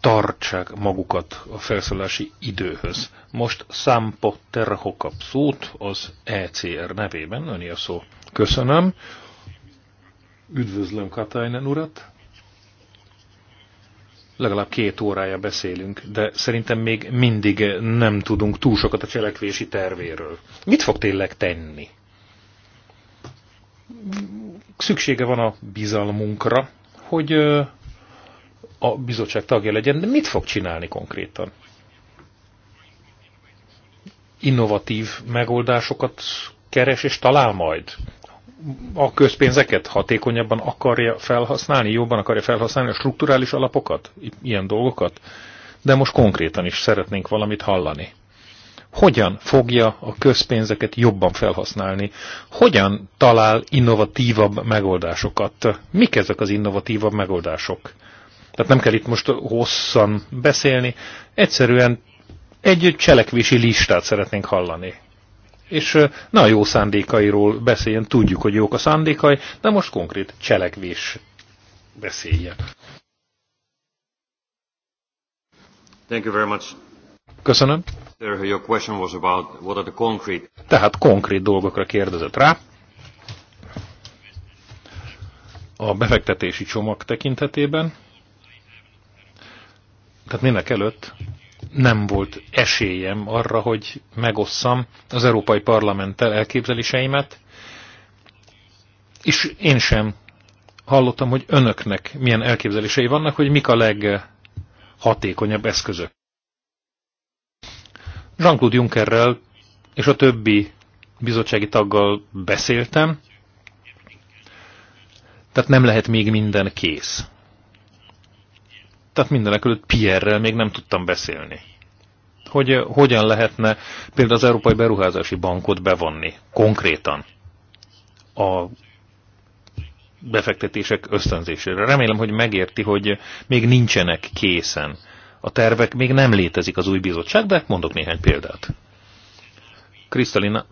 S1: tartsák magukat a felszólási időhöz. Most Sampo Terho kap szót az ECR nevében, öni a szó. Köszönöm. Üdvözlöm Katajnen urat. Legalább két órája beszélünk, de szerintem még mindig nem tudunk túl sokat a cselekvési tervéről. Mit fog tényleg tenni? Szüksége van a bizalmunkra, hogy a bizottság tagja legyen, de mit fog csinálni konkrétan? Innovatív megoldásokat keres és talál majd? a közpénzeket hatékonyabban akarja felhasználni, jobban akarja felhasználni a strukturális alapokat, ilyen dolgokat? De most konkrétan is szeretnénk valamit hallani. Hogyan fogja a közpénzeket jobban felhasználni? Hogyan talál innovatívabb megoldásokat? Mik ezek az innovatívabb megoldások? Tehát nem kell itt most hosszan beszélni, egyszerűen egy cselekvési listát szeretnénk hallani és ne a jó szándékairól beszéljen, tudjuk, hogy jók a szándékai, de most konkrét cselekvés beszéljen. Thank you very much. Köszönöm.
S3: Your question was about what are the concrete... Tehát
S1: konkrét dolgokra kérdezett rá. A befektetési csomag tekintetében. Tehát mindenek előtt nem volt esélyem arra, hogy megosszam az Európai Parlamenttel elképzeléseimet, és én sem hallottam, hogy önöknek milyen elképzelései vannak, hogy mik a leghatékonyabb eszközök. Jean-Claude Junckerrel és a többi bizottsági taggal beszéltem, tehát nem lehet még minden kész. Tehát mindenek előtt Pierrel még nem tudtam beszélni. Hogy eh, hogyan lehetne például az Európai Beruházási Bankot bevonni konkrétan a befektetések ösztönzésére. Remélem, hogy megérti, hogy még nincsenek készen. A tervek még nem létezik az új bizottság, de mondok néhány példát. Krisztalina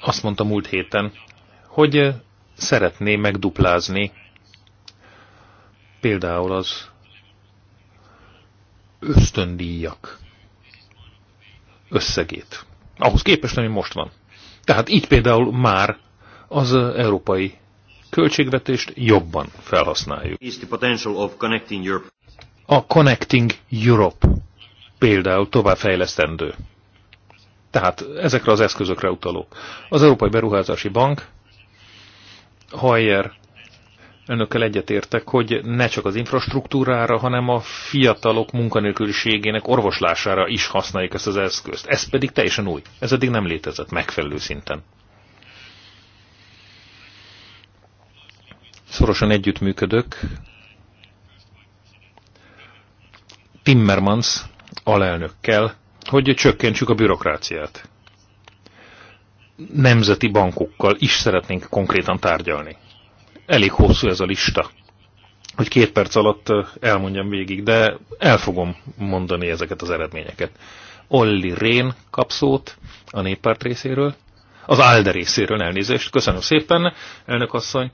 S1: azt mondta múlt héten, hogy eh, szeretné megduplázni például az ösztöndíjak összegét. Ahhoz képest, ami most van. Tehát így például már az európai költségvetést jobban felhasználjuk. A Connecting Europe például továbbfejlesztendő. Tehát ezekre az eszközökre utalok. Az Európai Beruházási Bank Hajer önökkel egyetértek, hogy ne csak az infrastruktúrára, hanem a fiatalok munkanélküliségének orvoslására is használjuk ezt az eszközt. Ez pedig teljesen új. Ez eddig nem létezett megfelelő szinten. Szorosan együttműködök Timmermans alelnökkel, hogy csökkentsük a bürokráciát. Nemzeti bankokkal is szeretnénk konkrétan tárgyalni elég hosszú ez a lista, hogy két perc alatt elmondjam végig, de el fogom mondani ezeket az eredményeket. Olli Rén kap szót a néppárt részéről, az Alde részéről elnézést. Köszönöm szépen, elnök asszony,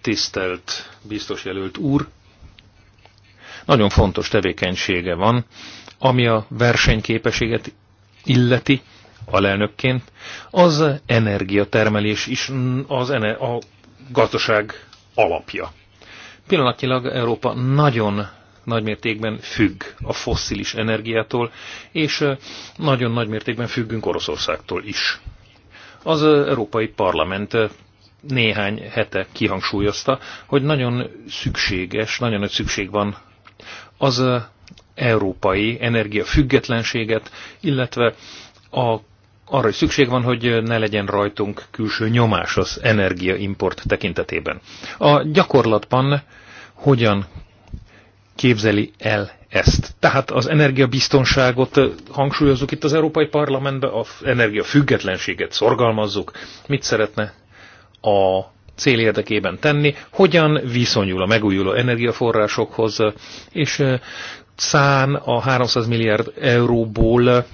S1: tisztelt biztos jelölt úr. Nagyon fontos tevékenysége van, ami a versenyképességet illeti, alelnökként, az energiatermelés is az ene, a gazdaság alapja. Pillanatnyilag Európa nagyon nagymértékben függ a fosszilis energiától, és nagyon nagymértékben függünk Oroszországtól is. Az Európai Parlament néhány hete kihangsúlyozta, hogy nagyon szükséges, nagyon nagy szükség van az európai energia függetlenséget, illetve a arra is szükség van, hogy ne legyen rajtunk külső nyomás az energiaimport tekintetében. A gyakorlatban hogyan képzeli el ezt? Tehát az energiabiztonságot hangsúlyozzuk itt az Európai Parlamentben, az energiafüggetlenséget szorgalmazzuk. Mit szeretne a cél érdekében tenni, hogyan viszonyul a megújuló energiaforrásokhoz, és eh, szán a 300 milliárd euróból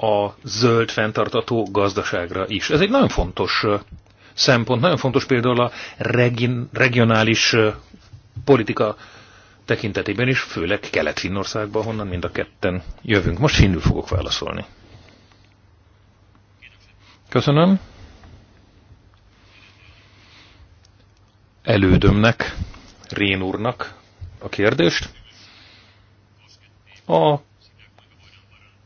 S1: a zöld fenntartató gazdaságra is. Ez egy nagyon fontos szempont, nagyon fontos például a regin, regionális politika tekintetében is, főleg Kelet-Finnországban, honnan mind a ketten jövünk. Most finnül fogok válaszolni. Köszönöm. Elődömnek, Rén úrnak a kérdést. A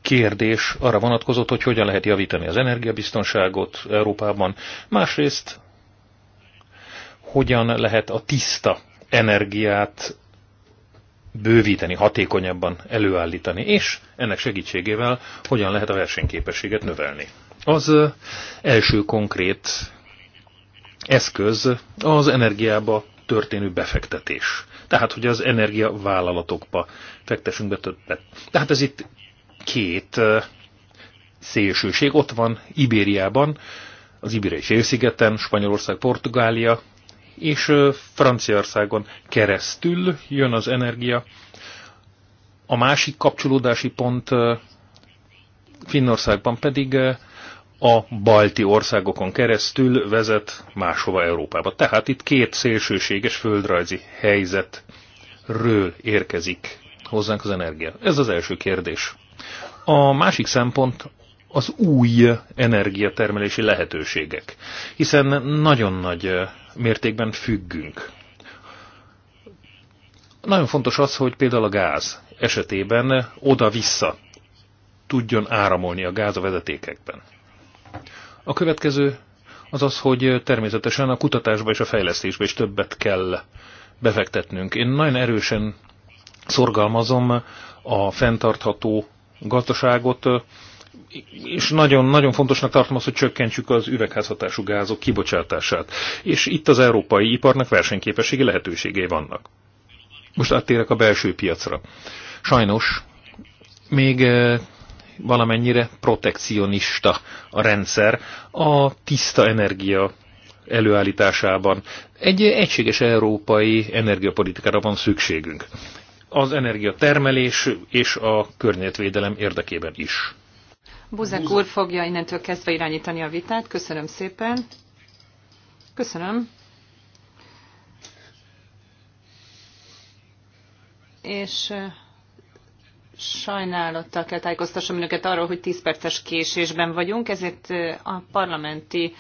S1: kérdés arra vonatkozott, hogy hogyan lehet javítani az energiabiztonságot Európában, másrészt hogyan lehet a tiszta energiát bővíteni, hatékonyabban előállítani, és ennek segítségével hogyan lehet a versenyképességet növelni. Az első konkrét eszköz az energiába történő befektetés. Tehát, hogy az energiavállalatokba fektessünk be többet. Tehát ez itt két szélsőség. Ott van Ibériában, az Ibériai félszigeten, Spanyolország, Portugália, és Franciaországon keresztül jön az energia. A másik kapcsolódási pont Finnországban pedig a balti országokon keresztül vezet máshova Európába. Tehát itt két szélsőséges földrajzi helyzetről érkezik hozzánk az energia. Ez az első kérdés. A másik szempont az új energiatermelési lehetőségek, hiszen nagyon nagy mértékben függünk. Nagyon fontos az, hogy például a gáz esetében oda-vissza tudjon áramolni a gáz a vezetékekben. A következő az az, hogy természetesen a kutatásba és a fejlesztésbe is többet kell befektetnünk. Én nagyon erősen szorgalmazom a fenntartható gazdaságot, és nagyon-nagyon fontosnak tartom azt, hogy csökkentsük az üvegházhatású gázok kibocsátását. És itt az európai iparnak versenyképességi lehetőségei vannak. Most áttérek a belső piacra. Sajnos még valamennyire protekcionista a rendszer a tiszta energia előállításában. Egy egységes európai energiapolitikára van szükségünk az energiatermelés és a környezetvédelem érdekében is.
S2: Buzek úr fogja innentől kezdve irányítani a vitát. Köszönöm szépen. Köszönöm. És Sajnálattal kell tájékoztassam önöket arról, hogy 10 perces késésben vagyunk, ezért eh, a parlamenti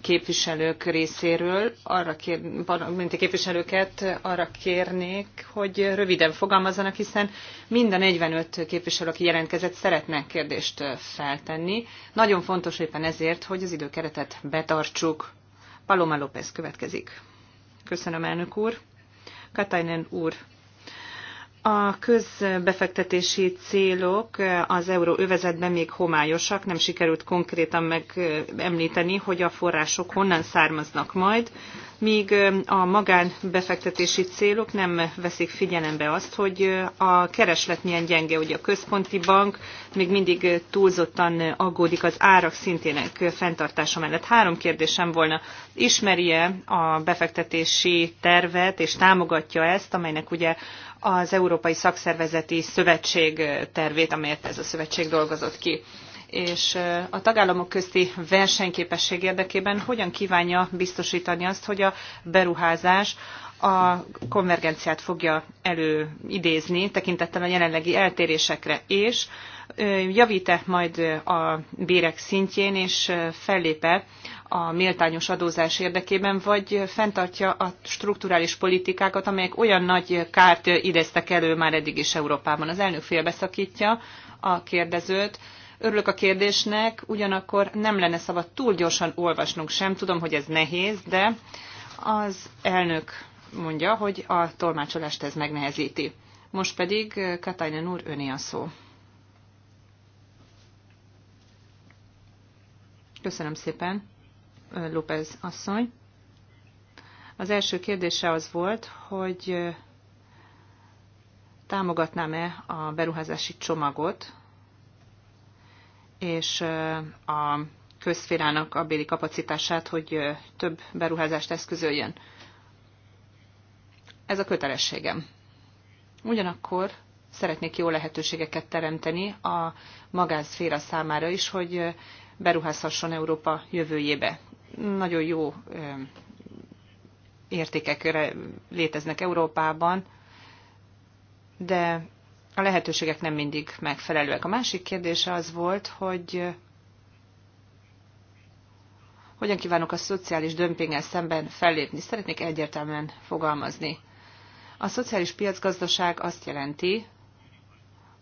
S2: képviselők részéről, arra kér, parlamenti képviselőket arra kérnék, hogy röviden fogalmazzanak, hiszen mind a 45 képviselő, aki jelentkezett, szeretne kérdést eh, feltenni. Nagyon fontos éppen ezért, hogy az időkeretet betartsuk. Paloma López következik. Köszönöm, elnök úr. Katainen úr, a közbefektetési célok az euróövezetben még homályosak, nem sikerült konkrétan megemlíteni, hogy a források honnan származnak majd míg a magánbefektetési célok nem veszik figyelembe azt, hogy a kereslet milyen gyenge, hogy a központi bank még mindig túlzottan aggódik az árak szintének fenntartása mellett. Három kérdésem volna. Ismeri-e a befektetési tervet és támogatja ezt, amelynek ugye az Európai Szakszervezeti Szövetség tervét, amelyet ez a szövetség dolgozott ki? és a tagállamok közti versenyképesség érdekében hogyan kívánja biztosítani azt, hogy a beruházás a konvergenciát fogja előidézni, tekintettel a jelenlegi eltérésekre, és javít-e majd a bérek szintjén, és fellépe a méltányos adózás érdekében, vagy fenntartja a strukturális politikákat, amelyek olyan nagy kárt idéztek elő már eddig is Európában. Az elnök félbeszakítja a kérdezőt, Örülök a kérdésnek, ugyanakkor nem lenne szabad túl gyorsan olvasnunk sem. Tudom, hogy ez nehéz, de az elnök mondja, hogy a tolmácsolást ez megnehezíti. Most pedig eh, Katainen úr öné a szó. Köszönöm szépen, eh, López asszony. Az első kérdése az volt, hogy eh, támogatnám-e a beruházási csomagot, és a közférának a béli kapacitását, hogy több beruházást eszközöljön. Ez a kötelességem. Ugyanakkor szeretnék jó lehetőségeket teremteni a magánszféra számára is, hogy beruházhasson Európa jövőjébe. Nagyon jó értékekre léteznek Európában, de a lehetőségek nem mindig megfelelőek. A másik kérdése az volt, hogy hogyan kívánok a szociális dömpingel szemben fellépni. Szeretnék egyértelműen fogalmazni. A szociális piacgazdaság azt jelenti,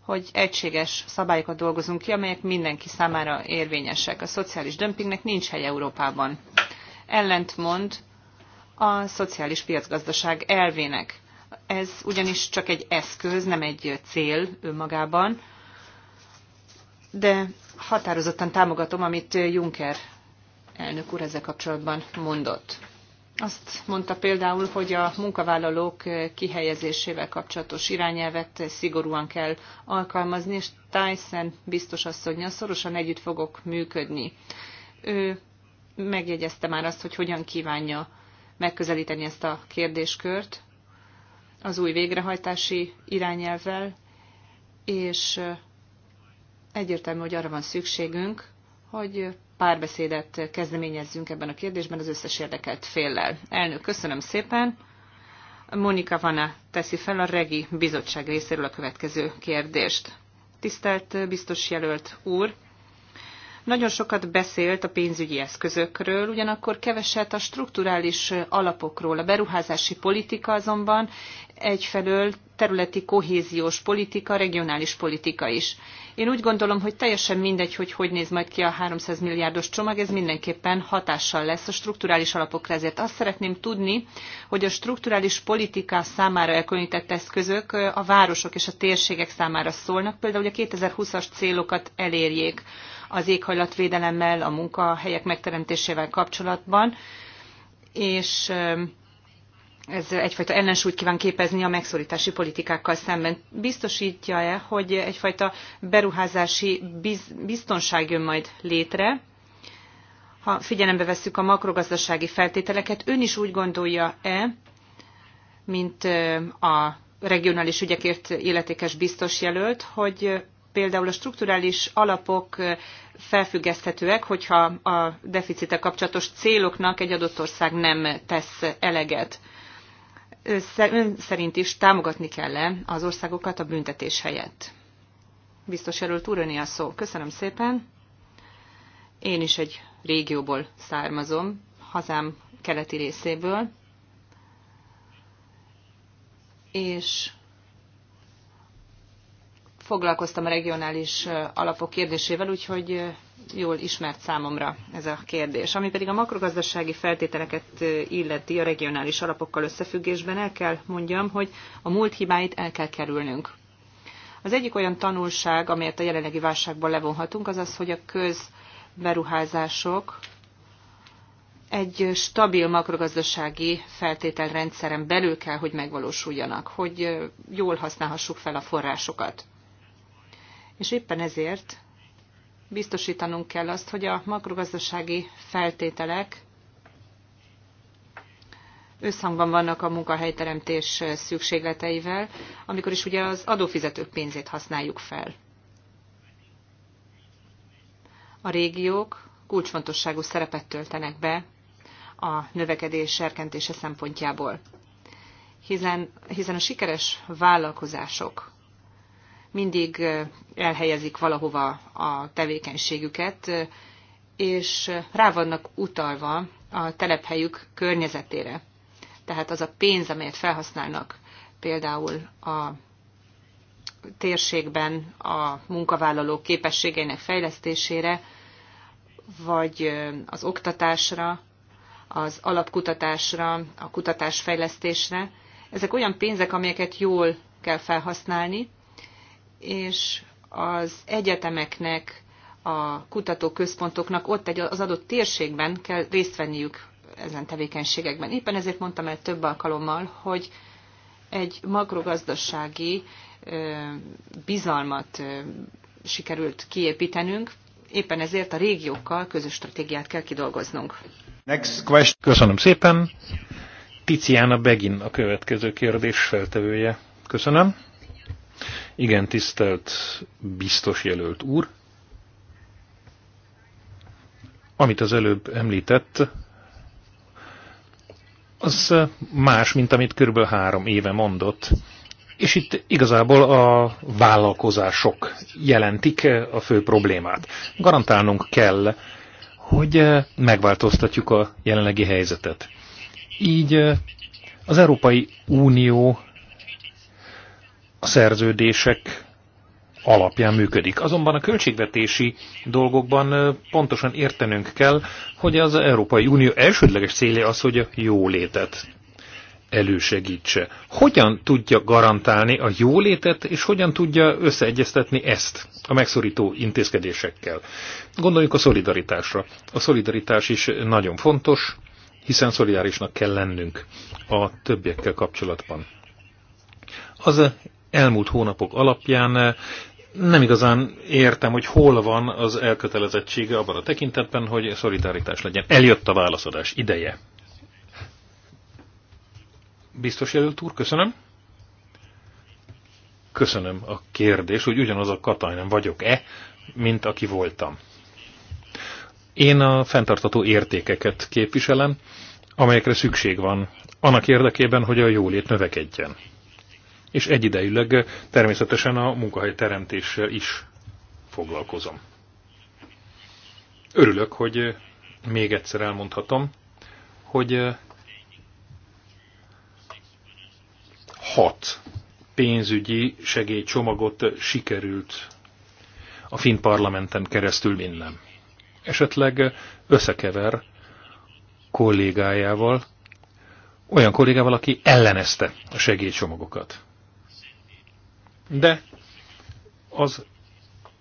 S2: hogy egységes szabályokat dolgozunk ki, amelyek mindenki számára érvényesek. A szociális dömpingnek nincs hely Európában. Ellentmond a szociális piacgazdaság elvének. Ez ugyanis csak egy eszköz, nem egy cél önmagában, de határozottan támogatom, amit Juncker elnök úr ezzel kapcsolatban mondott. Azt mondta például, hogy a munkavállalók kihelyezésével kapcsolatos irányelvet szigorúan kell alkalmazni, és Tyson biztos asszonya szorosan együtt fogok működni. Ő megjegyezte már azt, hogy hogyan kívánja megközelíteni ezt a kérdéskört, az új végrehajtási irányelvvel, és egyértelmű, hogy arra van szükségünk, hogy párbeszédet kezdeményezzünk ebben a kérdésben az összes érdekelt féllel. Elnök, köszönöm szépen. Monika Vana teszi fel a Regi Bizottság részéről a következő kérdést. Tisztelt biztos jelölt úr! Nagyon sokat beszélt a pénzügyi eszközökről, ugyanakkor keveset a strukturális alapokról. A beruházási politika azonban egyfelől területi kohéziós politika, regionális politika is. Én úgy gondolom, hogy teljesen mindegy, hogy hogy néz majd ki a 300 milliárdos csomag, ez mindenképpen hatással lesz a strukturális alapokra. Ezért azt szeretném tudni, hogy a strukturális politika számára elkülönített eszközök a városok és a térségek számára szólnak, például hogy a 2020-as célokat elérjék az éghajlatvédelemmel, a munkahelyek megteremtésével kapcsolatban, és ez egyfajta ellensúlyt kíván képezni a megszorítási politikákkal szemben. Biztosítja-e, hogy egyfajta beruházási biztonság jön majd létre, ha figyelembe vesszük a makrogazdasági feltételeket, ön is úgy gondolja-e, mint a regionális ügyekért illetékes biztos jelölt, hogy például a strukturális alapok felfüggeszthetőek, hogyha a deficite kapcsolatos céloknak egy adott ország nem tesz eleget. Ön szerint is támogatni kell az országokat a büntetés helyett. Biztos erről túrani a szó. Köszönöm szépen. Én is egy régióból származom, hazám keleti részéből, és foglalkoztam a regionális alapok kérdésével, úgyhogy jól ismert számomra ez a kérdés. Ami pedig a makrogazdasági feltételeket illeti a regionális alapokkal összefüggésben, el kell mondjam, hogy a múlt hibáit el kell kerülnünk. Az egyik olyan tanulság, amelyet a jelenlegi válságból levonhatunk, az az, hogy a közberuházások egy stabil makrogazdasági feltételrendszeren belül kell, hogy megvalósuljanak, hogy jól használhassuk fel a forrásokat. És éppen ezért biztosítanunk kell azt, hogy a makrogazdasági feltételek összhangban vannak a munkahelyteremtés szükségleteivel, amikor is ugye az adófizetők pénzét használjuk fel. A régiók kulcsfontosságú szerepet töltenek be a növekedés serkentése szempontjából, hiszen, hiszen a sikeres vállalkozások mindig elhelyezik valahova a tevékenységüket, és rá vannak utalva a telephelyük környezetére. Tehát az a pénz, amelyet felhasználnak például a térségben a munkavállalók képességeinek fejlesztésére, vagy az oktatásra, az alapkutatásra, a kutatásfejlesztésre. Ezek olyan pénzek, amelyeket jól kell felhasználni, és az egyetemeknek, a kutatóközpontoknak ott egy az adott térségben kell részt venniük ezen tevékenységekben. Éppen ezért mondtam el több alkalommal, hogy egy makrogazdasági bizalmat sikerült kiépítenünk, éppen ezért a régiókkal közös stratégiát kell kidolgoznunk. Next
S1: question. Köszönöm szépen. Tiziana Begin a következő kérdés feltevője. Köszönöm. Igen, tisztelt biztos jelölt úr. Amit az előbb említett, az más, mint amit kb. három éve mondott. És itt igazából a vállalkozások jelentik a fő problémát. Garantálnunk kell, hogy megváltoztatjuk a jelenlegi helyzetet. Így az Európai Unió a szerződések alapján működik. Azonban a költségvetési dolgokban pontosan értenünk kell, hogy az Európai Unió elsődleges célja az, hogy a jólétet elősegítse. Hogyan tudja garantálni a jólétet, és hogyan tudja összeegyeztetni ezt a megszorító intézkedésekkel? Gondoljuk a szolidaritásra. A szolidaritás is nagyon fontos, hiszen szolidárisnak kell lennünk a többiekkel kapcsolatban. Az elmúlt hónapok alapján eh, nem igazán értem, hogy hol van az elkötelezettsége abban a tekintetben, hogy szolidaritás legyen. Eljött a válaszadás ideje. Biztos jelölt úr, köszönöm. Köszönöm a kérdés, hogy ugyanaz a nem vagyok-e, mint aki voltam. Én a fenntartató értékeket képviselem, amelyekre szükség van, annak érdekében, hogy a jólét növekedjen és egyidejűleg eh, természetesen a munkahelyteremtéssel eh, is foglalkozom. Örülök, hogy eh, még egyszer elmondhatom, hogy hat pénzügyi segélycsomagot sikerült a finn parlamenten keresztül vinnem. Esetleg összekever kollégájával, olyan kollégával, aki ellenezte a segélycsomagokat de az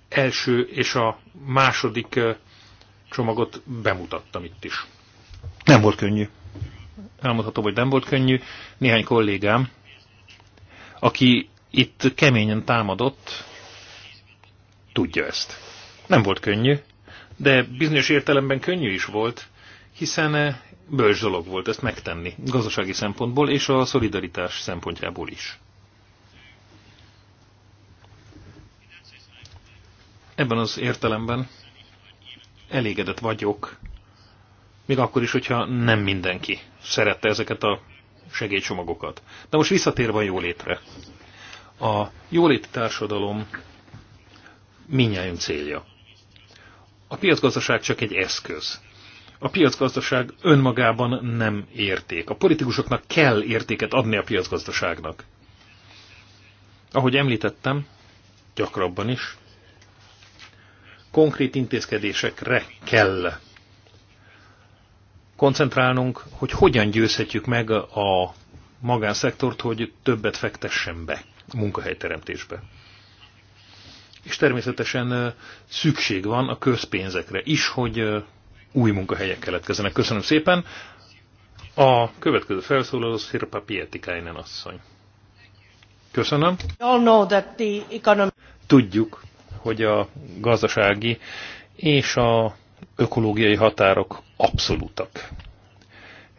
S1: első és a második csomagot bemutattam itt is. Nem volt könnyű. Elmondhatom, hogy nem volt könnyű. Néhány kollégám, aki itt keményen támadott, tudja ezt. Nem volt könnyű, de bizonyos értelemben könnyű is volt, hiszen bölcs dolog volt ezt megtenni, gazdasági szempontból és a szolidaritás szempontjából is. Ebben az értelemben elégedett vagyok, még akkor is, hogyha nem mindenki szerette ezeket a segélycsomagokat. De most visszatérve a jólétre. A jóléti társadalom minnyájunk célja. A piacgazdaság csak egy eszköz. A piacgazdaság önmagában nem érték. A politikusoknak kell értéket adni a piacgazdaságnak. Ahogy említettem, gyakrabban is, konkrét intézkedésekre kell koncentrálnunk, hogy hogyan győzhetjük meg a magánszektort, hogy többet fektessen be munkahelyteremtésbe. És természetesen szükség van a közpénzekre is, hogy új munkahelyek keletkezzenek. Köszönöm szépen. A következő felszólaló Szirpa Pietikainen asszony. Köszönöm. Tudjuk, hogy a gazdasági és a ökológiai határok abszolútak.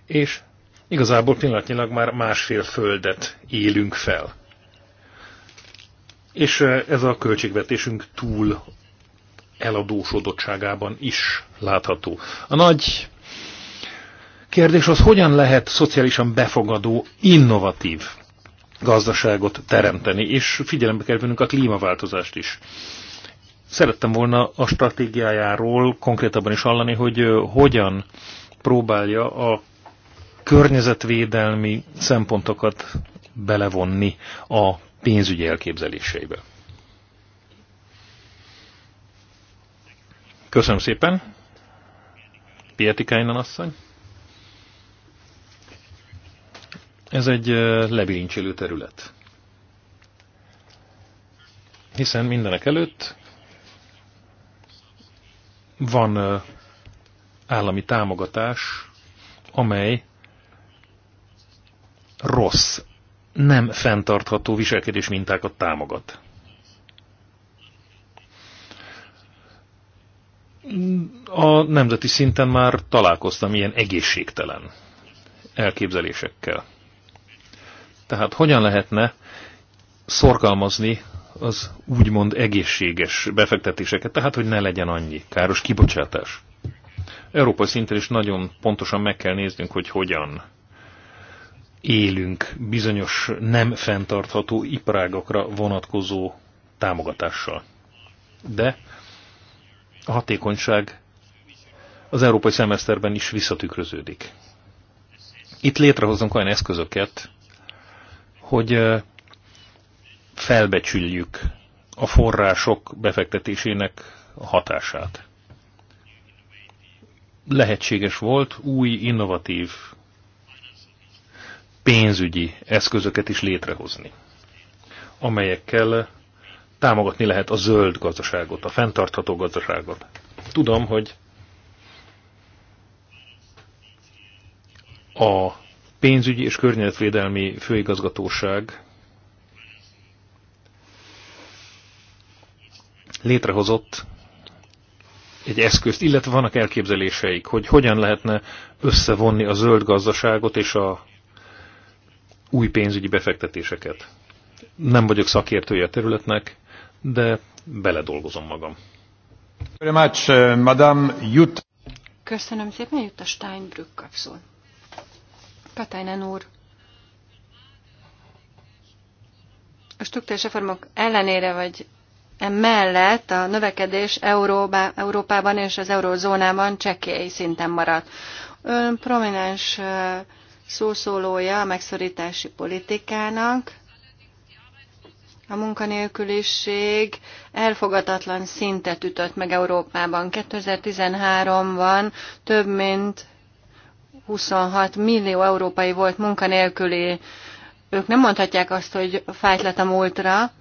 S1: És igazából pillanatnyilag már másfél földet élünk fel. És eh, ez a költségvetésünk túl eladósodottságában is látható. A nagy kérdés az, hogyan lehet szociálisan befogadó, innovatív gazdaságot teremteni, és figyelembe kell vennünk a klímaváltozást is szerettem volna a stratégiájáról konkrétabban is hallani, hogy hogyan próbálja a környezetvédelmi szempontokat belevonni a pénzügyi elképzeléseibe. Köszönöm szépen. Pietikainen asszony. Ez egy lebilincselő terület. Hiszen mindenek előtt van állami támogatás, amely rossz, nem fenntartható viselkedés mintákat támogat. A nemzeti szinten már találkoztam ilyen egészségtelen elképzelésekkel. Tehát hogyan lehetne szorgalmazni az úgymond egészséges befektetéseket, tehát hogy ne legyen annyi káros kibocsátás. Európai szinten is nagyon pontosan meg kell néznünk, hogy hogyan élünk bizonyos nem fenntartható iparágakra vonatkozó támogatással. De a hatékonyság az európai szemeszterben is visszatükröződik. Itt létrehozunk olyan eszközöket, hogy felbecsüljük a források befektetésének hatását. Lehetséges volt új, innovatív pénzügyi eszközöket is létrehozni, amelyekkel támogatni lehet a zöld gazdaságot, a fenntartható gazdaságot. Tudom, hogy a pénzügyi és környezetvédelmi főigazgatóság létrehozott egy eszközt, illetve vannak elképzeléseik, hogy hogyan lehetne összevonni a zöld gazdaságot és a új pénzügyi befektetéseket. Nem vagyok szakértője a területnek, de beledolgozom magam.
S2: Uh,
S4: Köszönöm szépen, Jutta Steinbrück kapszul. Katajnen úr. A struktúrás reformok ellenére vagy Emellett a növekedés Európa, Európában és az eurozónában csekély szinten maradt. Ön prominens szószólója a megszorítási politikának, a munkanélküliség elfogadatlan szintet ütött meg Európában. 2013-ban több mint 26 millió európai volt munkanélküli. Ők nem mondhatják azt, hogy fájtlet a múltra,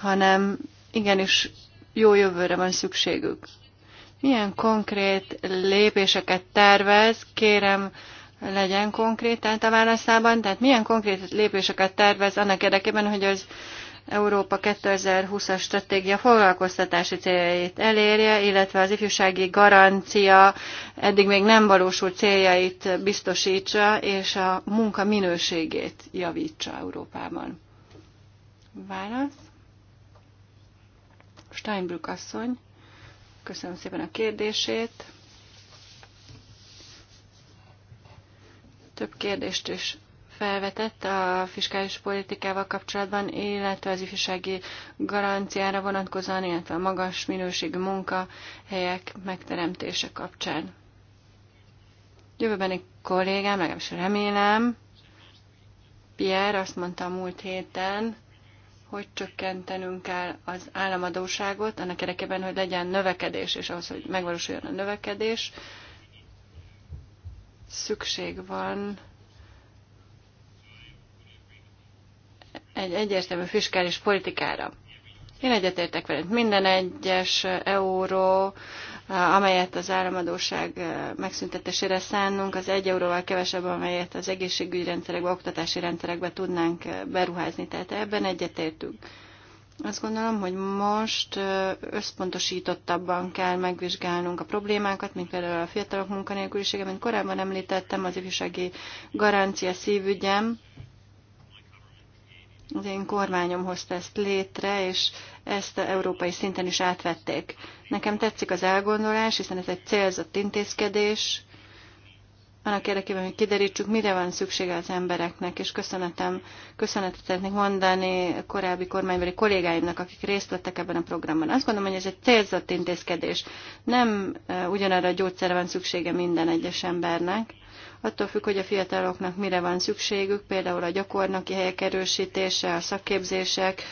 S4: hanem igenis jó jövőre van szükségük. Milyen konkrét lépéseket tervez, kérem, legyen konkrét tehát a válaszában, tehát milyen konkrét lépéseket tervez annak érdekében, hogy az Európa 2020-as stratégia foglalkoztatási céljait elérje, illetve az ifjúsági garancia eddig még nem valósult céljait biztosítsa, és a munka minőségét javítsa Európában. Válasz? Steinbrück asszony, köszönöm szépen a kérdését. Több kérdést is felvetett a fiskális politikával kapcsolatban, illetve az ifjúsági garanciára vonatkozóan, illetve a magas minőségű munkahelyek megteremtése kapcsán. Jövőbeni kollégám, legalábbis remélem, Pierre azt mondta a múlt héten, hogy csökkentenünk kell az államadóságot, annak érdekében, hogy legyen növekedés, és ahhoz, hogy megvalósuljon a növekedés, szükség van egy egyértelmű fiskális politikára. Én egyetértek veled. Minden egyes euró, amelyet az államadóság megszüntetésére szánnunk, az egy euróval kevesebb, amelyet az egészségügyi rendszerekbe, oktatási rendszerekbe tudnánk beruházni. Tehát ebben egyetértünk. Azt gondolom, hogy most összpontosítottabban kell megvizsgálnunk a problémákat, mint például a fiatalok munkanélkülisége, mint korábban említettem, az ifjúsági garancia szívügyem, az én kormányom hozta ezt létre, és ezt a európai szinten is átvették. Nekem tetszik az elgondolás, hiszen ez egy célzott intézkedés, annak érdekében, hogy kiderítsük, mire van szüksége az embereknek, és köszönetem, köszönetet szeretnék mondani a korábbi kormánybeli kollégáimnak, akik részt vettek ebben a programban. Azt gondolom, hogy ez egy célzott intézkedés. Nem eh, ugyanarra a gyógyszerre van szüksége minden egyes embernek, attól függ, hogy a fiataloknak mire van szükségük, például a gyakornoki helyek erősítése, a szakképzések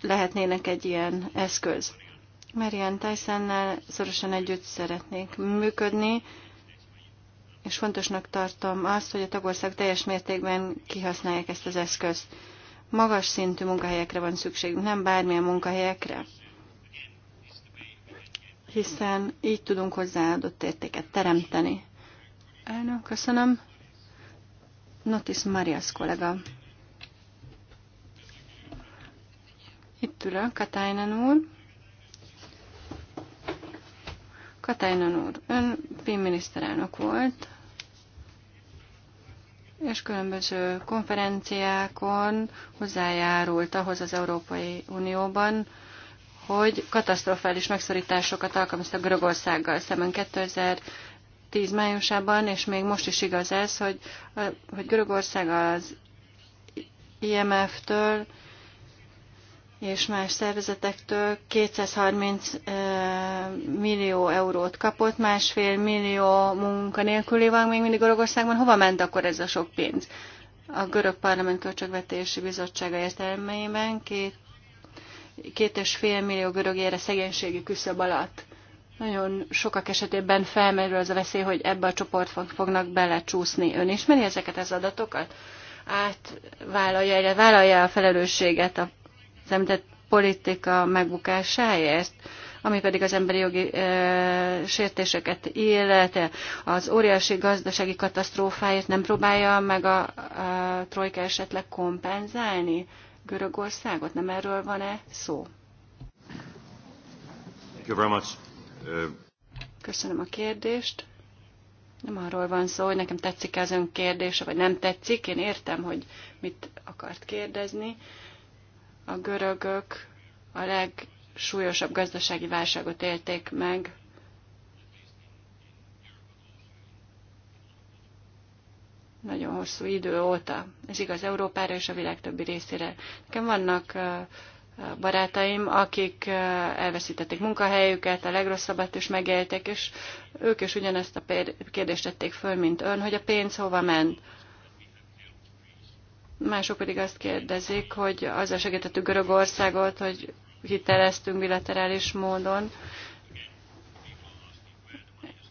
S4: lehetnének egy ilyen eszköz. Marian Tysonnál szorosan együtt szeretnék működni, és fontosnak tartom azt, hogy a tagország teljes mértékben kihasználják ezt az eszközt. Magas szintű munkahelyekre van szükségünk, nem bármilyen munkahelyekre, hiszen így tudunk hozzáadott értéket teremteni. Elnök, köszönöm. Notis Marias kollega. Itt ülök, Katájnen úr. Katájnen úr, ön miniszterelnök volt, és különböző konferenciákon hozzájárult ahhoz az Európai Unióban, hogy katasztrofális megszorításokat alkalmazta Görögországgal szemben 2000 2010 májusában, és még most is igaz ez, hogy, hogy Görögország az IMF-től és más szervezetektől 230 eh, millió eurót kapott, másfél millió munkanélküli van még mindig Görögországban. Hova ment akkor ez a sok pénz? A Görög Parlament Költségvetési Bizottsága értelmeiben két, két és fél millió görög ére szegénységi küszöb alatt. Nagyon sokak esetében felmerül az a veszély, hogy ebbe a csoport fognak belecsúszni. Ön ismeri ezeket az adatokat? Átvállalja, vállalja a felelősséget a említett politika megbukásáért? ami pedig az emberi jogi e, sértéseket illete, az óriási gazdasági katasztrófáért nem próbálja meg a, a trojka esetleg kompenzálni Görögországot? Nem erről van-e szó? Thank you very much. Köszönöm a kérdést. Nem arról van szó, hogy nekem tetszik az ön kérdése, vagy nem tetszik. Én értem, hogy mit akart kérdezni. A görögök a legsúlyosabb gazdasági válságot élték meg nagyon hosszú idő óta. Ez igaz Európára és a világ többi részére. Nekem vannak barátaim, akik elveszítették munkahelyüket, a legrosszabbat is megélték, és ők is ugyanezt a kérdést tették föl, mint ön, hogy a pénz hova ment. Mások pedig azt kérdezik, hogy azzal segítettük Görögországot, hogy hiteleztünk bilaterális módon.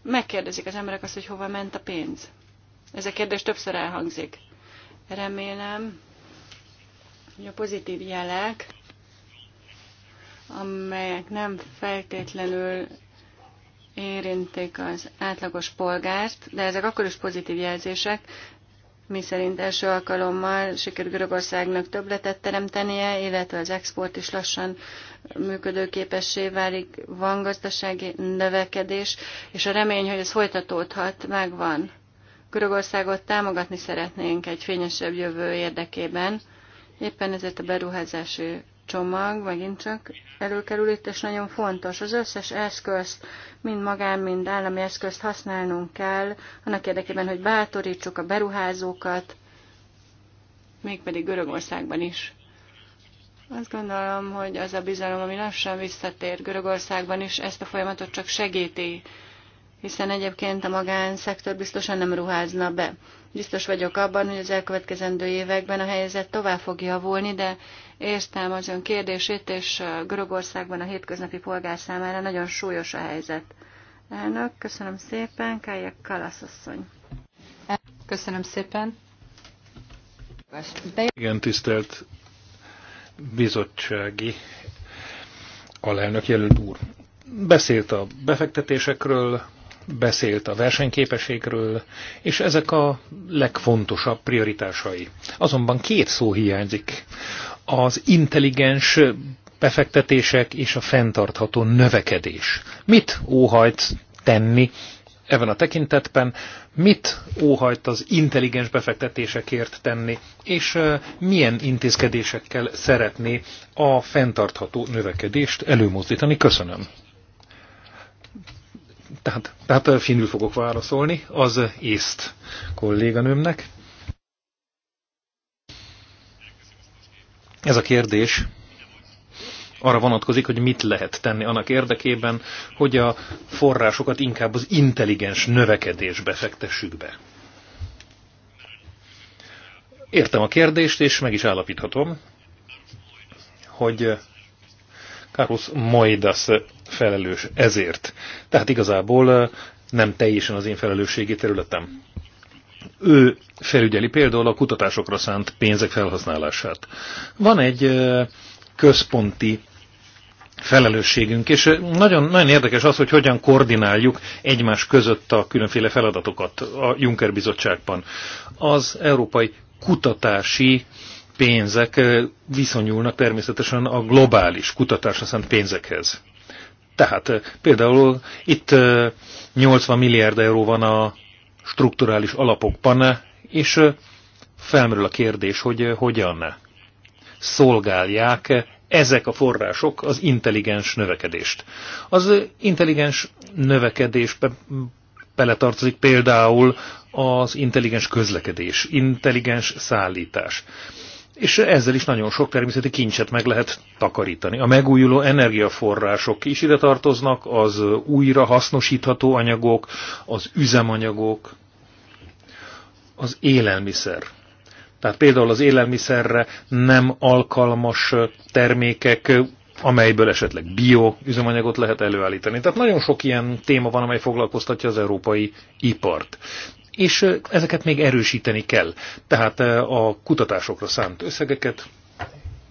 S4: Megkérdezik az emberek azt, hogy hova ment a pénz. Ez a kérdés többször elhangzik. Remélem, hogy a pozitív jelek amelyek nem feltétlenül érintik az átlagos polgárt, de ezek akkor is pozitív jelzések, mi szerint első alkalommal sikerül Görögországnak többletet teremtenie, illetve az export is lassan működőképessé válik, van gazdasági növekedés, és a remény, hogy ez folytatódhat, megvan. Görögországot támogatni szeretnénk egy fényesebb jövő érdekében, éppen ezért a beruházási csomag megint csak előkerül itt, és nagyon fontos. Az összes eszközt, mind magán, mind állami eszközt használnunk kell, annak érdekében, hogy bátorítsuk a beruházókat, mégpedig Görögországban is. Azt gondolom, hogy az a bizalom, ami lassan visszatér Görögországban is, ezt a folyamatot csak segíti, hiszen egyébként a magánszektor biztosan nem ruházna be. Biztos vagyok abban, hogy az elkövetkezendő években a helyzet tovább fog javulni, de értem az ön kérdését, és Görögországban a hétköznapi polgár számára nagyon súlyos a helyzet. Elnök, köszönöm szépen, Kája Kalaszasszony. Köszönöm szépen.
S1: Igen, tisztelt bizottsági alelnök jelölt úr. Beszélt a befektetésekről, beszélt a versenyképességről, és ezek a legfontosabb prioritásai. Azonban két szó hiányzik. Az intelligens befektetések és a fenntartható növekedés. Mit óhajt tenni ebben a tekintetben, mit óhajt az intelligens befektetésekért tenni, és milyen intézkedésekkel szeretné a fenntartható növekedést előmozdítani. Köszönöm tehát, tehát finül fogok válaszolni, az észt kolléganőmnek. Ez a kérdés arra vonatkozik, hogy mit lehet tenni annak érdekében, hogy a forrásokat inkább az intelligens növekedésbe fektessük be. Értem a kérdést, és meg is állapíthatom, hogy Carlos Moidas felelős ezért. Tehát igazából nem teljesen az én felelősségi területem. Ő felügyeli például a kutatásokra szánt pénzek felhasználását. Van egy központi felelősségünk, és nagyon, nagyon érdekes az, hogy hogyan koordináljuk egymás között a különféle feladatokat a Juncker Bizottságban. Az Európai Kutatási pénzek viszonyulnak természetesen a globális kutatásra szánt pénzekhez. Tehát például itt 80 milliárd euró van a strukturális alapokban, és felmerül a kérdés, hogy hogyan szolgálják ezek a források az intelligens növekedést. Az intelligens növekedés beletartozik például az intelligens közlekedés, intelligens szállítás és ezzel is nagyon sok természeti kincset meg lehet takarítani. A megújuló energiaforrások is ide tartoznak, az újra hasznosítható anyagok, az üzemanyagok, az élelmiszer. Tehát például az élelmiszerre nem alkalmas termékek, amelyből esetleg bio üzemanyagot lehet előállítani. Tehát nagyon sok ilyen téma van, amely foglalkoztatja az európai ipart és ezeket még erősíteni kell. Tehát a kutatásokra szánt összegeket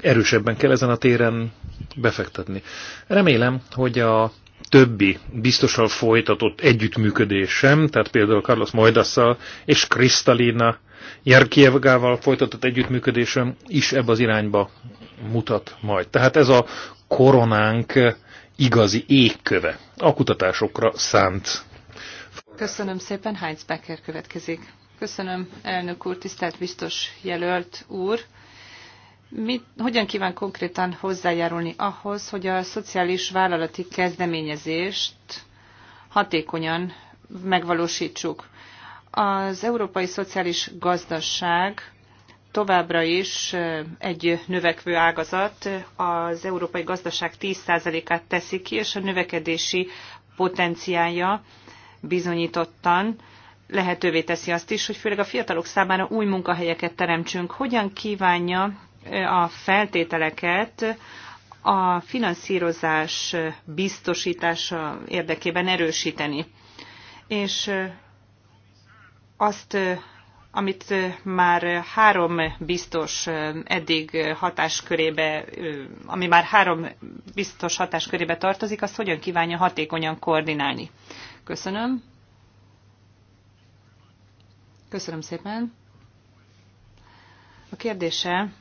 S1: erősebben kell ezen a téren befektetni. Remélem, hogy a többi biztosan folytatott együttműködésem, tehát például Carlos Majdasszal és Kristalina Jerkievgával folytatott együttműködésem is ebbe az irányba mutat majd. Tehát ez a koronánk igazi égköve, a kutatásokra szánt
S2: Köszönöm szépen, Heinz Becker következik. Köszönöm, elnök úr, tisztelt biztos jelölt úr. Mit, hogyan kíván konkrétan hozzájárulni ahhoz, hogy a szociális vállalati kezdeményezést hatékonyan megvalósítsuk? Az európai szociális gazdaság továbbra is eh, egy növekvő ágazat, az európai gazdaság 10%-át teszi ki, és a növekedési potenciálja bizonyítottan lehetővé teszi azt is, hogy főleg a fiatalok számára új munkahelyeket teremtsünk. Hogyan kívánja a feltételeket a finanszírozás biztosítása érdekében erősíteni? És azt amit már három biztos eddig hatáskörébe, ami már három biztos hatáskörébe tartozik, azt hogyan kívánja hatékonyan koordinálni. Köszönöm. Köszönöm szépen. A kérdése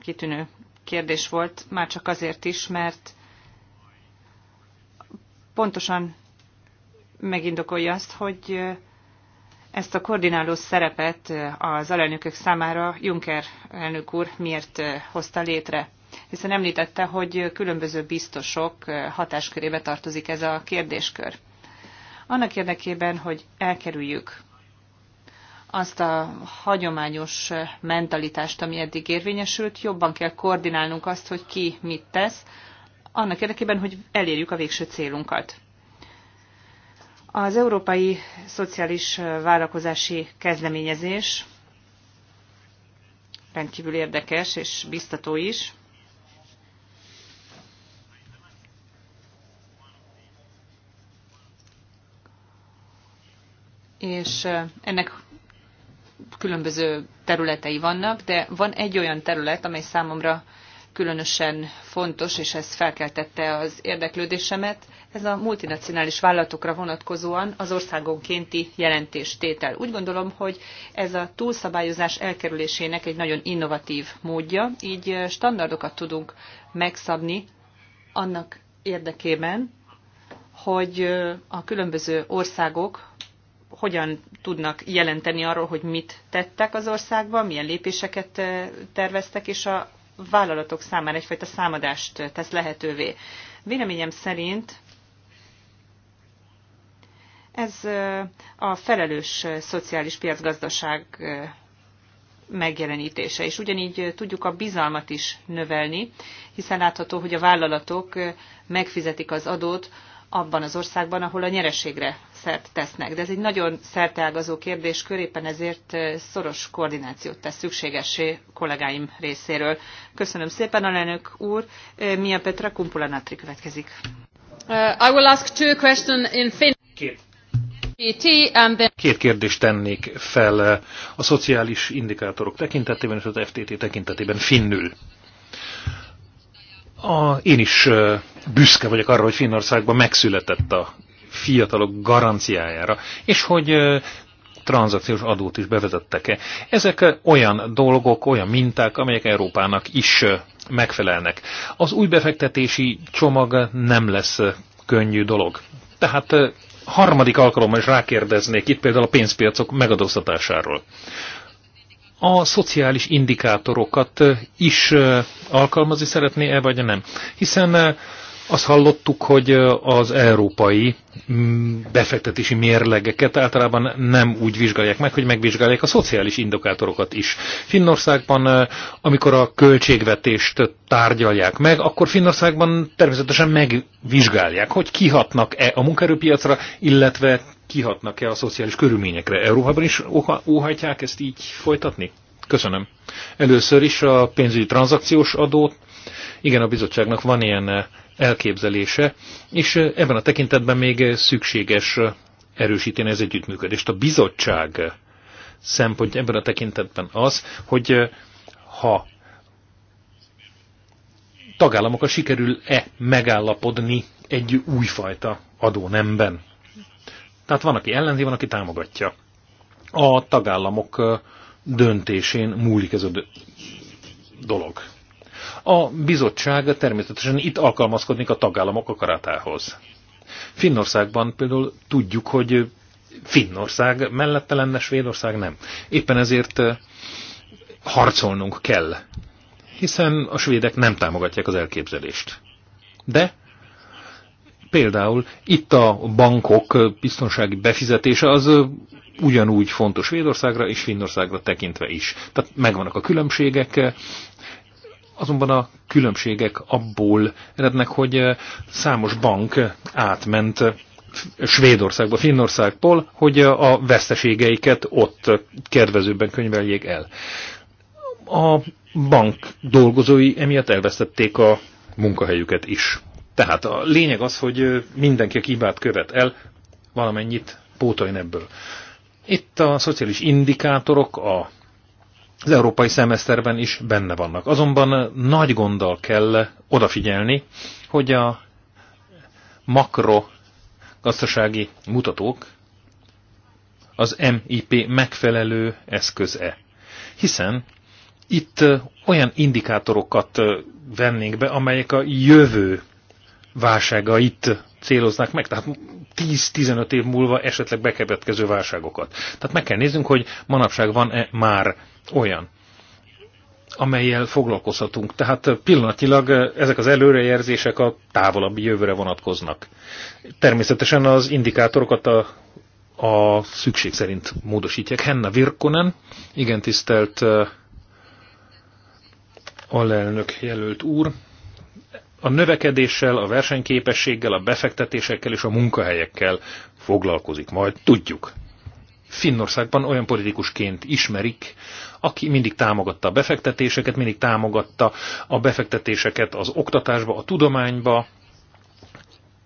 S2: kitűnő kérdés volt, már csak azért is, mert pontosan megindokolja azt, hogy ezt a koordináló szerepet az alelnökök számára Juncker elnök úr miért hozta létre hiszen említette, hogy különböző biztosok hatáskörébe tartozik ez a kérdéskör. Annak érdekében, hogy elkerüljük azt a hagyományos mentalitást, ami eddig érvényesült, jobban kell koordinálnunk azt, hogy ki mit tesz, annak érdekében, hogy elérjük a végső célunkat. Az Európai Szociális Vállalkozási Kezdeményezés rendkívül érdekes és biztató is. és ennek különböző területei vannak, de van egy olyan terület, amely számomra különösen fontos, és ez felkeltette az érdeklődésemet, ez a multinacionális vállalatokra vonatkozóan az országonkénti jelentéstétel. Úgy gondolom, hogy ez a túlszabályozás elkerülésének egy nagyon innovatív módja, így standardokat tudunk megszabni annak érdekében, hogy a különböző országok hogyan tudnak jelenteni arról, hogy mit tettek az országban, milyen lépéseket terveztek, és a vállalatok számára egyfajta számadást tesz lehetővé. Véleményem szerint ez a felelős szociális piacgazdaság megjelenítése, és ugyanígy tudjuk a bizalmat is növelni, hiszen látható, hogy a vállalatok megfizetik az adót abban az országban, ahol a nyereségre szert tesznek. De ez egy nagyon szerteágazó kérdés, köréppen ezért szoros koordinációt tesz szükségesé kollégáim részéről. Köszönöm szépen, alelnök úr. Mia Petra Kumpula Natri
S4: következik. Uh, I will ask two questions in Finland. Két.
S1: Két kérdést tennék fel a szociális indikátorok tekintetében és az FTT tekintetében finnül a, én is büszke vagyok arra, hogy Finnországban megszületett a fiatalok garanciájára, és hogy tranzakciós adót is bevezettek-e. Ezek olyan dolgok, olyan minták, amelyek Európának is megfelelnek. Az új befektetési csomag nem lesz könnyű dolog. Tehát harmadik alkalommal is rákérdeznék itt például a pénzpiacok megadóztatásáról a szociális indikátorokat is alkalmazni szeretné-e, vagy nem? Hiszen azt hallottuk, hogy az európai mm, befektetési mérlegeket általában nem úgy vizsgálják meg, hogy megvizsgálják a szociális indikátorokat is. Finnországban, amikor a költségvetést tárgyalják meg, akkor Finnországban természetesen megvizsgálják, hogy kihatnak-e a munkerőpiacra, illetve kihatnak-e a szociális körülményekre. Európában is óhajtják ezt így folytatni? Köszönöm. Először is a pénzügyi tranzakciós adót. Igen, a bizottságnak van ilyen eh, elképzelése, és eh, ebben a tekintetben még eh, szükséges erősíteni az együttműködést. A bizottság szempont ebben a tekintetben az, hogy ha tagállamokkal sikerül-e megállapodni egy újfajta adónemben. Tehát van, aki ellenzi, van, aki támogatja. A tagállamok döntésén múlik ez a dolog. A bizottság természetesen itt alkalmazkodik a tagállamok akaratához. Finnországban például tudjuk, hogy Finnország mellette lenne, Svédország nem. Éppen ezért harcolnunk kell, hiszen a svédek nem támogatják az elképzelést. De Például itt a bankok biztonsági befizetése az ugyanúgy fontos Svédországra és Finnországra tekintve is. Tehát megvannak a különbségek, azonban a különbségek abból erednek, hogy számos bank átment Svédországba, Finnországból, hogy a veszteségeiket ott kedvezőben könyveljék el. A bank dolgozói emiatt elvesztették a munkahelyüket is. Tehát a lényeg az, hogy mindenki, aki hibát követ el, valamennyit pótoljon ebből. Itt a szociális indikátorok a, az európai szemeszterben is benne vannak. Azonban nagy gonddal kell odafigyelni, hogy a makro gazdasági mutatók az MIP megfelelő eszköze. Hiszen itt olyan indikátorokat vennénk be, amelyek a jövő válságait céloznak meg, tehát 10-15 év múlva esetleg bekebetkező válságokat. Tehát meg kell néznünk, hogy manapság van-e már olyan, amelyel foglalkozhatunk. Tehát pillanatilag ezek az előrejelzések a távolabbi jövőre vonatkoznak. Természetesen az indikátorokat a, a szükség szerint módosítják. Henna Virkonen, igen tisztelt alelnök jelölt úr, a növekedéssel, a versenyképességgel, a befektetésekkel és a munkahelyekkel foglalkozik majd, tudjuk. Finnországban olyan politikusként ismerik, aki mindig támogatta a befektetéseket, mindig támogatta a befektetéseket az oktatásba, a tudományba,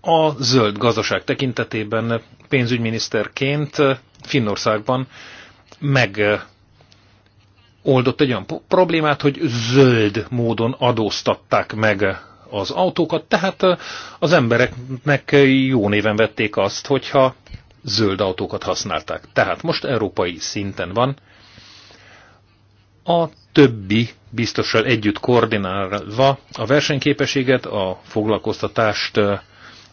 S1: a zöld gazdaság tekintetében pénzügyminiszterként Finnországban meg eh, oldott egy olyan problémát, hogy zöld módon adóztatták meg az autókat, tehát az embereknek jó néven vették azt, hogyha zöld autókat használták. Tehát most európai szinten van. A többi biztossal együtt koordinálva a versenyképességet, a foglalkoztatást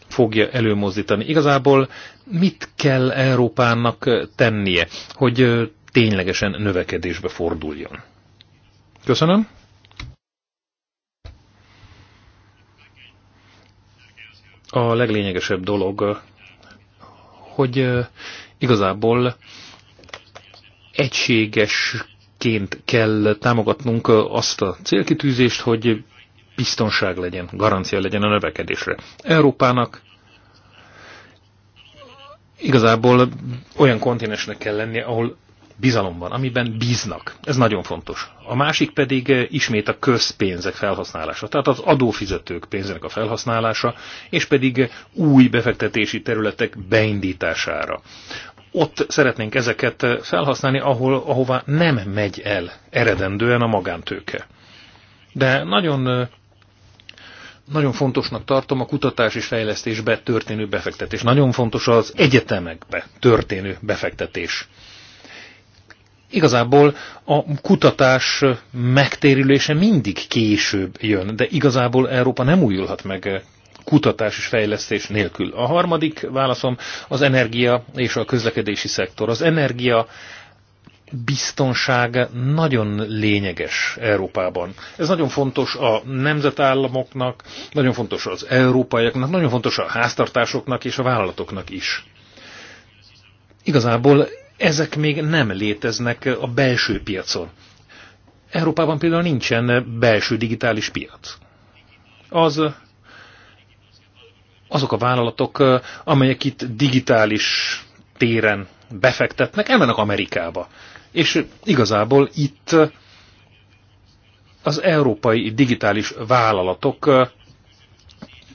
S1: fogja előmozdítani. Igazából mit kell Európának tennie, hogy ténylegesen növekedésbe forduljon? Köszönöm. a leglényegesebb dolog, hogy igazából egységesként kell támogatnunk azt a célkitűzést, hogy biztonság legyen, garancia legyen a növekedésre. Európának igazából olyan kontinensnek kell lennie, ahol bizalomban, amiben bíznak. Ez nagyon fontos. A másik pedig eh, ismét a közpénzek felhasználása, tehát az adófizetők pénzének a felhasználása, és pedig eh, új befektetési területek beindítására. Ott szeretnénk ezeket eh, felhasználni, ahol, ahová nem megy el eredendően a magántőke. De nagyon nagyon fontosnak tartom a kutatás és fejlesztésbe történő befektetés. Nagyon fontos az egyetemekbe történő befektetés igazából a kutatás megtérülése mindig később jön, de igazából Európa nem újulhat meg kutatás és fejlesztés nélkül. A harmadik válaszom az energia és a közlekedési szektor. Az energia biztonság nagyon lényeges Európában. Ez nagyon fontos a nemzetállamoknak, nagyon fontos az európaiaknak, nagyon fontos a háztartásoknak és a vállalatoknak is. Igazából ezek még nem léteznek a belső piacon. Európában például nincsen belső digitális piac. Az azok a vállalatok, amelyek itt digitális téren befektetnek, elmennek Amerikába. És igazából itt az európai digitális vállalatok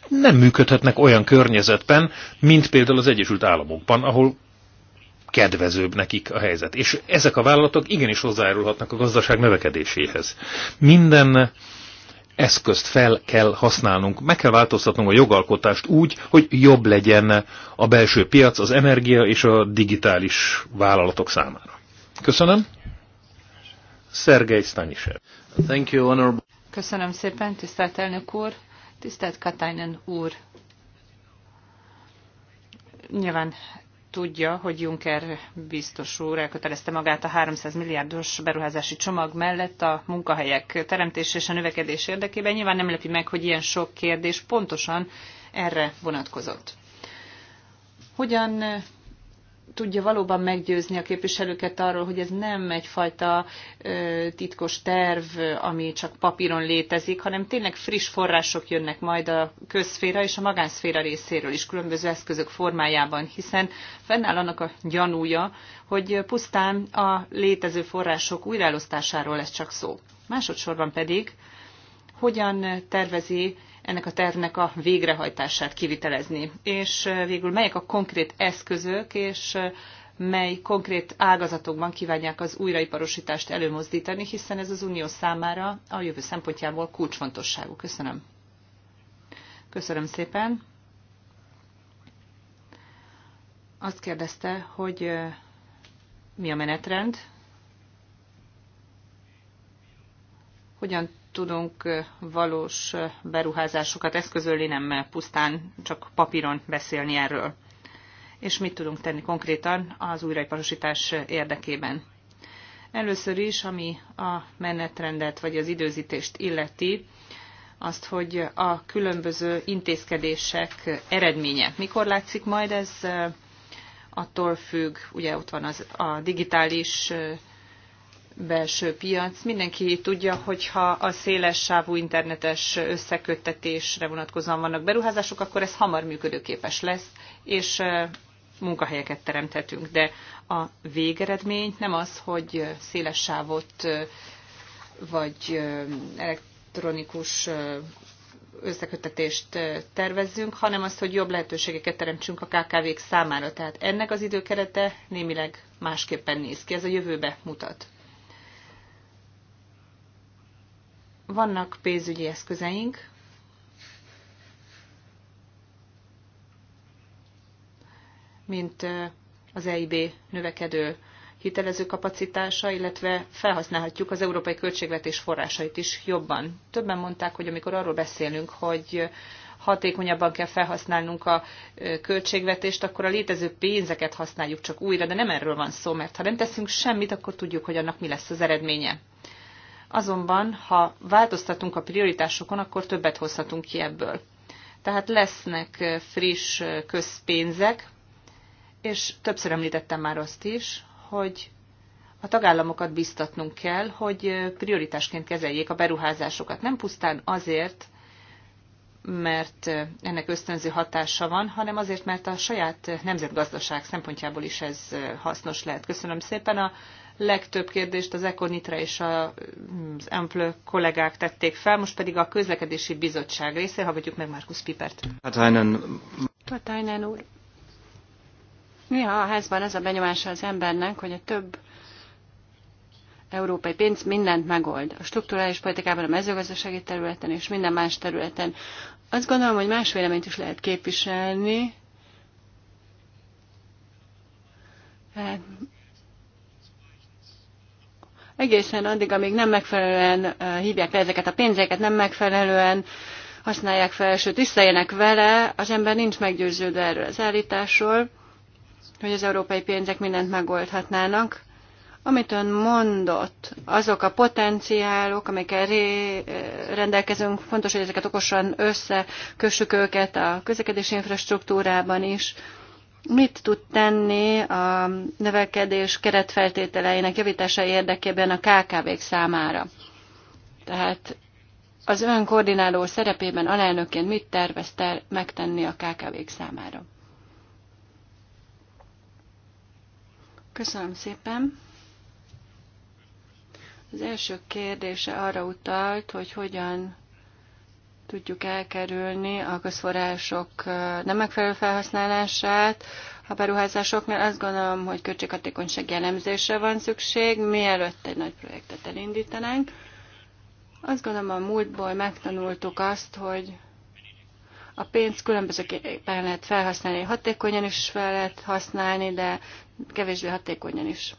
S1: nem működhetnek olyan környezetben, mint például az Egyesült Államokban, ahol kedvezőbb nekik a helyzet. És ezek a vállalatok igenis hozzájárulhatnak a gazdaság növekedéséhez. Minden eszközt fel kell használnunk, meg kell változtatnunk a jogalkotást úgy, hogy jobb legyen a belső piac, az energia és a digitális vállalatok számára. Köszönöm. Szergej Stanisev. Thank you, honorable.
S2: Köszönöm szépen, tisztelt elnök úr, tisztelt Katainen úr. Nyilván tudja, hogy Juncker biztos úr elkötelezte magát a 300 milliárdos beruházási csomag mellett a munkahelyek teremtése és a növekedés érdekében. Nyilván nem lepi meg, hogy ilyen sok kérdés pontosan erre vonatkozott. Hogyan tudja valóban meggyőzni a képviselőket arról, hogy ez nem egyfajta ö, titkos terv, ami csak papíron létezik, hanem tényleg friss források jönnek majd a közszféra és a magánszféra részéről is különböző eszközök formájában, hiszen fennáll annak a gyanúja, hogy pusztán a létező források újraelosztásáról lesz csak szó. Másodszorban pedig, hogyan tervezi ennek a tervnek a végrehajtását kivitelezni. És végül melyek a konkrét eszközök, és mely konkrét ágazatokban kívánják az újraiparosítást előmozdítani, hiszen ez az unió számára a jövő szempontjából kulcsfontosságú. Köszönöm. Köszönöm szépen. Azt kérdezte, hogy mi a menetrend, hogyan tudunk valós beruházásokat eszközölni, nem pusztán csak papíron beszélni erről. És mit tudunk tenni konkrétan az újraiparosítás érdekében. Először is, ami a menetrendet vagy az időzítést illeti, azt, hogy a különböző intézkedések eredménye. Mikor látszik majd ez? Attól függ, ugye ott van az, a digitális belső piac. Mindenki tudja, hogyha a széles sávú internetes összeköttetésre vonatkozóan vannak beruházások, akkor ez hamar működőképes lesz, és munkahelyeket teremthetünk. De a végeredmény nem az, hogy széles sávot vagy elektronikus összekötetést tervezzünk, hanem az, hogy jobb lehetőségeket teremtsünk a KKV-k számára. Tehát ennek az időkerete némileg másképpen néz ki, ez a jövőbe mutat. Vannak pénzügyi eszközeink, mint az EIB növekedő hitelező kapacitása, illetve felhasználhatjuk az európai költségvetés forrásait is jobban. Többen mondták, hogy amikor arról beszélünk, hogy hatékonyabban kell felhasználnunk a költségvetést, akkor a létező pénzeket használjuk csak újra, de nem erről van szó, mert ha nem teszünk semmit, akkor tudjuk, hogy annak mi lesz az eredménye. Azonban, ha változtatunk a prioritásokon, akkor többet hozhatunk ki ebből. Tehát lesznek friss közpénzek, és többször említettem már azt is, hogy a tagállamokat biztatnunk kell, hogy prioritásként kezeljék a beruházásokat. Nem pusztán azért, mert ennek ösztönző hatása van, hanem azért, mert a saját nemzetgazdaság szempontjából is ez hasznos lehet. Köszönöm szépen a legtöbb kérdést az Econitra és az Emplő kollégák tették fel, most pedig a közlekedési bizottság részéről, ha meg Markus Pipert. Katainen.
S4: Katainen úr. Néha a házban ez a benyomása az embernek, hogy a több európai pénz mindent megold. A strukturális politikában, a mezőgazdasági területen és minden más területen. Azt gondolom, hogy más véleményt is lehet képviselni. Hát egészen addig, amíg nem megfelelően eh, hívják le ezeket a pénzeket, nem megfelelően használják fel, sőt visszaélnek vele, az ember nincs meggyőződve erről az állításról, hogy az európai pénzek mindent megoldhatnának. Amit ön mondott, azok a potenciálok, amikkel eh, rendelkezünk, fontos, hogy ezeket okosan összekössük őket a közlekedési infrastruktúrában is, mit tud tenni a növekedés keretfeltételeinek javítása érdekében a KKV-k számára? Tehát az ön koordináló szerepében alelnökként mit tervezte megtenni a KKV-k számára? Köszönöm szépen. Az első kérdése arra utalt, hogy hogyan tudjuk elkerülni a közforrások nem megfelelő felhasználását. A beruházásoknál azt gondolom, hogy költséghatékonyság jellemzésre van szükség, mielőtt egy nagy projektet elindítanánk. Azt gondolom, a múltból megtanultuk azt, hogy a pénzt különbözőképpen lehet felhasználni, hatékonyan is fel lehet használni, de kevésbé hatékonyan is.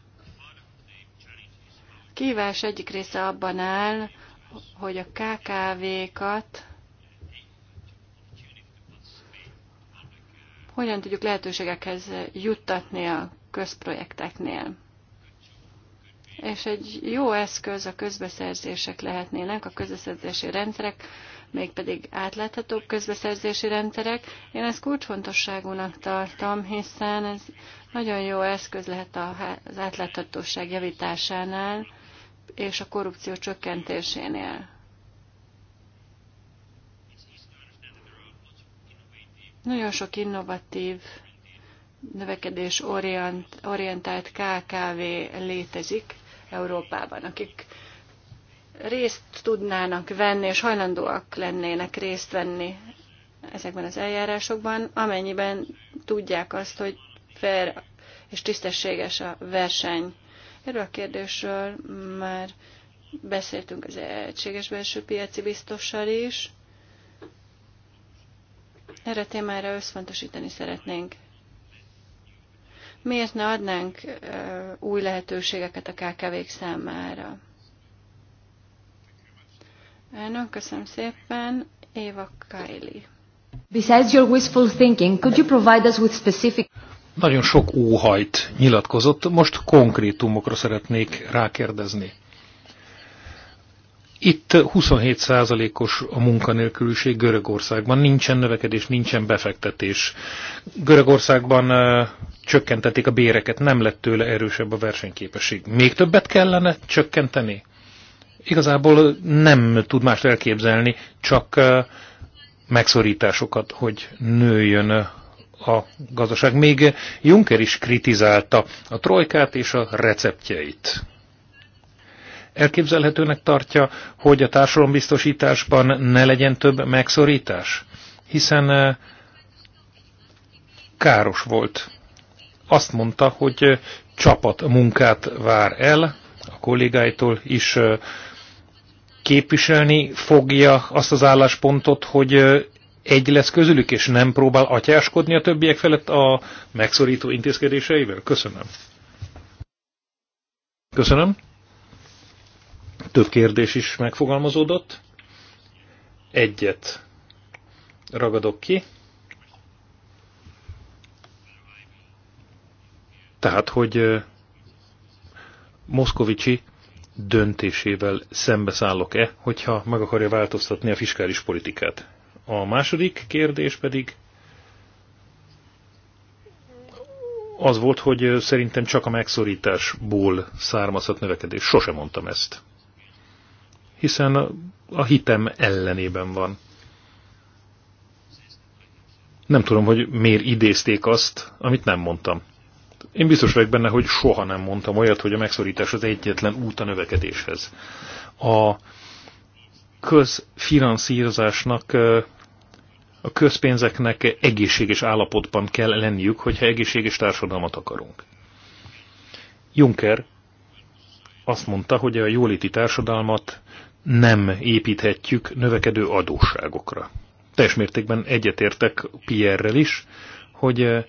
S4: A kívás egyik része abban áll, hogy a KKV-kat hogyan tudjuk lehetőségekhez juttatni a közprojekteknél. És egy jó eszköz a közbeszerzések lehetnének, a közbeszerzési rendszerek, mégpedig átláthatóbb közbeszerzési rendszerek. Én ezt kulcsfontosságúnak tartom, hiszen ez nagyon jó eszköz lehet az átláthatóság javításánál és a korrupció csökkentésénél. Nagyon sok innovatív növekedés orient, orientált KKV létezik Európában, akik részt tudnának venni, és hajlandóak lennének részt venni ezekben az eljárásokban, amennyiben tudják azt, hogy fair és tisztességes a verseny. Erről a kérdésről már beszéltünk az egységes belső piaci biztossal is, erre témára összpontosítani szeretnénk. Miért ne adnánk új lehetőségeket a KKV-k számára? Elnök, köszönöm szépen. Éva Kylie. Besides your wishful thinking, could you provide us with specific...
S1: Nagyon sok óhajt nyilatkozott, most konkrétumokra szeretnék rákérdezni. Itt 27%-os a munkanélküliség Görögországban, nincsen növekedés, nincsen befektetés. Görögországban csökkentették a béreket, nem lett tőle erősebb a versenyképesség. Még többet kellene csökkenteni? Igazából nem tud mást elképzelni, csak megszorításokat, hogy nőjön a gazdaság. Még Juncker is kritizálta a trojkát és a receptjeit elképzelhetőnek tartja, hogy a társadalombiztosításban ne legyen több megszorítás? Hiszen eh, káros volt. Azt mondta, hogy eh, csapatmunkát vár el, a kollégáitól is eh, képviselni fogja azt az álláspontot, hogy egy lesz közülük, és nem próbál atyáskodni a többiek felett a megszorító intézkedéseivel? Köszönöm. Köszönöm. Több kérdés is megfogalmazódott. Egyet ragadok ki. Tehát, hogy Moszkovicsi döntésével szembeszállok-e, hogyha meg akarja változtatni a fiskális politikát. A második kérdés pedig az volt, hogy szerintem csak a megszorításból származhat növekedés. Sose mondtam ezt hiszen a, a hitem ellenében van. Nem tudom, hogy miért idézték azt, amit nem mondtam. Én biztos vagyok benne, hogy soha nem mondtam olyat, hogy a megszorítás az egyetlen út a növekedéshez. A közfinanszírozásnak, a közpénzeknek egészséges állapotban kell lenniük, hogyha egészséges társadalmat akarunk. Juncker azt mondta, hogy a jóléti társadalmat nem építhetjük növekedő adósságokra. Teljes mértékben egyetértek Pierre-rel is, hogy eh,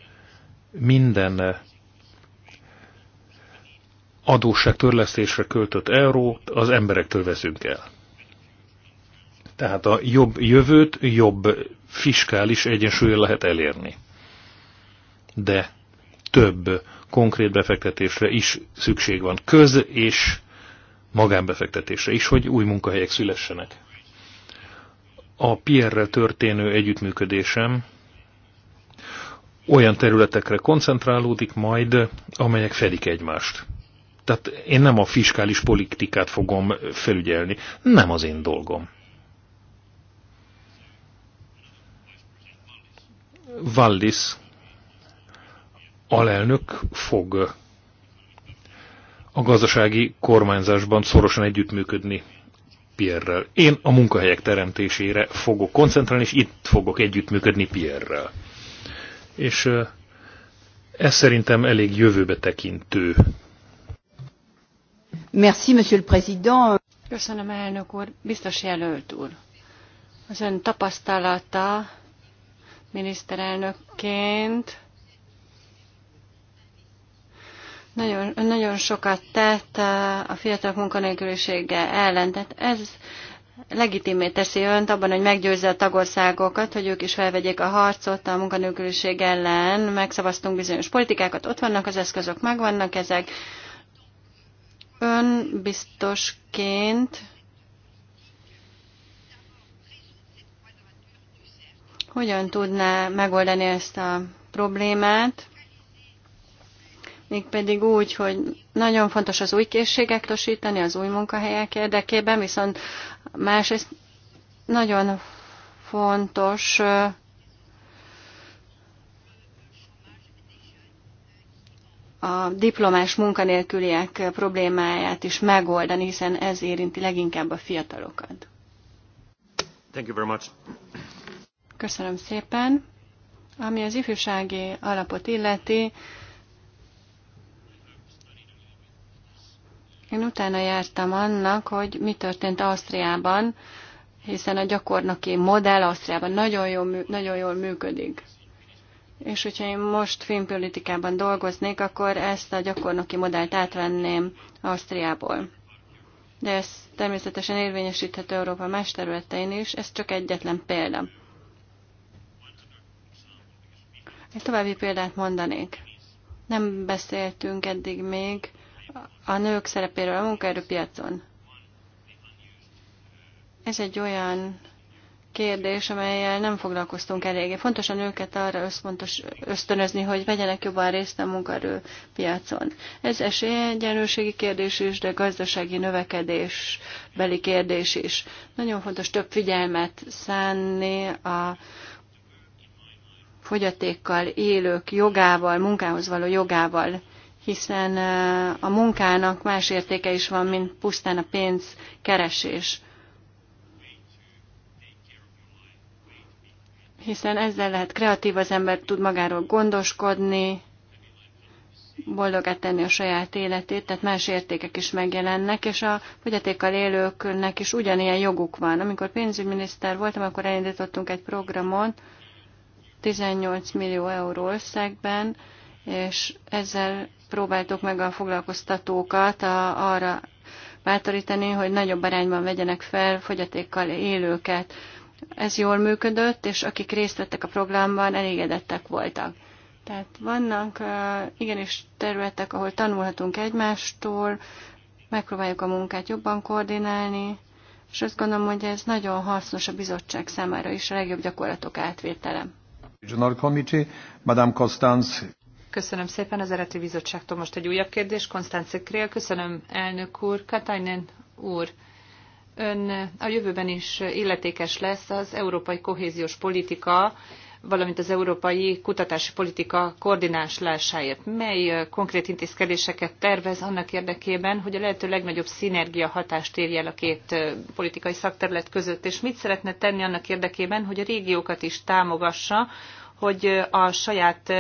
S1: minden eh, adósság törlesztésre költött euró az emberektől veszünk el. Tehát a jobb jövőt jobb fiskális egyensúlyra lehet elérni. De több konkrét befektetésre is szükség van köz és magánbefektetésre is, hogy új munkahelyek szülessenek. A Pierre-rel történő együttműködésem olyan területekre koncentrálódik majd, amelyek fedik egymást. Tehát én nem a fiskális politikát fogom felügyelni, nem az én dolgom. Vallis alelnök fog a gazdasági kormányzásban szorosan együttműködni Pierrel. Én a munkahelyek teremtésére fogok koncentrálni, és itt fogok együttműködni Pierrel. És ez szerintem elég jövőbe tekintő.
S4: Merci, monsieur le président. Köszönöm, elnök úr. Biztos jelölt úr. Az ön tapasztalata miniszterelnökként Nagyon, nagyon sokat tett eh, a fiatal munkanélkülisége ellen, tehát ez legitimé teszi önt abban, hogy meggyőzze a tagországokat, hogy ők is felvegyék a harcot a munkanélküliség ellen. Megszavaztunk bizonyos politikákat, ott vannak az eszközök, megvannak ezek. Ön biztosként hogyan tudná megoldani ezt a problémát? mégpedig úgy, hogy nagyon fontos az új készségek tosítani az új munkahelyek érdekében, viszont másrészt nagyon fontos a diplomás munkanélküliek problémáját is megoldani, hiszen ez érinti leginkább a fiatalokat. Thank you very much. Köszönöm szépen. Ami az ifjúsági alapot illeti, Én utána jártam annak, hogy mi történt Ausztriában, hiszen a gyakornoki modell Ausztriában nagyon jól, nagyon jól működik. És hogyha én most filmpolitikában dolgoznék, akkor ezt a gyakornoki modellt átvenném Ausztriából. De ez természetesen érvényesíthető Európa más területein is, ez csak egyetlen példa. Egy további példát mondanék. Nem beszéltünk eddig még a nők szerepéről a munkaerőpiacon. Ez egy olyan kérdés, amelyel nem foglalkoztunk eléggé. Fontos a nőket arra összpontos, ösztönözni, hogy vegyenek jobban részt a munkaerőpiacon. Ez esélyegyenlőségi kérdés is, de gazdasági növekedésbeli kérdés is. Nagyon fontos több figyelmet szánni a fogyatékkal élők jogával, munkához való jogával hiszen a munkának más értéke is van, mint pusztán a pénz keresés. Hiszen ezzel lehet kreatív az ember, tud magáról gondoskodni, boldogát tenni a saját életét, tehát más értékek is megjelennek, és a fogyatékkal élőknek is ugyanilyen joguk van. Amikor pénzügyminiszter voltam, akkor elindítottunk egy programot 18 millió euró összegben, és ezzel próbáltuk meg a foglalkoztatókat a, arra bátorítani, hogy nagyobb arányban vegyenek fel fogyatékkal élőket. Ez jól működött, és akik részt vettek a programban, elégedettek voltak. Tehát vannak igenis területek, ahol tanulhatunk egymástól, megpróbáljuk a munkát jobban koordinálni, és azt gondolom, hogy ez nagyon hasznos a bizottság számára is, a legjobb gyakorlatok átvételem.
S1: Regional Committee, Madame Constance.
S4: Köszönöm szépen az eredeti bizottságtól. Most egy újabb kérdés.
S2: Konstanci Krél, köszönöm elnök úr. Katainen úr, ön a jövőben is illetékes lesz az európai kohéziós politika, valamint az európai kutatási politika koordinálásáért. Mely konkrét intézkedéseket tervez annak érdekében, hogy a lehető legnagyobb szinergia hatást érje el a két politikai szakterület között, és mit szeretne tenni annak érdekében, hogy a régiókat is támogassa, hogy a saját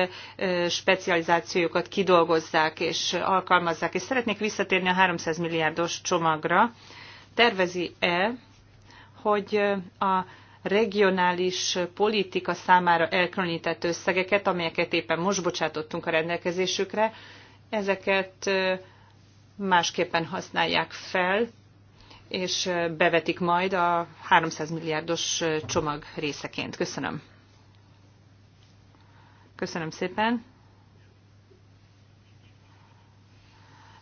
S2: specializációjukat kidolgozzák és alkalmazzák. És szeretnék visszatérni a 300 milliárdos csomagra. Tervezi-e, hogy a regionális politika számára elkülönített összegeket, amelyeket éppen most bocsátottunk a rendelkezésükre, ezeket másképpen használják fel, és bevetik majd a 300 milliárdos csomag részeként. Köszönöm. Köszönöm szépen.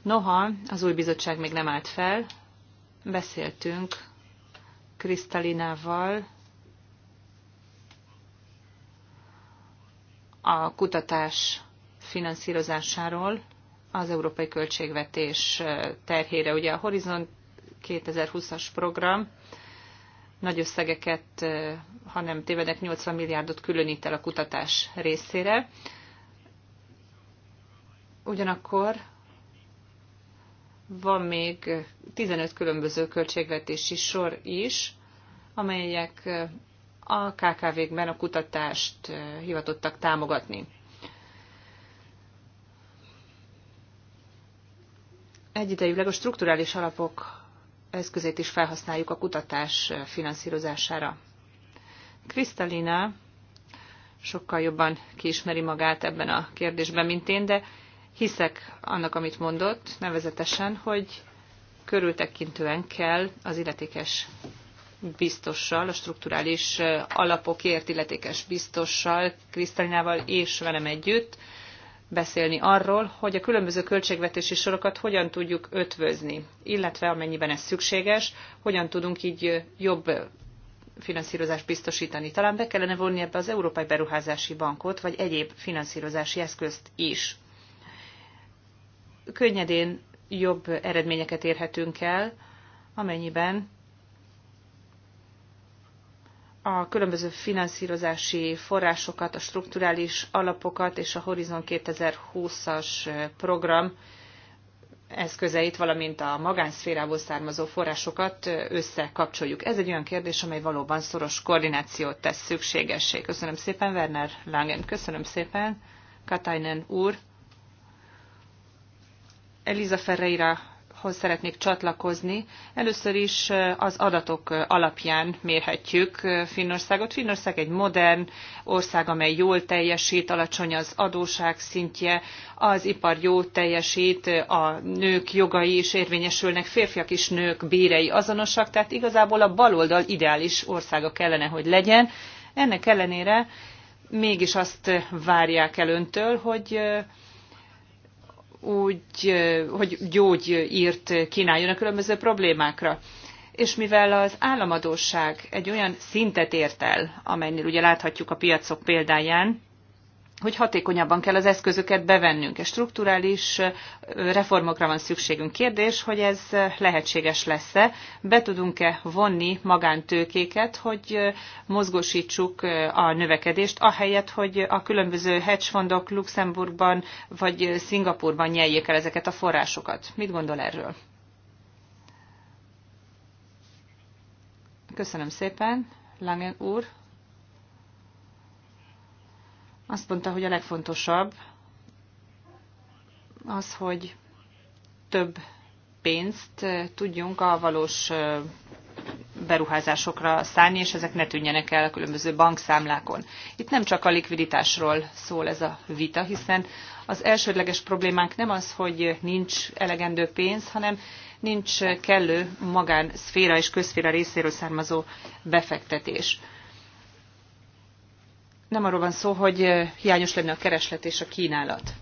S2: Noha az új bizottság még nem állt fel, beszéltünk Kristalinával, a kutatás finanszírozásáról az európai költségvetés terhére. Ugye a Horizon 2020-as program nagy összegeket, ha nem tévedek, 80 milliárdot különít el a kutatás részére. Ugyanakkor van még 15 különböző költségvetési sor is, amelyek a KKV-kben a kutatást hivatottak támogatni. Egyidejűleg a strukturális alapok eszközét is felhasználjuk a kutatás finanszírozására. Kristalina sokkal jobban kiismeri magát ebben a kérdésben, mint én, de hiszek annak, amit mondott, nevezetesen, hogy körültekintően kell az illetékes biztossal, a strukturális alapokért illetékes biztossal, Krisztalinával és velem együtt beszélni arról, hogy a különböző költségvetési sorokat hogyan tudjuk ötvözni, illetve amennyiben ez szükséges, hogyan tudunk így jobb finanszírozást biztosítani. Talán be kellene vonni ebbe az Európai Beruházási Bankot, vagy egyéb finanszírozási eszközt is. Könnyedén jobb eredményeket érhetünk el, amennyiben a különböző finanszírozási forrásokat, a strukturális alapokat és a Horizon 2020-as program eszközeit, valamint a magánszférából származó forrásokat összekapcsoljuk. Ez egy olyan kérdés, amely valóban szoros koordinációt tesz szükségessé. Köszönöm szépen, Werner Langen. Köszönöm szépen, Katainen úr. Eliza Ferreira témához szeretnék csatlakozni. Először is az adatok alapján mérhetjük Finnországot. Finnország egy modern ország, amely jól teljesít, alacsony az adóság szintje, az ipar jó teljesít, a nők jogai is érvényesülnek, férfiak is nők bérei azonosak, tehát igazából a baloldal ideális országa kellene, hogy legyen. Ennek ellenére mégis azt várják el öntől, hogy úgy, hogy gyógyírt kínáljon a különböző problémákra. És mivel az államadóság egy olyan szintet ért el, amennyire ugye láthatjuk a piacok példáján, hogy hatékonyabban kell az eszközöket bevennünk, és strukturális reformokra van szükségünk. Kérdés, hogy ez lehetséges lesz-e, be tudunk-e vonni magántőkéket, hogy mozgósítsuk a növekedést, ahelyett, hogy a különböző hedgefondok Luxemburgban vagy Szingapurban nyeljék el ezeket a forrásokat. Mit gondol erről? Köszönöm szépen, Langen úr. Azt mondta, hogy a legfontosabb az, hogy több pénzt tudjunk a valós beruházásokra szállni, és ezek ne tűnjenek el a különböző bankszámlákon. Itt nem csak a likviditásról szól ez a vita, hiszen az elsődleges problémánk nem az, hogy nincs elegendő pénz, hanem nincs kellő magánszféra és közszféra részéről származó befektetés nem arról van szó, hogy hiányos lenne a kereslet és a kínálat.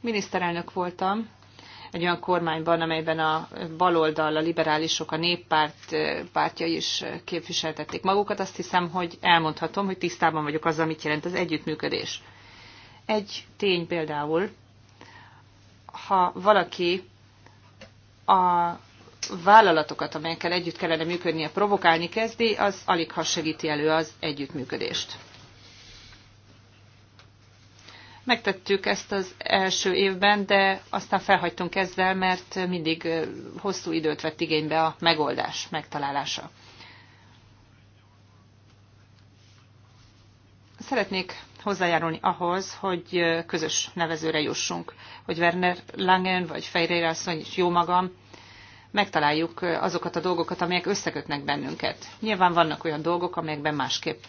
S2: Miniszterelnök voltam egy olyan kormányban, amelyben a baloldal, a liberálisok, a néppárt pártja is képviseltették magukat. Azt hiszem, hogy elmondhatom, hogy tisztában vagyok azzal, amit jelent az együttműködés. Egy tény például, ha valaki a vállalatokat, amelyekkel együtt kellene működnie, provokálni kezdi, az alig ha segíti elő az együttműködést. Megtettük ezt az első évben, de aztán felhagytunk ezzel, mert mindig hosszú időt vett igénybe a megoldás megtalálása. Szeretnék hozzájárulni ahhoz, hogy közös nevezőre jussunk, hogy Werner Langen vagy Fejrére asszony és jó magam megtaláljuk azokat a dolgokat, amelyek összekötnek bennünket. Nyilván vannak olyan dolgok, amelyekben másképp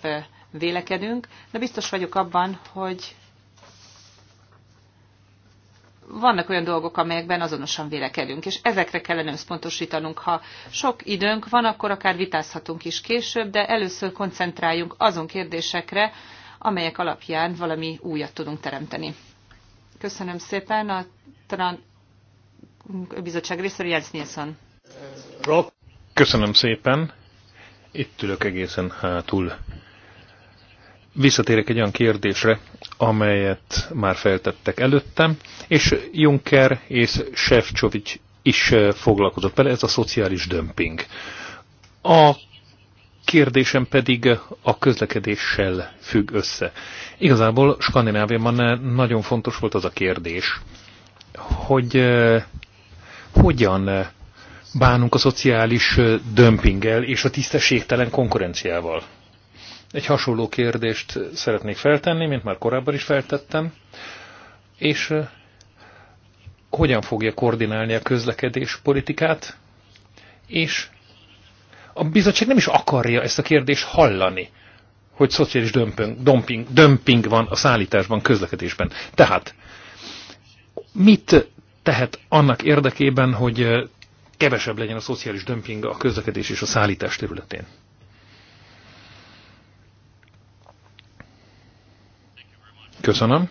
S2: vélekedünk, de biztos vagyok abban, hogy vannak olyan dolgok, amelyekben azonosan vélekedünk, és ezekre kellene összpontosítanunk. Ha sok időnk van, akkor akár vitázhatunk is később, de először koncentráljunk azon kérdésekre, amelyek alapján valami újat tudunk teremteni. Köszönöm szépen a Tran bizottság részéről, Jens Nilsson.
S1: Köszönöm szépen. Itt ülök egészen hátul. Visszatérek egy olyan kérdésre, amelyet már feltettek előttem, és Juncker és Sefcsovics is eh, foglalkozott vele, ez a szociális dömping. A kérdésem pedig a közlekedéssel függ össze. Igazából Skandináviában eh, nagyon fontos volt az a kérdés, hogy eh, hogyan eh, bánunk a szociális eh, dömpinggel és a tisztességtelen konkurenciával. Egy hasonló kérdést eh, szeretnék feltenni, mint már korábban is feltettem, és hogyan fogja koordinálni a közlekedés politikát, és a bizottság nem is akarja ezt a kérdést hallani, hogy szociális dömping, dömping, dömping van a szállításban, közlekedésben. Tehát mit tehet annak érdekében, hogy kevesebb legyen a szociális dömping a közlekedés és a szállítás területén. Köszönöm.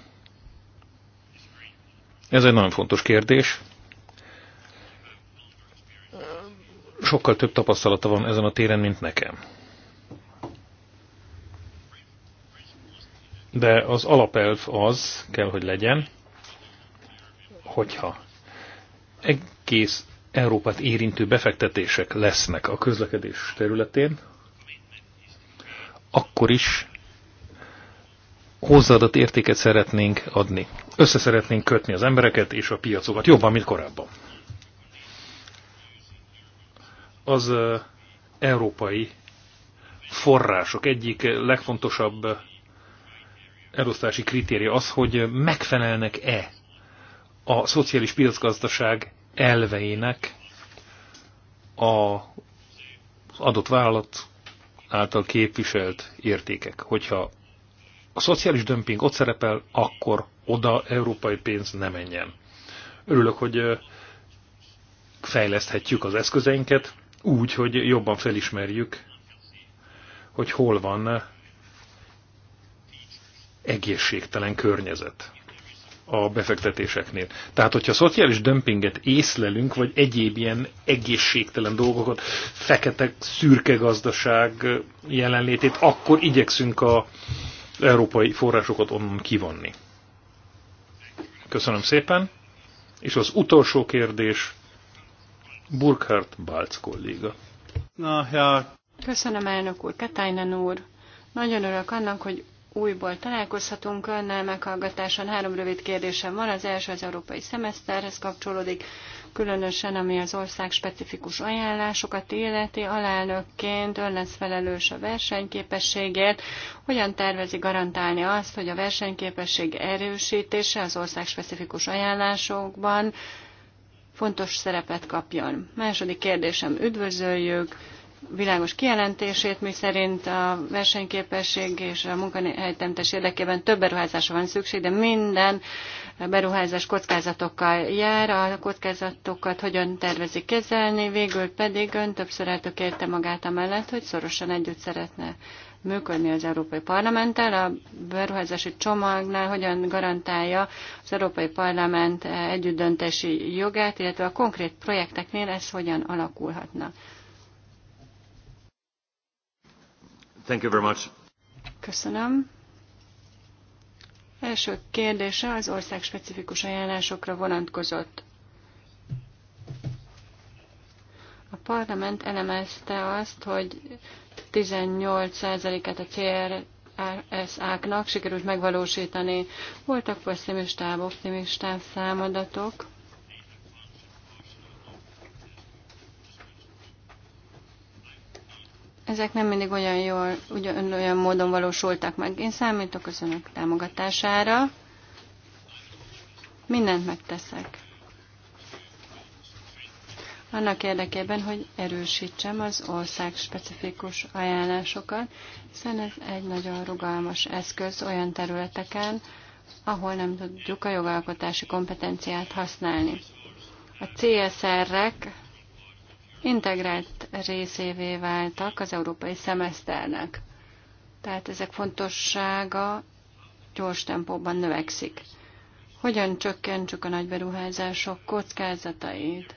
S1: Ez egy nagyon fontos kérdés. Sokkal több tapasztalata van ezen a téren, mint nekem. De az alapelv az kell, hogy legyen, hogyha egész Európát érintő befektetések lesznek a közlekedés területén, akkor is hozzáadott értéket szeretnénk adni. Össze szeretnénk kötni az embereket és a piacokat jobban, mint korábban. Az európai források egyik legfontosabb elosztási kritéria az, hogy megfelelnek-e a szociális piacgazdaság elveinek a adott vállalat által képviselt értékek. Hogyha a szociális dömping ott szerepel, akkor oda európai pénz ne menjen. Örülök, hogy fejleszthetjük az eszközeinket úgy, hogy jobban felismerjük, hogy hol van egészségtelen környezet a befektetéseknél. Tehát, hogyha szociális dömpinget észlelünk, vagy egyéb ilyen egészségtelen dolgokat, fekete, szürke gazdaság jelenlétét, akkor igyekszünk a európai forrásokat onnan kivonni. Köszönöm szépen. És az utolsó kérdés, Burkhardt Balc kolléga.
S4: Na, ja. Köszönöm, elnök úr, Katájnen úr. Nagyon örülök annak, hogy újból találkozhatunk önnel meghallgatáson. Három rövid kérdésem van. Az első az európai szemeszterhez kapcsolódik, különösen ami az ország specifikus ajánlásokat illeti. Alelnökként ön lesz felelős a versenyképességért. Hogyan tervezi garantálni azt, hogy a versenyképesség erősítése az ország specifikus ajánlásokban fontos szerepet kapjon? Második kérdésem, üdvözöljük világos kijelentését, mi szerint a versenyképesség és a munkahelyteremtés érdekében több beruházásra van szükség, de minden beruházás kockázatokkal jár, a kockázatokat hogyan tervezik kezelni, végül pedig ön többször eltökélte magát amellett, hogy szorosan együtt szeretne működni az Európai Parlamenttel. A beruházási csomagnál hogyan garantálja az Európai Parlament együttdöntési jogát, illetve a konkrét projekteknél ez hogyan alakulhatna. Köszönöm. Első kérdése az ország specifikus ajánlásokra vonatkozott. A parlament elemezte azt, hogy 18%-át a CRSZ-áknak sikerült megvalósítani. Voltak pessimistább, optimistább számadatok. ezek nem mindig olyan jól, ugyan, olyan módon valósultak meg. Én számítok az önök támogatására. Mindent megteszek. Annak érdekében, hogy erősítsem az ország specifikus ajánlásokat, hiszen ez egy nagyon rugalmas eszköz olyan területeken, ahol nem tudjuk a jogalkotási kompetenciát használni. A CSR-ek integrált részévé váltak az európai szemeszternek. Tehát ezek fontossága gyors tempóban növekszik. Hogyan csökkentsük a nagyberuházások kockázatait?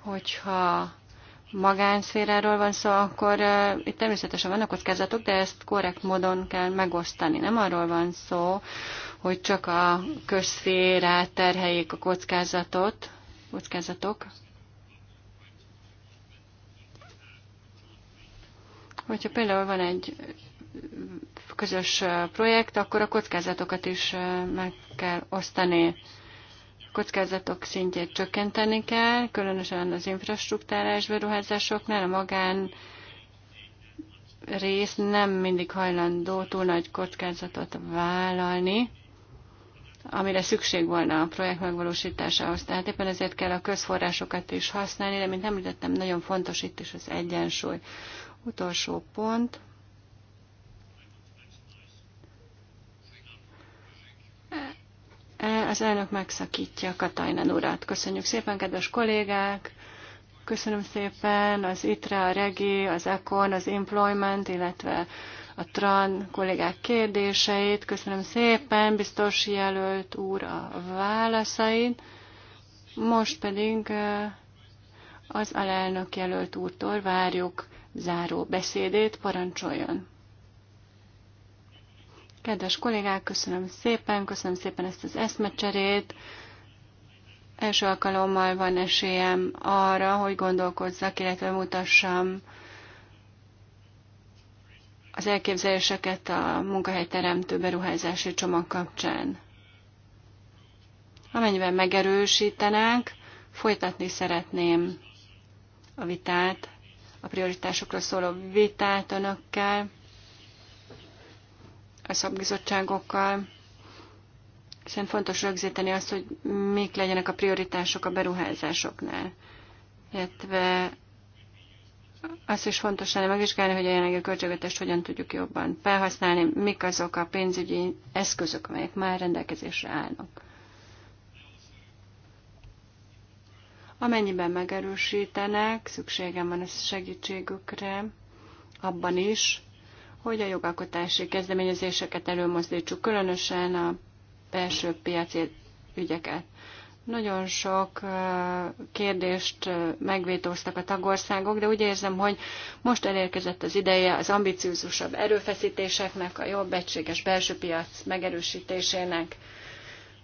S4: Hogyha magánszféráról van szó, akkor uh, itt természetesen vannak kockázatok, de ezt korrekt módon kell megosztani. Nem arról van szó, hogy csak a közszférát terheljék a kockázatot, kockázatok, Hogyha például van egy közös projekt, akkor a kockázatokat is meg kell osztani. A kockázatok szintjét csökkenteni kell, különösen az infrastruktúrás beruházásoknál, a magán rész nem mindig hajlandó túl nagy kockázatot vállalni, amire szükség volna a projekt megvalósításához. Tehát éppen ezért kell a közforrásokat is használni, de mint említettem, nagyon fontos itt is az egyensúly. Utolsó pont. Az elnök megszakítja Katajnen urat. Köszönjük szépen, kedves kollégák! Köszönöm szépen az ITRE, a REGI, az ECON, az Employment, illetve a TRAN kollégák kérdéseit. Köszönöm szépen, biztos jelölt úr a válaszait. Most pedig eh, az alelnök jelölt úrtól várjuk záró beszédét. Parancsoljon! Kedves kollégák, köszönöm szépen, köszönöm szépen ezt az eszmecserét. Első alkalommal van esélyem arra, hogy gondolkozzak, illetve mutassam az elképzeléseket a munkahelyteremtő beruházási csomag kapcsán. Amennyiben megerősítenek, folytatni szeretném a vitát a prioritásokról szóló vitát önökkel, a szakbizottságokkal, hiszen fontos rögzíteni azt, hogy mik legyenek a prioritások a beruházásoknál, illetve azt is fontos lenne megvizsgálni, hogy a jelenlegi költségvetést hogyan tudjuk jobban felhasználni, mik azok a pénzügyi eszközök, amelyek már rendelkezésre állnak. Amennyiben megerősítenek, szükségem van a segítségükre, abban is, hogy a jogalkotási kezdeményezéseket előmozdítsuk, különösen a belső piaci ügyeket. Nagyon sok kérdést megvétóztak a tagországok, de úgy érzem, hogy most elérkezett az ideje az ambiciózusabb erőfeszítéseknek, a jobb egységes belső piac megerősítésének.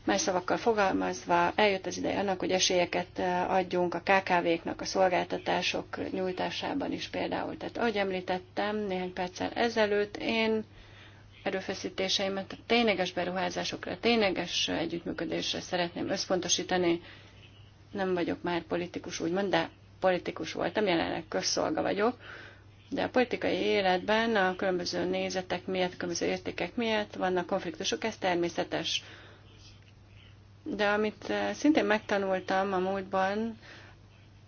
S4: Más szavakkal fogalmazva eljött az ideje annak, hogy esélyeket adjunk a KKV-knak a szolgáltatások nyújtásában is például. Tehát ahogy említettem néhány perccel ezelőtt, én erőfeszítéseimet a tényleges beruházásokra, a tényleges együttműködésre szeretném összpontosítani. Nem vagyok már politikus, úgymond, de politikus voltam, jelenleg közszolga vagyok, de a politikai életben a különböző nézetek miatt, a különböző értékek miatt vannak konfliktusok, ez természetes. De amit eh, szintén megtanultam a múltban,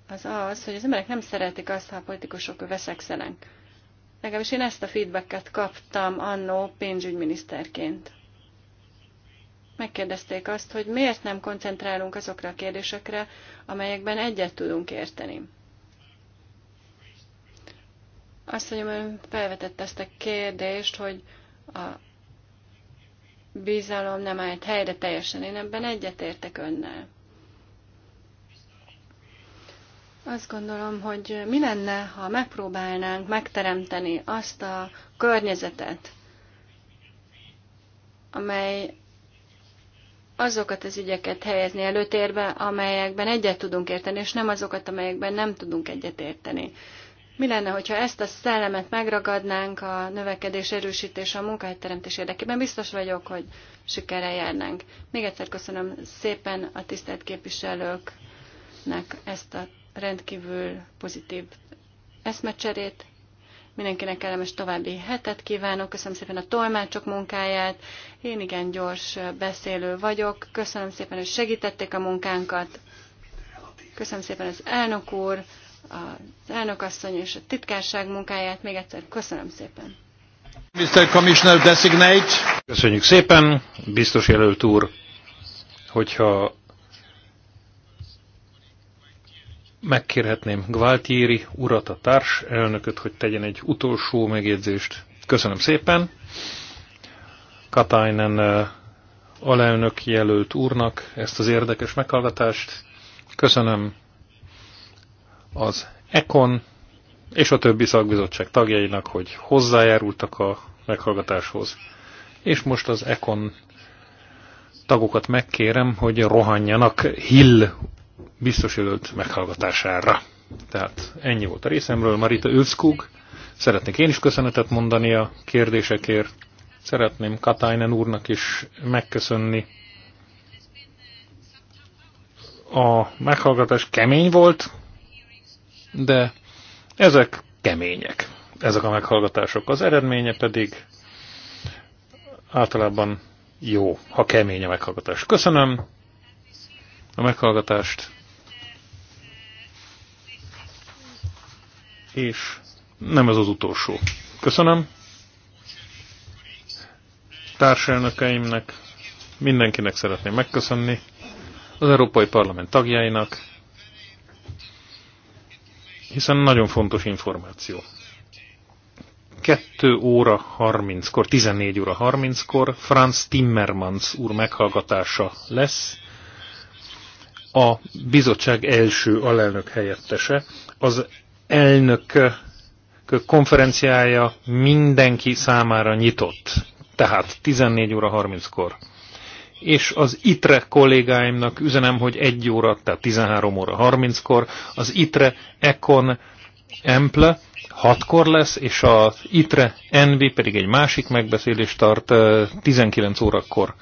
S4: az az, hogy az emberek nem szeretik azt, ha a politikusok veszekszenek. Legalábbis én ezt a feedbacket kaptam annó pénzügyminiszterként. Megkérdezték azt, hogy miért nem koncentrálunk azokra a kérdésekre, amelyekben egyet tudunk érteni. Azt, hogy ön felvetett ezt a kérdést, hogy a bizalom nem állt helyre teljesen. Én ebben egyetértek önnel. Azt gondolom, hogy mi lenne, ha megpróbálnánk megteremteni azt a környezetet, amely azokat az ügyeket helyezni előtérbe, amelyekben egyet tudunk érteni, és nem azokat, amelyekben nem tudunk egyet érteni. Mi lenne, hogyha ezt a szellemet megragadnánk a növekedés erősítése a munkahelyteremtés érdekében? Biztos vagyok, hogy sikerrel járnánk. Még egyszer köszönöm szépen a tisztelt képviselőknek ezt a rendkívül pozitív eszmecserét. Mindenkinek kellemes további hetet kívánok, köszönöm szépen a tolmácsok munkáját, én igen gyors beszélő vagyok, köszönöm szépen, hogy segítették a munkánkat, köszönöm szépen az elnök úr, az elnökasszony és a titkárság munkáját. Még egyszer köszönöm szépen.
S1: Mr. Commissioner Designate. Köszönjük szépen, biztos jelölt úr, hogyha megkérhetném Gváltieri urat, a társ elnököt, hogy tegyen egy utolsó megjegyzést. Köszönöm szépen. Katainen eh, alelnök jelölt úrnak ezt az érdekes meghallgatást. Köszönöm az ECON és a többi szakbizottság tagjainak, hogy hozzájárultak a meghallgatáshoz. És most az ECON tagokat megkérem, hogy rohanjanak Hill biztosított meghallgatására. Tehát ennyi volt a részemről. Marita Övszkug, szeretnék én is köszönetet mondani a kérdésekért. Szeretném Katainen úrnak is megköszönni. A meghallgatás kemény volt, de ezek kemények, ezek a meghallgatások. Az eredménye pedig általában jó, ha kemény a meghallgatás. Köszönöm a meghallgatást, és nem ez az utolsó. Köszönöm társelnökeimnek, mindenkinek szeretném megköszönni, az Európai Parlament tagjainak, hiszen nagyon fontos információ. 2 óra 30-kor, 14 óra 30-kor Franz Timmermans úr meghallgatása lesz, a bizottság első alelnök helyettese. Az elnök konferenciája mindenki számára nyitott, tehát 14 óra 30-kor és az ITRE kollégáimnak üzenem, hogy egy óra, tehát 13 óra 30-kor, az ITRE Econ Emple 6-kor lesz, és az ITRE Envi pedig egy másik megbeszélést tart 19 órakor.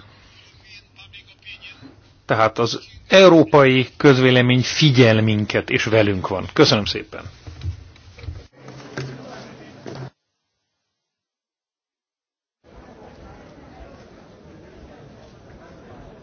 S1: Tehát az európai közvélemény figyel minket, és velünk van. Köszönöm szépen!